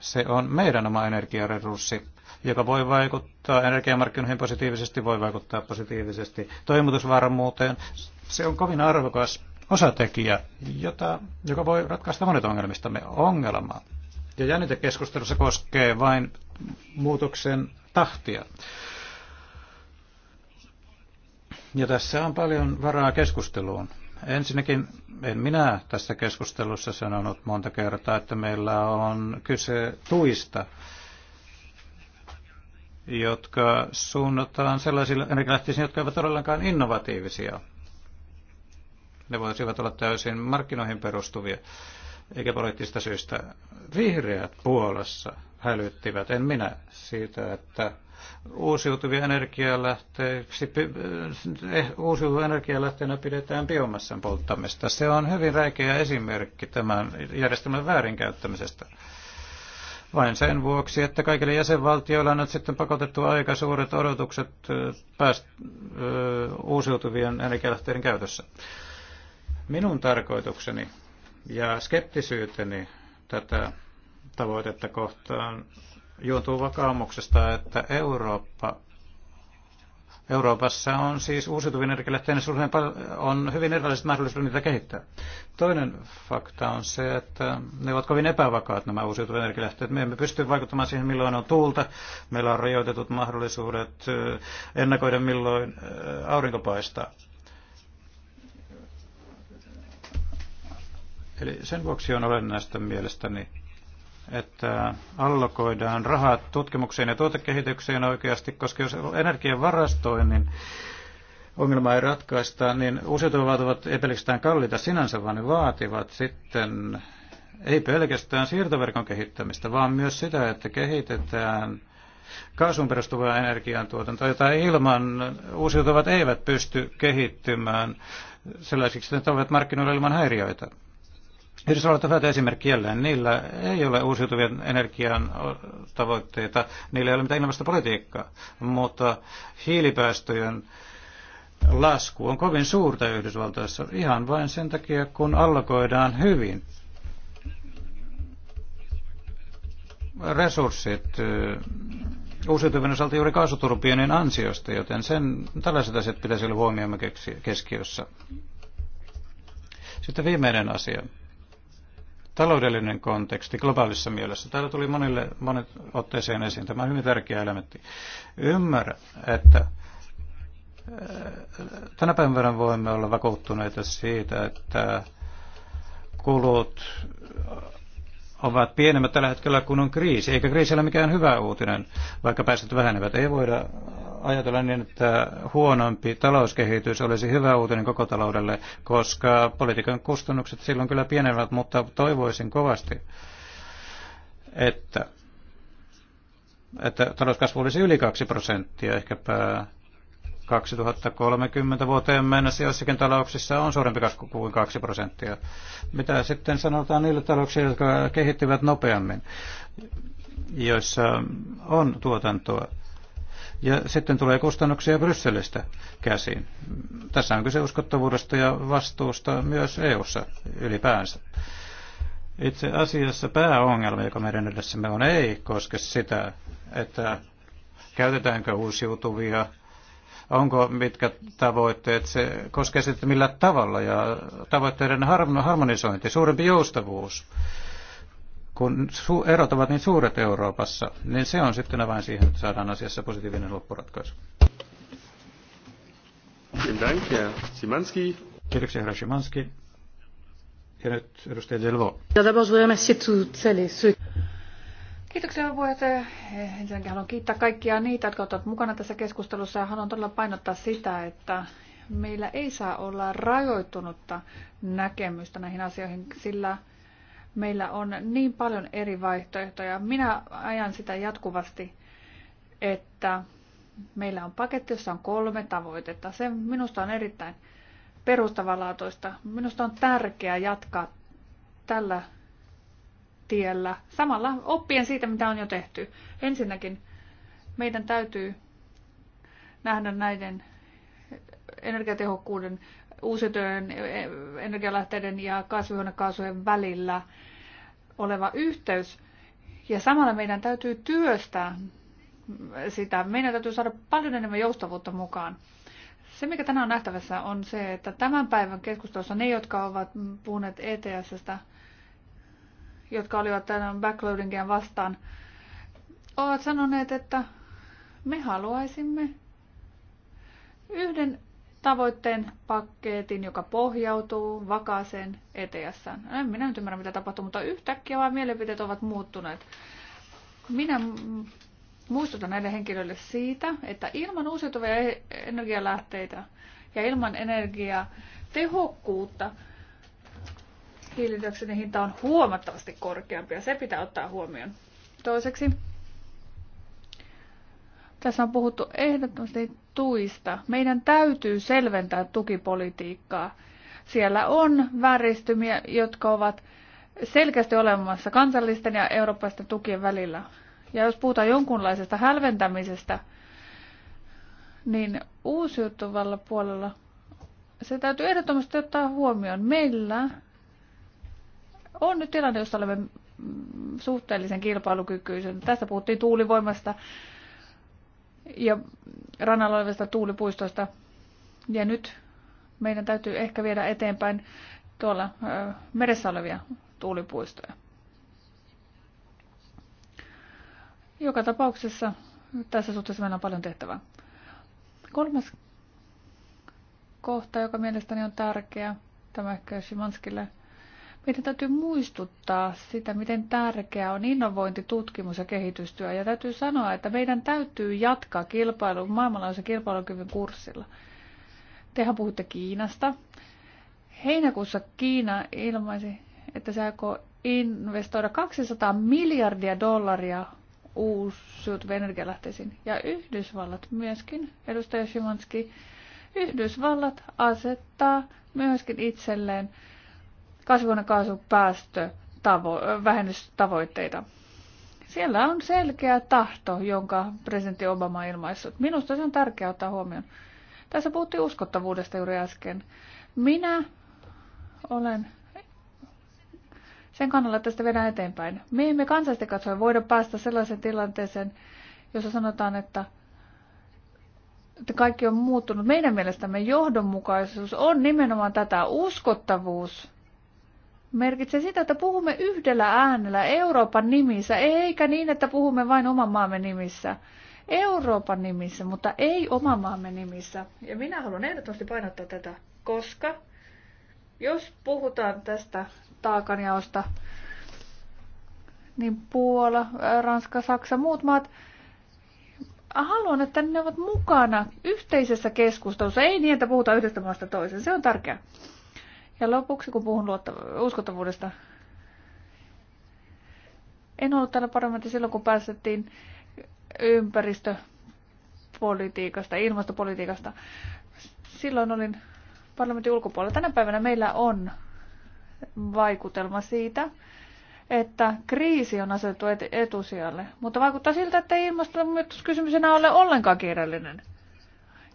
se on meidän oma energiaresurssi, joka voi vaikuttaa energiamarkkinoihin positiivisesti, voi vaikuttaa positiivisesti toimitusvarmuuteen. Se on kovin arvokas osatekijä, jota, joka voi ratkaista monet ongelmistamme ongelmaa. Ja jännitekeskustelussa koskee vain muutoksen tahtia. Ja tässä on paljon varaa keskusteluun. Ensinnäkin en minä tässä keskustelussa sanonut monta kertaa, että meillä on kyse tuista, jotka suunnataan sellaisille energialähteisiin, jotka eivät todellakaan innovatiivisia. Ne voisivat olla täysin markkinoihin perustuvia, eikä poliittista syystä. Vihreät Puolassa hälyttivät, en minä, siitä, että uusiutuvia energialähteiksi, eh, uusiutuvia energialähteenä pidetään biomassan polttamista. Se on hyvin räikeä esimerkki tämän järjestelmän väärinkäyttämisestä. Vain sen vuoksi, että kaikille jäsenvaltioilla on nyt sitten pakotettu aika suuret odotukset pääst, uusiutuvien energialähteiden käytössä. Minun tarkoitukseni ja skeptisyyteni tätä tavoitetta kohtaan juontuu vakaumuksesta, että Eurooppa, Euroopassa on siis uusiutuvien energialähteiden suhteen on hyvin erilaiset mahdollisuudet niitä kehittää. Toinen fakta on se, että ne ovat kovin epävakaat nämä uusiutuvien energialähteet. Me emme pysty vaikuttamaan siihen, milloin on tuulta. Meillä on rajoitetut mahdollisuudet ennakoida, milloin aurinko paistaa. Eli sen vuoksi on olennaista mielestäni että allokoidaan rahat tutkimukseen ja tuotekehitykseen oikeasti, koska jos energian niin ongelma ei ratkaista, niin uusiutuvat ovat ei pelkästään kalliita sinänsä, vaan ne vaativat sitten ei pelkästään siirtoverkon kehittämistä, vaan myös sitä, että kehitetään kaasun perustuvaa energiantuotantoa, jota ilman uusiutuvat eivät pysty kehittymään sellaisiksi, että ne ovat markkinoilla ilman häiriöitä. Yhdysvallat on hyvä esimerkki jälleen. Niillä ei ole uusiutuvien energian tavoitteita, niillä ei ole mitään politiikkaa, mutta hiilipäästöjen lasku on kovin suurta Yhdysvaltoissa ihan vain sen takia, kun allokoidaan hyvin resurssit uusiutuvien osalta juuri kaasuturbiinin ansiosta, joten sen, tällaiset asiat pitäisi olla huomioimme keskiössä. Sitten viimeinen asia taloudellinen konteksti globaalissa mielessä. Täällä tuli monille monet otteeseen esiin. Tämä on hyvin tärkeä elementti. Ymmärrä, että äh, tänä päivänä voimme olla vakuuttuneita siitä, että kulut ovat pienemmät tällä hetkellä, kun on kriisi. Eikä kriisi ole mikään hyvä uutinen, vaikka päästöt vähenevät. Ei voida ajatella niin, että huonompi talouskehitys olisi hyvä uutinen koko taloudelle, koska politiikan kustannukset silloin kyllä pienenevät, mutta toivoisin kovasti, että, että talouskasvu olisi yli 2 prosenttia, ehkäpä 2030 vuoteen mennessä joissakin talouksissa on suurempi kasvu kuin 2 prosenttia. Mitä sitten sanotaan niille talouksille, jotka kehittyvät nopeammin, joissa on tuotantoa? Ja sitten tulee kustannuksia Brysselistä käsiin. Tässä on kyse uskottavuudesta ja vastuusta myös EU:ssa ylipäänsä. Itse asiassa pääongelma, joka meidän edessämme on, ei koske sitä, että käytetäänkö uusiutuvia, onko mitkä tavoitteet, se koskee sitten millä tavalla ja tavoitteiden harmonisointi, suurempi joustavuus kun erot ovat niin suuret Euroopassa, niin se on sitten avain siihen, että saadaan asiassa positiivinen loppuratkaisu. Kiitoksia, herra Szymanski. Ja nyt edustaja Delvo. Kiitoksia puheenjohtaja. Ensinnäkin haluan kiittää kaikkia niitä, jotka ovat mukana tässä keskustelussa ja haluan todella painottaa sitä, että meillä ei saa olla rajoittunutta näkemystä näihin asioihin, sillä Meillä on niin paljon eri vaihtoehtoja. Minä ajan sitä jatkuvasti, että meillä on paketti, jossa on kolme tavoitetta. Se minusta on erittäin perustavanlaatuista. Minusta on tärkeää jatkaa tällä tiellä samalla oppien siitä, mitä on jo tehty. Ensinnäkin meidän täytyy nähdä näiden energiatehokkuuden uusiutuvien energialähteiden ja kasvihuonekaasujen välillä oleva yhteys. Ja samalla meidän täytyy työstää sitä. Meidän täytyy saada paljon enemmän joustavuutta mukaan. Se, mikä tänään on nähtävässä, on se, että tämän päivän keskustelussa ne, jotka ovat puhuneet ETSstä, jotka olivat tänään backloadingia vastaan, ovat sanoneet, että me haluaisimme yhden tavoitteen paketin, joka pohjautuu vakaaseen ets En minä nyt ymmärrä, mitä tapahtuu, mutta yhtäkkiä vaan mielipiteet ovat muuttuneet. Minä muistutan näille henkilöille siitä, että ilman uusiutuvia e-, energialähteitä ja ilman energiaa tehokkuutta hiilidioksidin hinta on huomattavasti korkeampi ja se pitää ottaa huomioon. Toiseksi tässä on puhuttu ehdottomasti tuista. Meidän täytyy selventää tukipolitiikkaa. Siellä on vääristymiä, jotka ovat selkeästi olemassa kansallisten ja eurooppalaisten tukien välillä. Ja jos puhutaan jonkunlaisesta hälventämisestä, niin uusiutuvalla puolella se täytyy ehdottomasti ottaa huomioon. Meillä on nyt tilanne, jossa olemme suhteellisen kilpailukykyisen. tässä puhuttiin tuulivoimasta, ja rannalla olevista tuulipuistoista. Ja nyt meidän täytyy ehkä viedä eteenpäin tuolla meressä olevia tuulipuistoja. Joka tapauksessa tässä suhteessa meillä on paljon tehtävää. Kolmas kohta, joka mielestäni on tärkeä, tämä ehkä Shimanskille – meidän täytyy muistuttaa sitä, miten tärkeää on innovointi, tutkimus ja kehitystyö. Ja täytyy sanoa, että meidän täytyy jatkaa kilpailu, maailmanlaajuisen kilpailukyvyn kurssilla. Tehän puhutte Kiinasta. Heinäkuussa Kiina ilmaisi, että se aikoo investoida 200 miljardia dollaria uusiutuvien energialähteisiin. Ja Yhdysvallat myöskin, edustaja Shimanski, Yhdysvallat asettaa myöskin itselleen kasvihuonekaasupäästövähennystavoitteita. Siellä on selkeä tahto, jonka presidentti Obama on ilmaissut. Minusta se on tärkeää ottaa huomioon. Tässä puhuttiin uskottavuudesta juuri äsken. Minä olen sen kannalla, että tästä viedään eteenpäin. Me emme kansallisesti katsoen voida päästä sellaiseen tilanteeseen, jossa sanotaan, että, että kaikki on muuttunut. Meidän mielestämme johdonmukaisuus on nimenomaan tätä uskottavuus merkitsee sitä, että puhumme yhdellä äänellä Euroopan nimissä, eikä niin, että puhumme vain oman maamme nimissä. Euroopan nimissä, mutta ei oman maamme nimissä. Ja minä haluan ehdottomasti painottaa tätä, koska jos puhutaan tästä taakanjaosta, niin Puola, Ranska, Saksa, muut maat, haluan, että ne ovat mukana yhteisessä keskustelussa. Ei niin, että puhutaan yhdestä maasta toiseen. Se on tärkeää. Ja lopuksi, kun puhun luotta- uskottavuudesta, en ollut täällä parlamentissa silloin, kun päästettiin ympäristöpolitiikasta, ilmastopolitiikasta. Silloin olin parlamentin ulkopuolella. Tänä päivänä meillä on vaikutelma siitä, että kriisi on asetettu etusijalle, mutta vaikuttaa siltä, että ei ilmastonmuutoskysymys enää ole ollenkaan kiireellinen.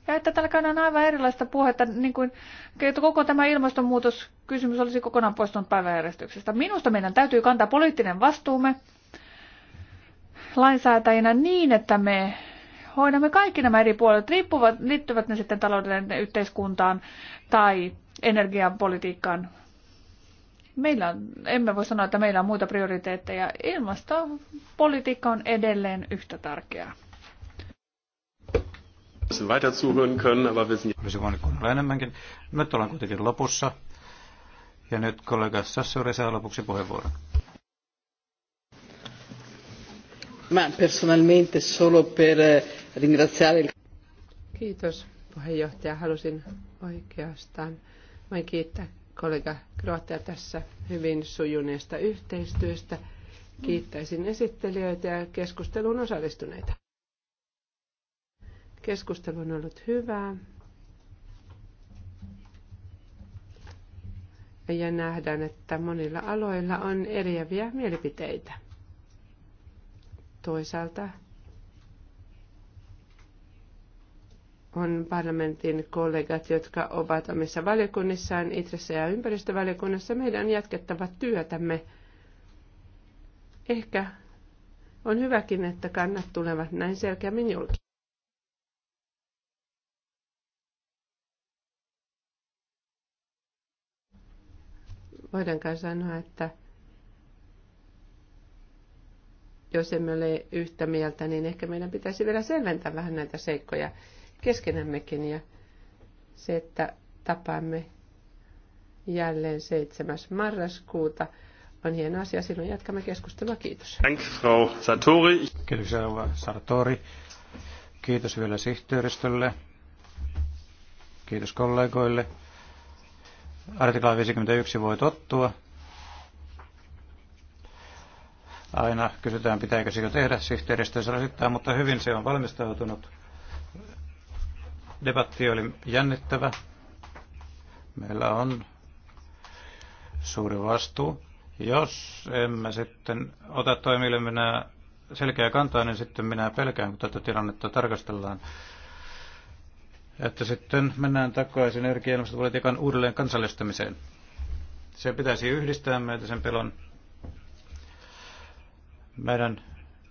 Ja että täällä käydään aivan erilaista puhetta, niin kuin, että koko tämä ilmastonmuutoskysymys olisi kokonaan poistunut päiväjärjestyksestä. Minusta meidän täytyy kantaa poliittinen vastuumme lainsäätäjinä niin, että me hoidamme kaikki nämä eri puolet, riippuvat, liittyvät ne sitten talouden yhteiskuntaan tai energiapolitiikkaan. Meillä on, emme voi sanoa, että meillä on muita prioriteetteja. Ilmastopolitiikka on edelleen yhtä tärkeää weiter zuhören können, aber voinut kuunnella enemmänkin. Nyt ollaan kuitenkin lopussa. Ja nyt kollega Sassori saa lopuksi puheenvuoron. personalmente solo per eh, ringraziare Kiitos puheenjohtaja. Halusin oikeastaan vain kiittää kollega Kroatia tässä hyvin sujuneesta yhteistyöstä. Kiittäisin esittelijöitä ja keskusteluun osallistuneita. Keskustelu on ollut hyvää. Ja nähdään, että monilla aloilla on eriäviä mielipiteitä. Toisaalta on parlamentin kollegat, jotka ovat omissa valiokunnissaan, itsessä ja ympäristövaliokunnassa. Meidän on jatkettava työtämme. Ehkä on hyväkin, että kannat tulevat näin selkeämmin julki. voidaankaan sanoa, että jos emme ole yhtä mieltä, niin ehkä meidän pitäisi vielä selventää vähän näitä seikkoja keskenämmekin. Ja se, että tapaamme jälleen 7. marraskuuta, on hieno asia. Silloin jatkamme keskustelua. Kiitos. Thanks, Sartori. Kiitos vielä sihteeristölle. Kiitos kollegoille. Artikla 51 voi tottua. Aina kysytään, pitääkö se jo tehdä, sihteeristö se rasittaa, mutta hyvin se on valmistautunut. Debatti oli jännittävä. Meillä on suuri vastuu. Jos emme sitten ota toimille minä selkeä kantaa, niin sitten minä pelkään, kun tätä tilannetta tarkastellaan että sitten mennään takaisin energia- ja ilmastopolitiikan uudelleen kansallistamiseen. Se pitäisi yhdistää meitä sen pelon. Meidän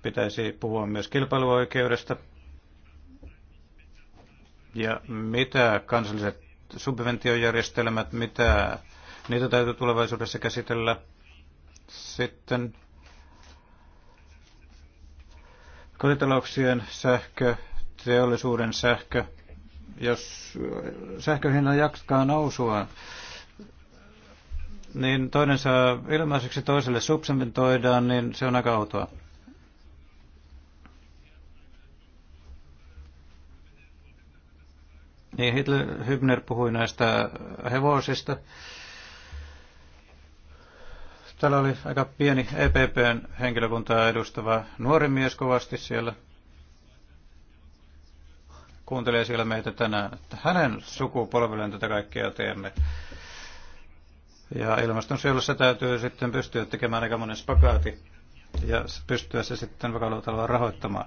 pitäisi puhua myös kilpailuoikeudesta ja mitä kansalliset subventiojärjestelmät, mitä niitä täytyy tulevaisuudessa käsitellä. Sitten kotitalouksien sähkö, teollisuuden sähkö, jos sähköhinnan jatkaa nousua, niin toinen saa ilmaiseksi toiselle subsementoidaan, niin se on aika outoa. Niin, Hitler, Hübner puhui näistä hevosista. Täällä oli aika pieni EPPn henkilökuntaa edustava nuori mies kovasti siellä kuuntelee siellä meitä tänään, että hänen sukupolvelleen tätä kaikkea teemme. Ja ilmastonsuojelussa täytyy sitten pystyä tekemään aika monen spakaati ja pystyä se sitten vakavalla rahoittamaan.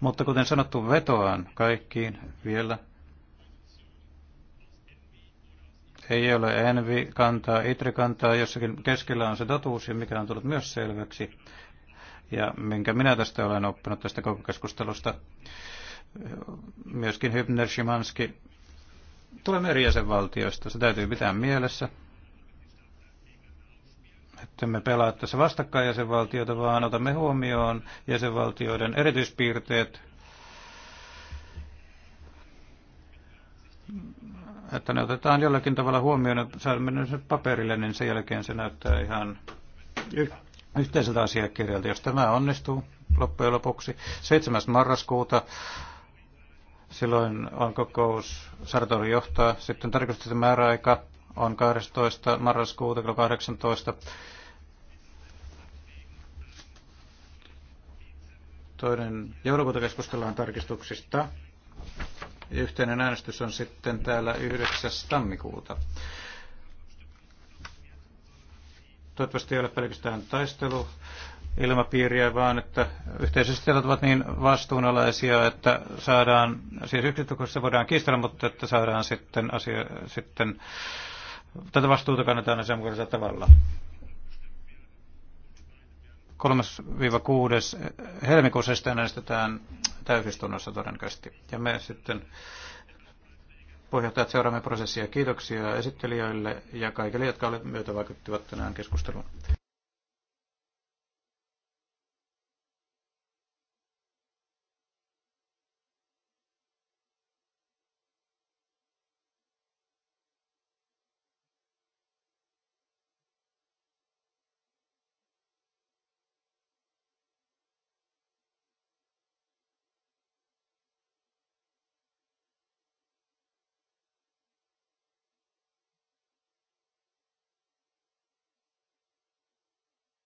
Mutta kuten sanottu, vetoaan kaikkiin vielä. Ei ole envi kantaa, itri kantaa, jossakin keskellä on se totuus ja mikä on tullut myös selväksi. Ja minkä minä tästä olen oppinut tästä koko keskustelusta myöskin Hübner Szymanski. tulee eri jäsenvaltioista, se täytyy pitää mielessä. Että me pelaa tässä vastakkain jäsenvaltioita, vaan otamme huomioon jäsenvaltioiden erityispiirteet, että ne otetaan jollakin tavalla huomioon, mennä se paperille, niin sen jälkeen se näyttää ihan yhteiseltä asiakirjalta, jos tämä onnistuu loppujen lopuksi. 7. marraskuuta Silloin on kokous, Sartori johtaa. Sitten tarkistusten määräaika on 12. marraskuuta kello 18. Toinen joulukuuta keskustellaan tarkistuksista. Yhteinen äänestys on sitten täällä 9. tammikuuta. Toivottavasti ei ole pelkästään taistelu ilmapiiriä, vaan että yhteisöstilot ovat niin vastuunalaisia, että saadaan, siis yksityiskohdassa voidaan kiistellä, mutta että saadaan sitten, asia, sitten tätä vastuuta kannetaan asianmukaisella tavalla. 3-6. helmikuussa sitten äänestetään täysistunnossa todennäköisesti. Ja me sitten puheenjohtajat seuraamme prosessia. Kiitoksia esittelijöille ja kaikille, jotka vaikuttivat tänään keskusteluun.